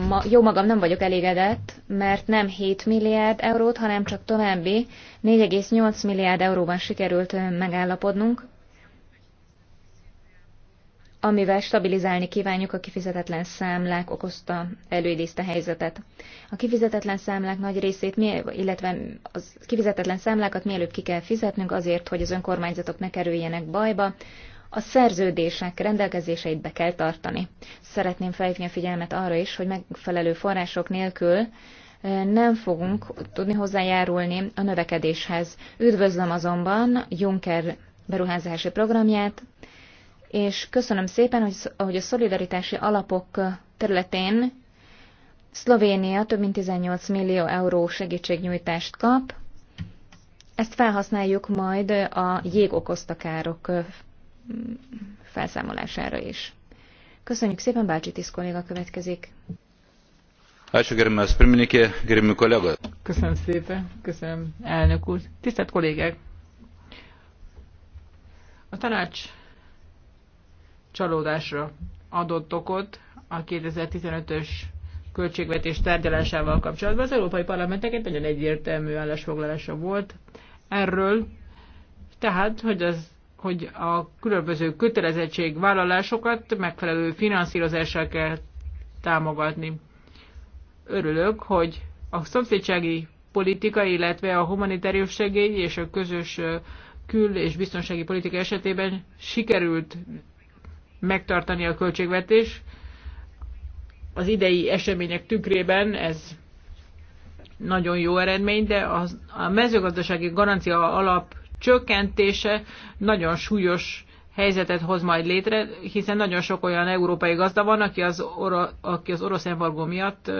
Ma, jó magam nem vagyok elégedett, mert nem 7 milliárd eurót, hanem csak további 4,8 milliárd euróban sikerült megállapodnunk, amivel stabilizálni kívánjuk a kifizetetlen számlák okozta előidézte helyzetet. A kifizetetlen számlák nagy részét, illetve a kifizetetlen számlákat mielőbb ki kell fizetnünk azért, hogy az önkormányzatok ne kerüljenek bajba, a szerződések rendelkezéseit be kell tartani. Szeretném felhívni a figyelmet arra is, hogy megfelelő források nélkül eh, nem fogunk tudni hozzájárulni a növekedéshez. Üdvözlöm azonban Juncker beruházási programját, és köszönöm szépen, hogy, hogy a szolidaritási alapok területén Szlovénia több mint 18 millió euró segítségnyújtást kap. Ezt felhasználjuk majd a jég okozta károk felszámolására is. Köszönjük szépen, Bácsi Tisz kolléga következik. Köszönöm szépen, köszönöm elnök úr. Tisztelt kollégák! A tanács csalódásra adott okot a 2015-ös költségvetés tárgyalásával kapcsolatban. Az Európai Parlamentnek egy nagyon egyértelmű állásfoglalása volt erről, tehát, hogy, az, hogy a különböző kötelezettségvállalásokat megfelelő finanszírozással kell támogatni. Örülök, hogy a szomszédsági politika, illetve a humanitárius segély és a közös kül- és biztonsági politika esetében sikerült megtartani a költségvetés. Az idei események tükrében ez nagyon jó eredmény, de a mezőgazdasági garancia alap csökkentése nagyon súlyos helyzetet hoz majd létre, hiszen nagyon sok olyan európai gazda van, aki az, ora, aki az orosz embargó miatt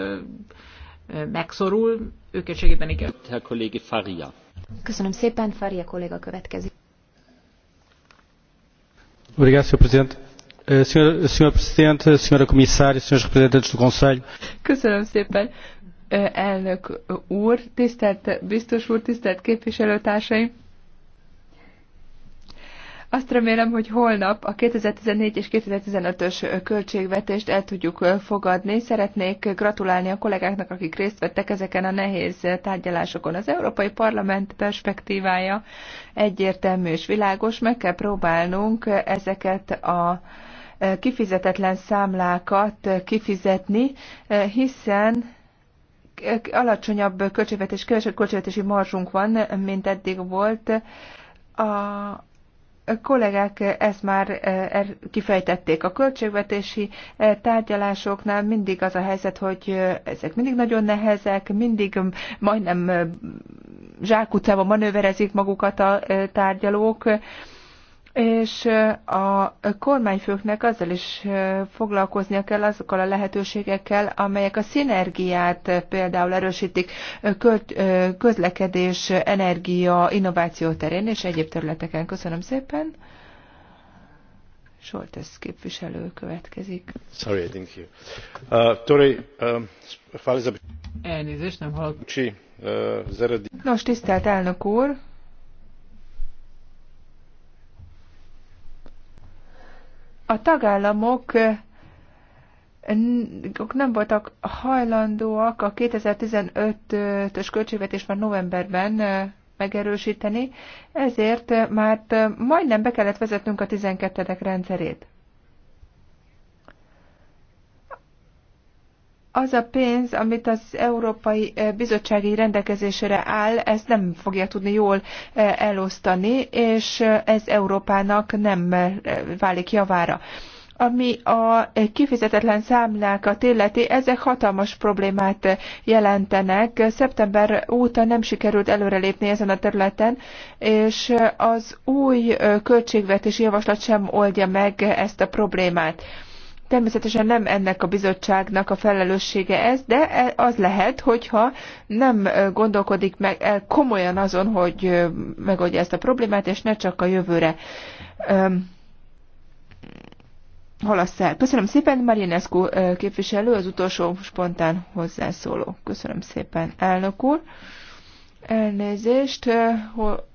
megszorul, őket segíteni kell. Herr kollégi Faria. Köszönöm szépen, Faria kolléga következik. Obrigado, Sr. Presidente. Eh, representantes do Conselho. Köszönöm szépen, eh, elnök úr, tisztelt biztos úr, tisztelt képviselőtársaim. Azt remélem, hogy holnap a 2014 és 2015-ös költségvetést el tudjuk eh, fogadni. Szeretnék gratulálni a kollégáknak, akik részt vettek ezeken a nehéz tárgyalásokon. Az Európai Parlament perspektívája egyértelmű és világos. Meg kell próbálnunk ezeket a kifizetetlen számlákat kifizetni, hiszen alacsonyabb költségvetés, kevesebb költségvetési marzsunk van, mint eddig volt. A kollégák ezt már er-, kifejtették. A költségvetési tárgyalásoknál mindig az a helyzet, hogy ezek mindig nagyon nehezek, mindig majdnem zsákutcában manőverezik magukat a tárgyalók, és a kormányfőknek azzal is foglalkoznia kell azokkal a lehetőségekkel, amelyek a szinergiát például erősítik közlekedés, energia, innováció terén és egyéb területeken. Köszönöm szépen. Soltes képviselő következik. Sorry, thank you. Uh, Tori, uh, Elnézést, nem hallottam. Uh, Nos, tisztelt elnök úr, a tagállamok nem voltak hajlandóak a 2015-ös már novemberben megerősíteni, ezért már majdnem be kellett vezetnünk a 12. rendszerét. az a pénz, amit az Európai Bizottsági rendelkezésére áll, ez nem fogja tudni jól elosztani, és ez Európának nem válik javára ami a kifizetetlen számlákat illeti, ezek hatalmas problémát jelentenek. Szeptember óta nem sikerült előrelépni ezen a területen, és az új költségvetési javaslat sem oldja meg ezt a problémát. Természetesen nem ennek a bizottságnak a felelőssége ez, de e- az lehet, hogyha nem gondolkodik meg el komolyan azon, hogy megoldja ezt a problémát, és ne csak a jövőre halassz el. Köszönöm szépen, Marinescu képviselő, az utolsó spontán hozzászóló. Köszönöm szépen, elnök úr. Elnézést, hol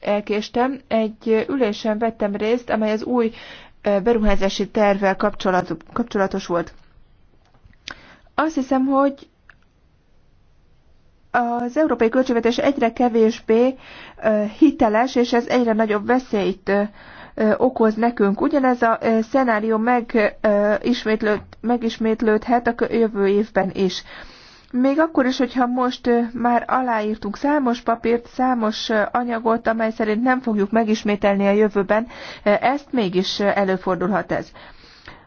elkéstem. Egy ülésen vettem részt, amely az új beruházási tervvel kapcsolatos volt. Azt hiszem, hogy az európai költségvetés egyre kevésbé hiteles, és ez egyre nagyobb veszélyt okoz nekünk. Ugyanez a szenárió megismétlődhet a jövő évben is. Még akkor is, hogyha most már aláírtunk számos papírt, számos anyagot, amely szerint nem fogjuk megismételni a jövőben, ezt mégis előfordulhat ez.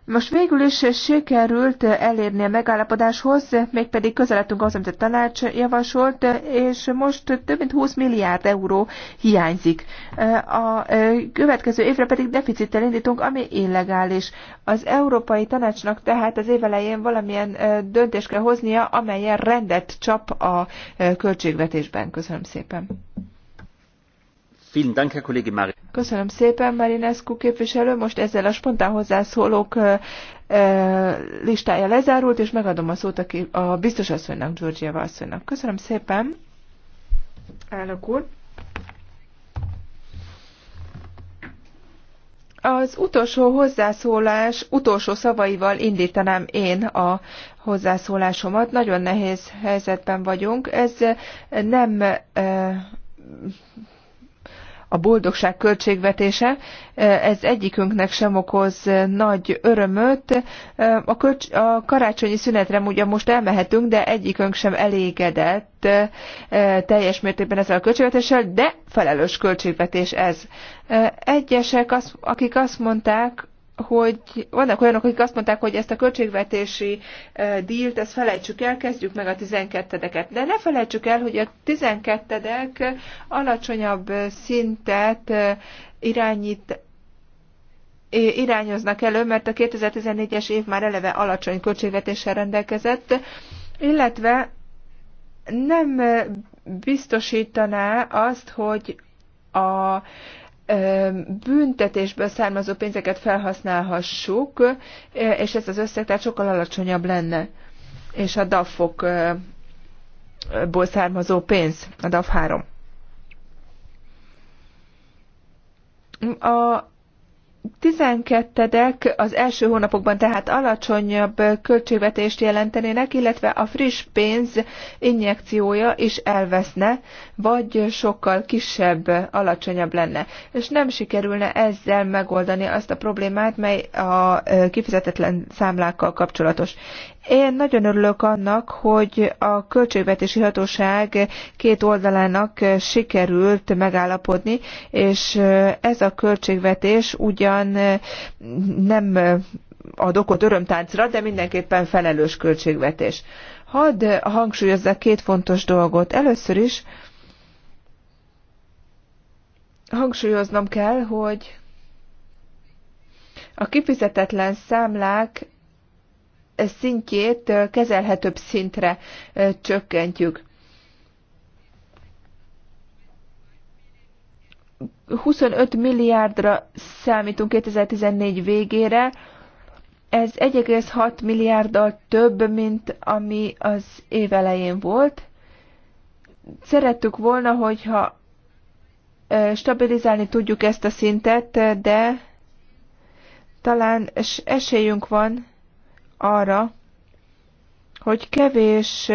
Most végül is sikerült elérni a megállapodáshoz, mégpedig közeledtünk az amit a tanács javasolt, és most több mint 20 milliárd euró hiányzik. A következő évre pedig deficittel indítunk, ami illegális. Az Európai Tanácsnak tehát az évelején valamilyen döntést kell hoznia, amelyen rendet csap a költségvetésben. Köszönöm szépen. Köszönöm szépen, Marinescu képviselő. Most ezzel a spontán hozzászólók listája lezárult, és megadom a szót a, a biztos asszonynak, Georgieva asszonynak. Köszönöm szépen, elnök úr. Az utolsó hozzászólás utolsó szavaival indítanám én a hozzászólásomat. Nagyon nehéz helyzetben vagyunk. Ez nem a boldogság költségvetése. Eh, ez egyikünknek sem okoz eh, nagy örömöt. Eh, a, kölcs- a karácsonyi szünetre ugye most elmehetünk, de egyikünk sem elégedett teljes mértékben ezzel a költségvetéssel, de felelős költségvetés ez. Egyesek, akik azt mondták, hogy vannak olyanok, akik azt mondták, hogy ezt a költségvetési dílt, ezt felejtsük el, kezdjük meg a 12-deket. De ne felejtsük el, hogy a 12 alacsonyabb szintet irányít, irányoznak elő, mert a 2014-es év már eleve alacsony költségvetéssel rendelkezett, illetve nem biztosítaná azt, hogy a büntetésből származó pénzeket felhasználhassuk, és ez az összeg tehát sokkal alacsonyabb lenne. És a DAF-okból származó pénz, a DAF 3. A Tizenkettedek az első hónapokban tehát alacsonyabb költségvetést jelentenének, illetve a friss pénz injekciója is elveszne, vagy sokkal kisebb, alacsonyabb lenne. És nem sikerülne ezzel megoldani azt a problémát, mely a kifizetetlen számlákkal kapcsolatos. Én nagyon örülök annak, hogy a Költségvetési Hatóság két oldalának sikerült megállapodni, és ez a költségvetés ugyan nem ad okot örömtáncra, de mindenképpen felelős költségvetés. Hadd hangsúlyozzak két fontos dolgot. Először is hangsúlyoznom kell, hogy a kifizetetlen számlák szintjét kezelhetőbb szintre csökkentjük. 25 milliárdra számítunk 2014 végére, ez 1,6 milliárddal több, mint ami az év elején volt. Szerettük volna, hogyha stabilizálni tudjuk ezt a szintet, de talán esélyünk van arra, hogy kevés,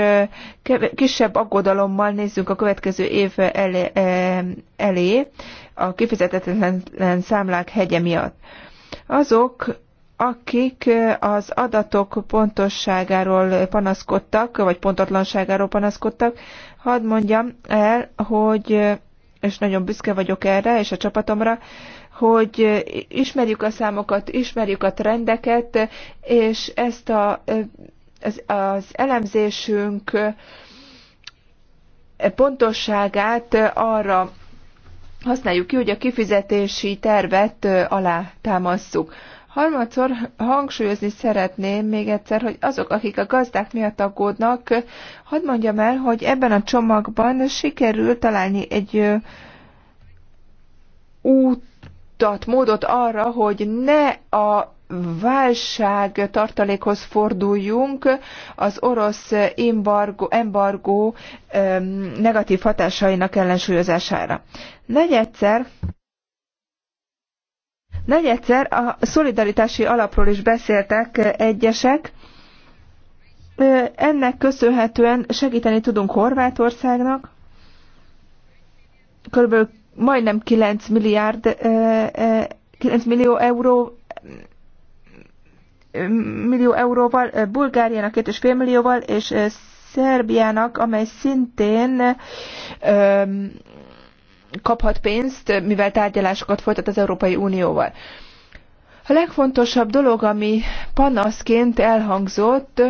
kisebb aggodalommal nézzünk a következő év elé, elé a kifizetetlen számlák hegye miatt. Azok, akik az adatok pontosságáról panaszkodtak, vagy pontatlanságáról panaszkodtak, hadd mondjam el, hogy, és nagyon büszke vagyok erre, és a csapatomra, hogy ismerjük a számokat, ismerjük a trendeket, és ezt a, az, az elemzésünk pontosságát arra használjuk ki, hogy a kifizetési tervet alá támasszuk. Harmadszor hangsúlyozni szeretném még egyszer, hogy azok, akik a gazdák miatt aggódnak, hadd mondjam el, hogy ebben a csomagban sikerül találni egy út, mutat módot arra, hogy ne a válság tartalékhoz forduljunk az orosz embargó, embargó öm, negatív hatásainak ellensúlyozására. Negyedszer, negyedszer a szolidaritási alapról is beszéltek egyesek. Ennek köszönhetően segíteni tudunk Horvátországnak, Körülbelül majdnem 9 milliárd, 9 millió euró millió euróval, Bulgáriának 2,5 millióval, és Szerbiának, amely szintén kaphat pénzt, mivel tárgyalásokat folytat az Európai Unióval. A legfontosabb dolog, ami panaszként elhangzott,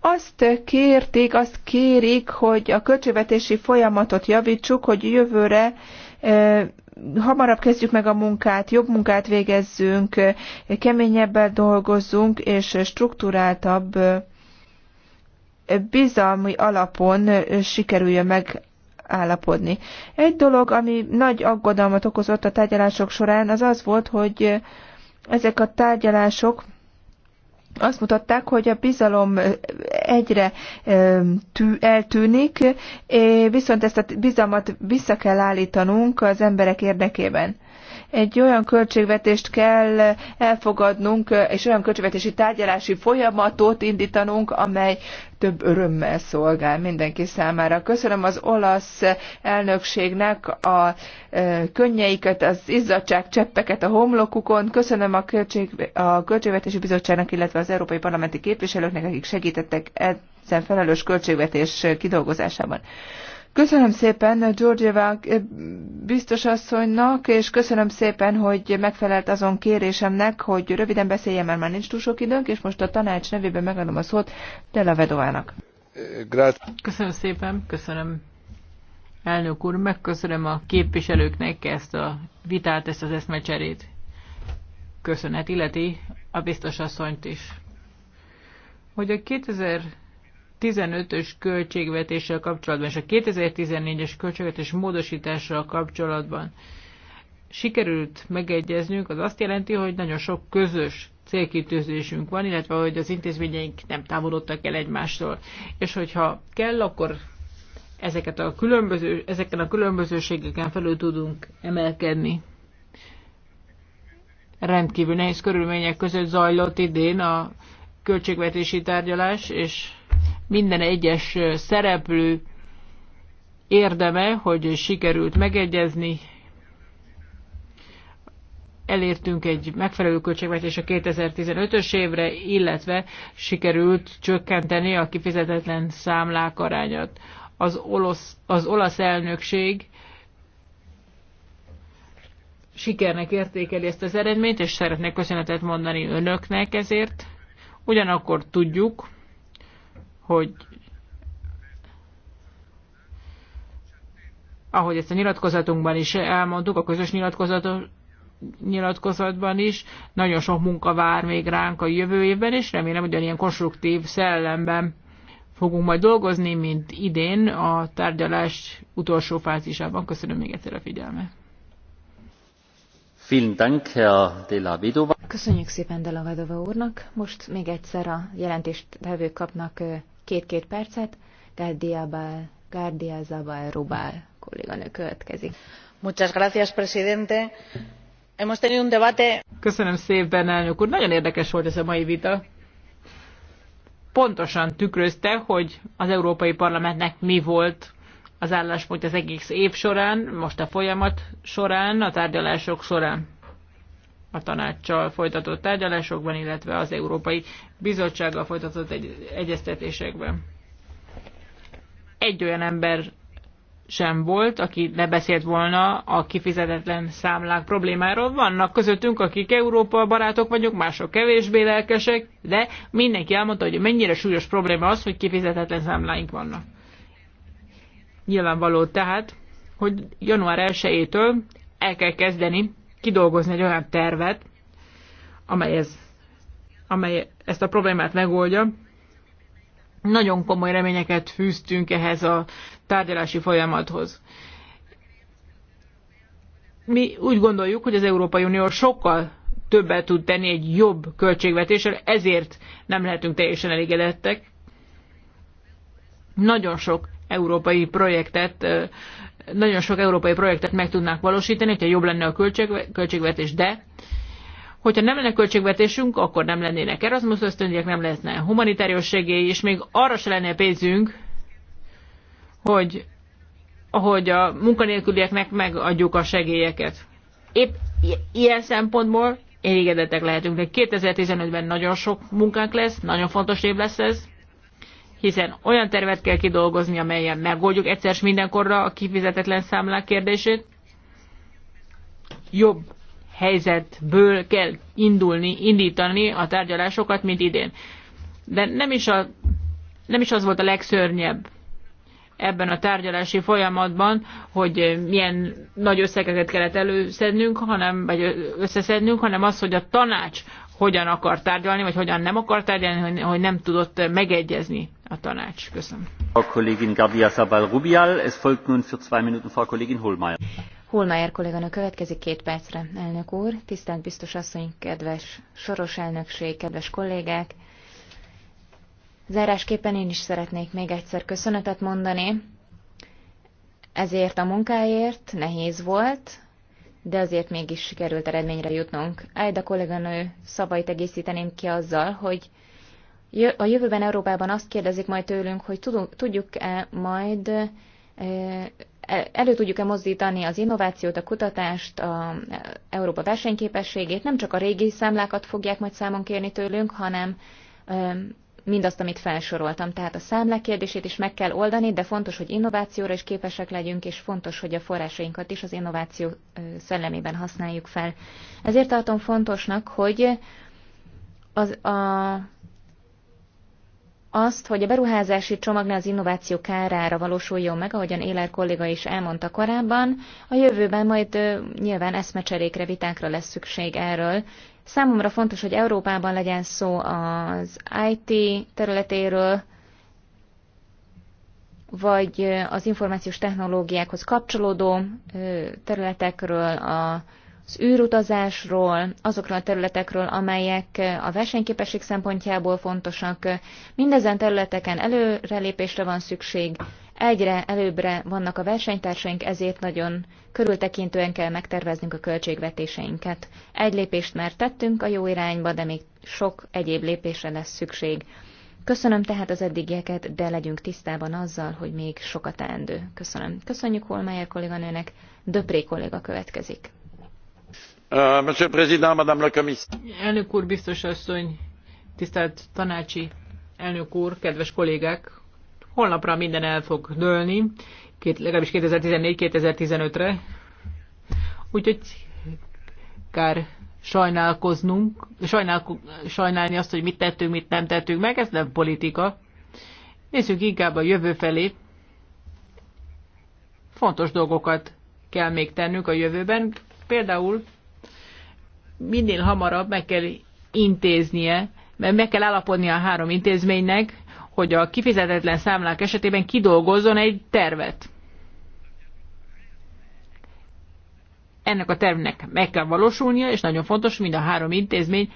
azt kérték, azt kérik, hogy a költségvetési folyamatot javítsuk, hogy jövőre hamarabb kezdjük meg a munkát, jobb munkát végezzünk, keményebben dolgozzunk, és struktúráltabb bizalmi alapon sikerüljön meg állapodni. Egy dolog, ami nagy aggodalmat okozott a tárgyalások során, az az volt, hogy ezek a tárgyalások azt mutatták, hogy a bizalom egyre tű, eltűnik, viszont ezt a bizalmat vissza kell állítanunk az emberek érdekében. Egy olyan költségvetést kell elfogadnunk, és olyan költségvetési tárgyalási folyamatot indítanunk, amely több örömmel szolgál mindenki számára. Köszönöm az olasz elnökségnek a e, könnyeiket, az izzadság cseppeket a homlokukon. Köszönöm a, költség, a Költségvetési Bizottságnak, illetve az Európai Parlamenti képviselőknek, akik segítettek ezen felelős költségvetés kidolgozásában. Köszönöm szépen Georgieva eh, biztos asszonynak, és köszönöm szépen, hogy megfelelt azon kérésemnek, hogy röviden beszéljem, mert már nincs túl sok időnk, és most a tanács nevében megadom a szót Tela Vedovának. Köszönöm szépen, köszönöm elnök úr, megköszönöm a képviselőknek ezt a vitát, ezt az eszmecserét. Köszönet illeti a biztos asszonyt is. Hogy a 2000 15-ös költségvetéssel kapcsolatban és a 2014-es költségvetés módosítással kapcsolatban sikerült megegyeznünk, az azt jelenti, hogy nagyon sok közös célkitűzésünk van, illetve hogy az intézményeink nem távolodtak el egymástól. És hogyha kell, akkor ezeket a különböző, ezeken a különbözőségeken felül tudunk emelkedni. Rendkívül nehéz körülmények között zajlott idén a költségvetési tárgyalás, és minden egyes szereplő érdeme, hogy sikerült megegyezni. Elértünk egy megfelelő költségvetés a 2015-ös évre, illetve sikerült csökkenteni a kifizetetlen számlák arányát. Az, olasz, az olasz elnökség sikernek értékeli ezt az eredményt, és szeretnék köszönetet mondani önöknek ezért. Ugyanakkor tudjuk, hogy ahogy ezt a nyilatkozatunkban is elmondtuk, a közös nyilatkozatban is, nagyon sok munka vár még ránk a jövő évben, és remélem, hogy ilyen konstruktív szellemben fogunk majd dolgozni, mint idén a tárgyalás utolsó fázisában. Köszönöm még egyszer a figyelmet. Köszönjük szépen Delavadova úrnak. Most még egyszer a jelentést tevők kapnak két-két percet, Gárdiábál, Gárdia Zabal Rubál kolléganő következik. Muchas gracias, presidente. Hemos tenido un debate... Köszönöm szépen, elnök úr. Nagyon érdekes volt ez a mai vita. Pontosan tükrözte, hogy az Európai Parlamentnek mi volt az álláspont az egész év során, most a folyamat során, a tárgyalások során a tanácssal folytatott tárgyalásokban, illetve az Európai Bizottsággal folytatott egy, egyeztetésekben. Egy olyan ember sem volt, aki ne beszélt volna a kifizetetlen számlák problémáról. Vannak közöttünk, akik Európa barátok vagyunk, mások kevésbé lelkesek, de mindenki elmondta, hogy mennyire súlyos probléma az, hogy kifizetetlen számláink vannak. Nyilvánvaló tehát, hogy január 1-től el kell kezdeni kidolgozni egy olyan tervet, amely, ez, amely ezt a problémát megoldja. Nagyon komoly reményeket fűztünk ehhez a tárgyalási folyamathoz. Mi úgy gondoljuk, hogy az Európai Unió sokkal többet tud tenni egy jobb költségvetéssel, ezért nem lehetünk teljesen elégedettek. Nagyon sok európai projektet nagyon sok európai projektet meg tudnánk valósítani, hogyha jobb lenne a költségvetés, de hogyha nem lenne költségvetésünk, akkor nem lennének Erasmus ösztöndiek, nem lehetne humanitárius segély, és még arra se lenne pénzünk, hogy ahogy a munkanélkülieknek megadjuk a segélyeket. Épp ilyen szempontból elégedettek lehetünk, de 2015-ben nagyon sok munkánk lesz, nagyon fontos év lesz ez, hiszen olyan tervet kell kidolgozni, amelyen megoldjuk egyszer mindenkorra a kifizetetlen számlák kérdését. Jobb helyzetből kell indulni, indítani a tárgyalásokat, mint idén. De nem is, a, nem is az volt a legszörnyebb ebben a tárgyalási folyamatban, hogy milyen nagy összegeket kellett előszednünk, hanem, vagy összeszednünk, hanem az, hogy a tanács hogyan akar tárgyalni, vagy hogyan nem akar tárgyalni, hogy nem tudott megegyezni a tanács. Köszönöm. Frau Kollegin Gardia Sabal-Rubial, es folgt nun für zwei Minuten Frau Kollegin Holmeier. Holmeier kolléganő következik két percre, elnök úr, tisztelt biztos asszony, kedves soros elnökség, kedves kollégák. Zárásképpen én is szeretnék még egyszer köszönetet mondani. Ezért a munkáért nehéz volt, de azért mégis sikerült eredményre jutnunk. Ájda kolléganő szavait egészíteném ki azzal, hogy a jövőben Európában azt kérdezik majd tőlünk, hogy tudjuk-e majd e, elő tudjuk-e mozdítani az innovációt, a kutatást, a e, Európa versenyképességét. Nem csak a régi számlákat fogják majd számon kérni tőlünk, hanem mindazt, amit felsoroltam. Tehát a számlekérdését kérdését is meg kell oldani, de fontos, hogy innovációra is képesek legyünk, és fontos, hogy a forrásainkat is az innováció szellemében használjuk fel. Ezért tartom fontosnak, hogy az, a, azt, hogy a beruházási ne az innováció kárára valósuljon meg, ahogyan Éler kolléga is elmondta korábban, a jövőben majd nyilván eszmecserékre, vitákra lesz szükség erről, Számomra fontos, hogy Európában legyen szó az IT területéről, vagy az információs technológiákhoz kapcsolódó területekről, az űrutazásról, azokról a területekről, amelyek a versenyképesség szempontjából fontosak. Mindezen területeken előrelépésre van szükség, Egyre előbbre vannak a versenytársaink, ezért nagyon körültekintően kell megterveznünk a költségvetéseinket. Egy lépést már tettünk a jó irányba, de még sok egyéb lépésre lesz szükség. Köszönöm tehát az eddigieket, de legyünk tisztában azzal, hogy még sokat teendő. Köszönöm. Köszönjük Holmeyer kolléganőnek, Döpré kolléga következik. Uh, Monsieur Madame la Commissaire. Elnök úr, biztos asszony, tisztelt tanácsi elnök úr, kedves kollégák, holnapra minden el fog dőlni, két, legalábbis 2014-2015-re. Úgyhogy kár sajnálkoznunk, sajnál, sajnálni azt, hogy mit tettünk, mit nem tettünk meg, ez nem politika. Nézzük inkább a jövő felé. Fontos dolgokat kell még tennünk a jövőben. Például minél hamarabb meg kell intéznie, mert meg kell állapodni a három intézménynek, hogy a kifizetetlen számlák esetében kidolgozzon egy tervet. Ennek a tervnek meg kell valósulnia, és nagyon fontos, mind a három intézmény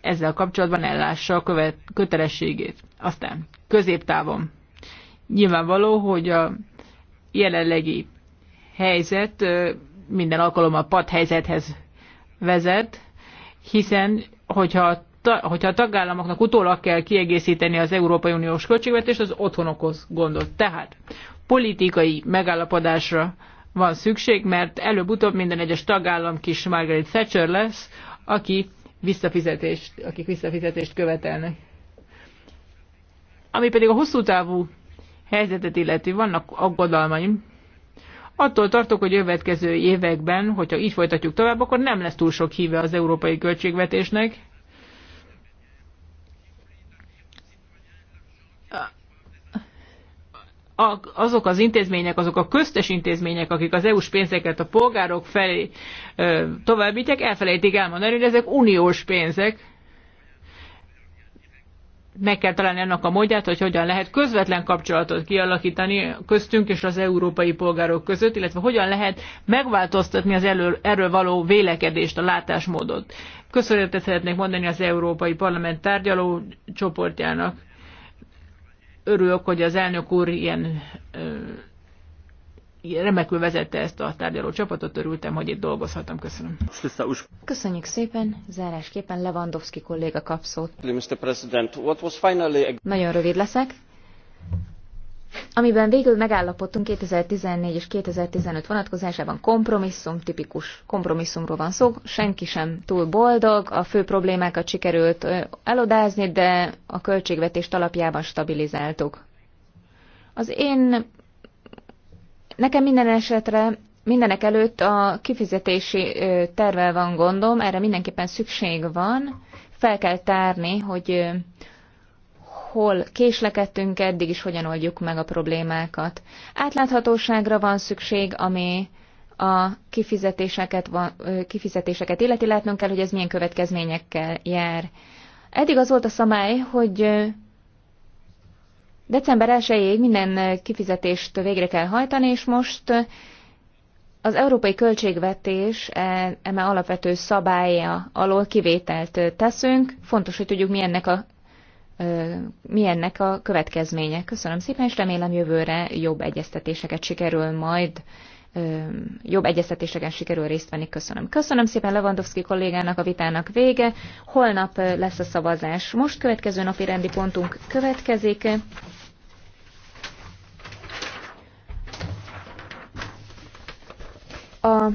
ezzel kapcsolatban ellássa a követ, kötelességét. Aztán középtávon. Nyilvánvaló, hogy a jelenlegi helyzet minden alkalommal pad helyzethez vezet, hiszen hogyha hogyha a tagállamoknak utólag kell kiegészíteni az Európai Uniós költségvetést, az otthon okoz gondot. Tehát politikai megállapodásra van szükség, mert előbb-utóbb minden egyes tagállam kis Margaret Thatcher lesz, aki visszafizetést, akik visszafizetést követelnek. Ami pedig a hosszú távú helyzetet illeti, vannak aggodalmaim. Attól tartok, hogy következő években, hogyha így folytatjuk tovább, akkor nem lesz túl sok híve az európai költségvetésnek. azok az intézmények, azok a köztes intézmények, akik az EU-s pénzeket a polgárok felé továbbítják, elfelejtik elmondani, hogy ezek uniós pénzek. Meg kell találni annak a módját, hogy hogyan lehet közvetlen kapcsolatot kialakítani köztünk és az európai polgárok között, illetve hogyan lehet megváltoztatni az elő erről való vélekedést, a látásmódot. Köszönetet szeretnék mondani az Európai Parlament tárgyaló csoportjának örülök, hogy az elnök úr ilyen remekül vezette ezt a tárgyaló csapatot, örültem, hogy itt dolgozhatom. Köszönöm. Köszönjük szépen. Zárásképpen Lewandowski kolléga kapszót. Nagyon rövid leszek amiben végül megállapodtunk 2014 és 2015 vonatkozásában kompromisszum, tipikus kompromisszumról van szó, senki sem túl boldog, a fő problémákat sikerült elodázni, de a költségvetést alapjában stabilizáltuk. Az én, nekem minden esetre mindenek előtt a kifizetési tervel van gondom, erre mindenképpen szükség van, fel kell tárni, hogy hol késlekedtünk eddig, és hogyan oldjuk meg a problémákat. Átláthatóságra van szükség, ami a kifizetéseket, van, kifizetéseket illeti látnunk kell, hogy ez milyen következményekkel jár. Eddig az volt a szabály, hogy december 1-ig minden kifizetést végre kell hajtani, és most az európai költségvetés e, eme alapvető szabálya alól kivételt teszünk. Fontos, hogy tudjuk, mi ennek a milyennek a következménye. Köszönöm szépen, és remélem jövőre jobb egyeztetéseket sikerül majd jobb egyeztetéseken sikerül részt venni. Köszönöm. Köszönöm szépen Lewandowski kollégának a vitának vége. Holnap lesz a szavazás. Most következő napi rendi pontunk következik. A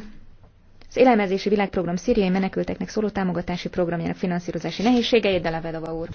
az élelmezési világprogram szíriai menekülteknek szóló támogatási programjának finanszírozási nehézségeit, de Levedova úr.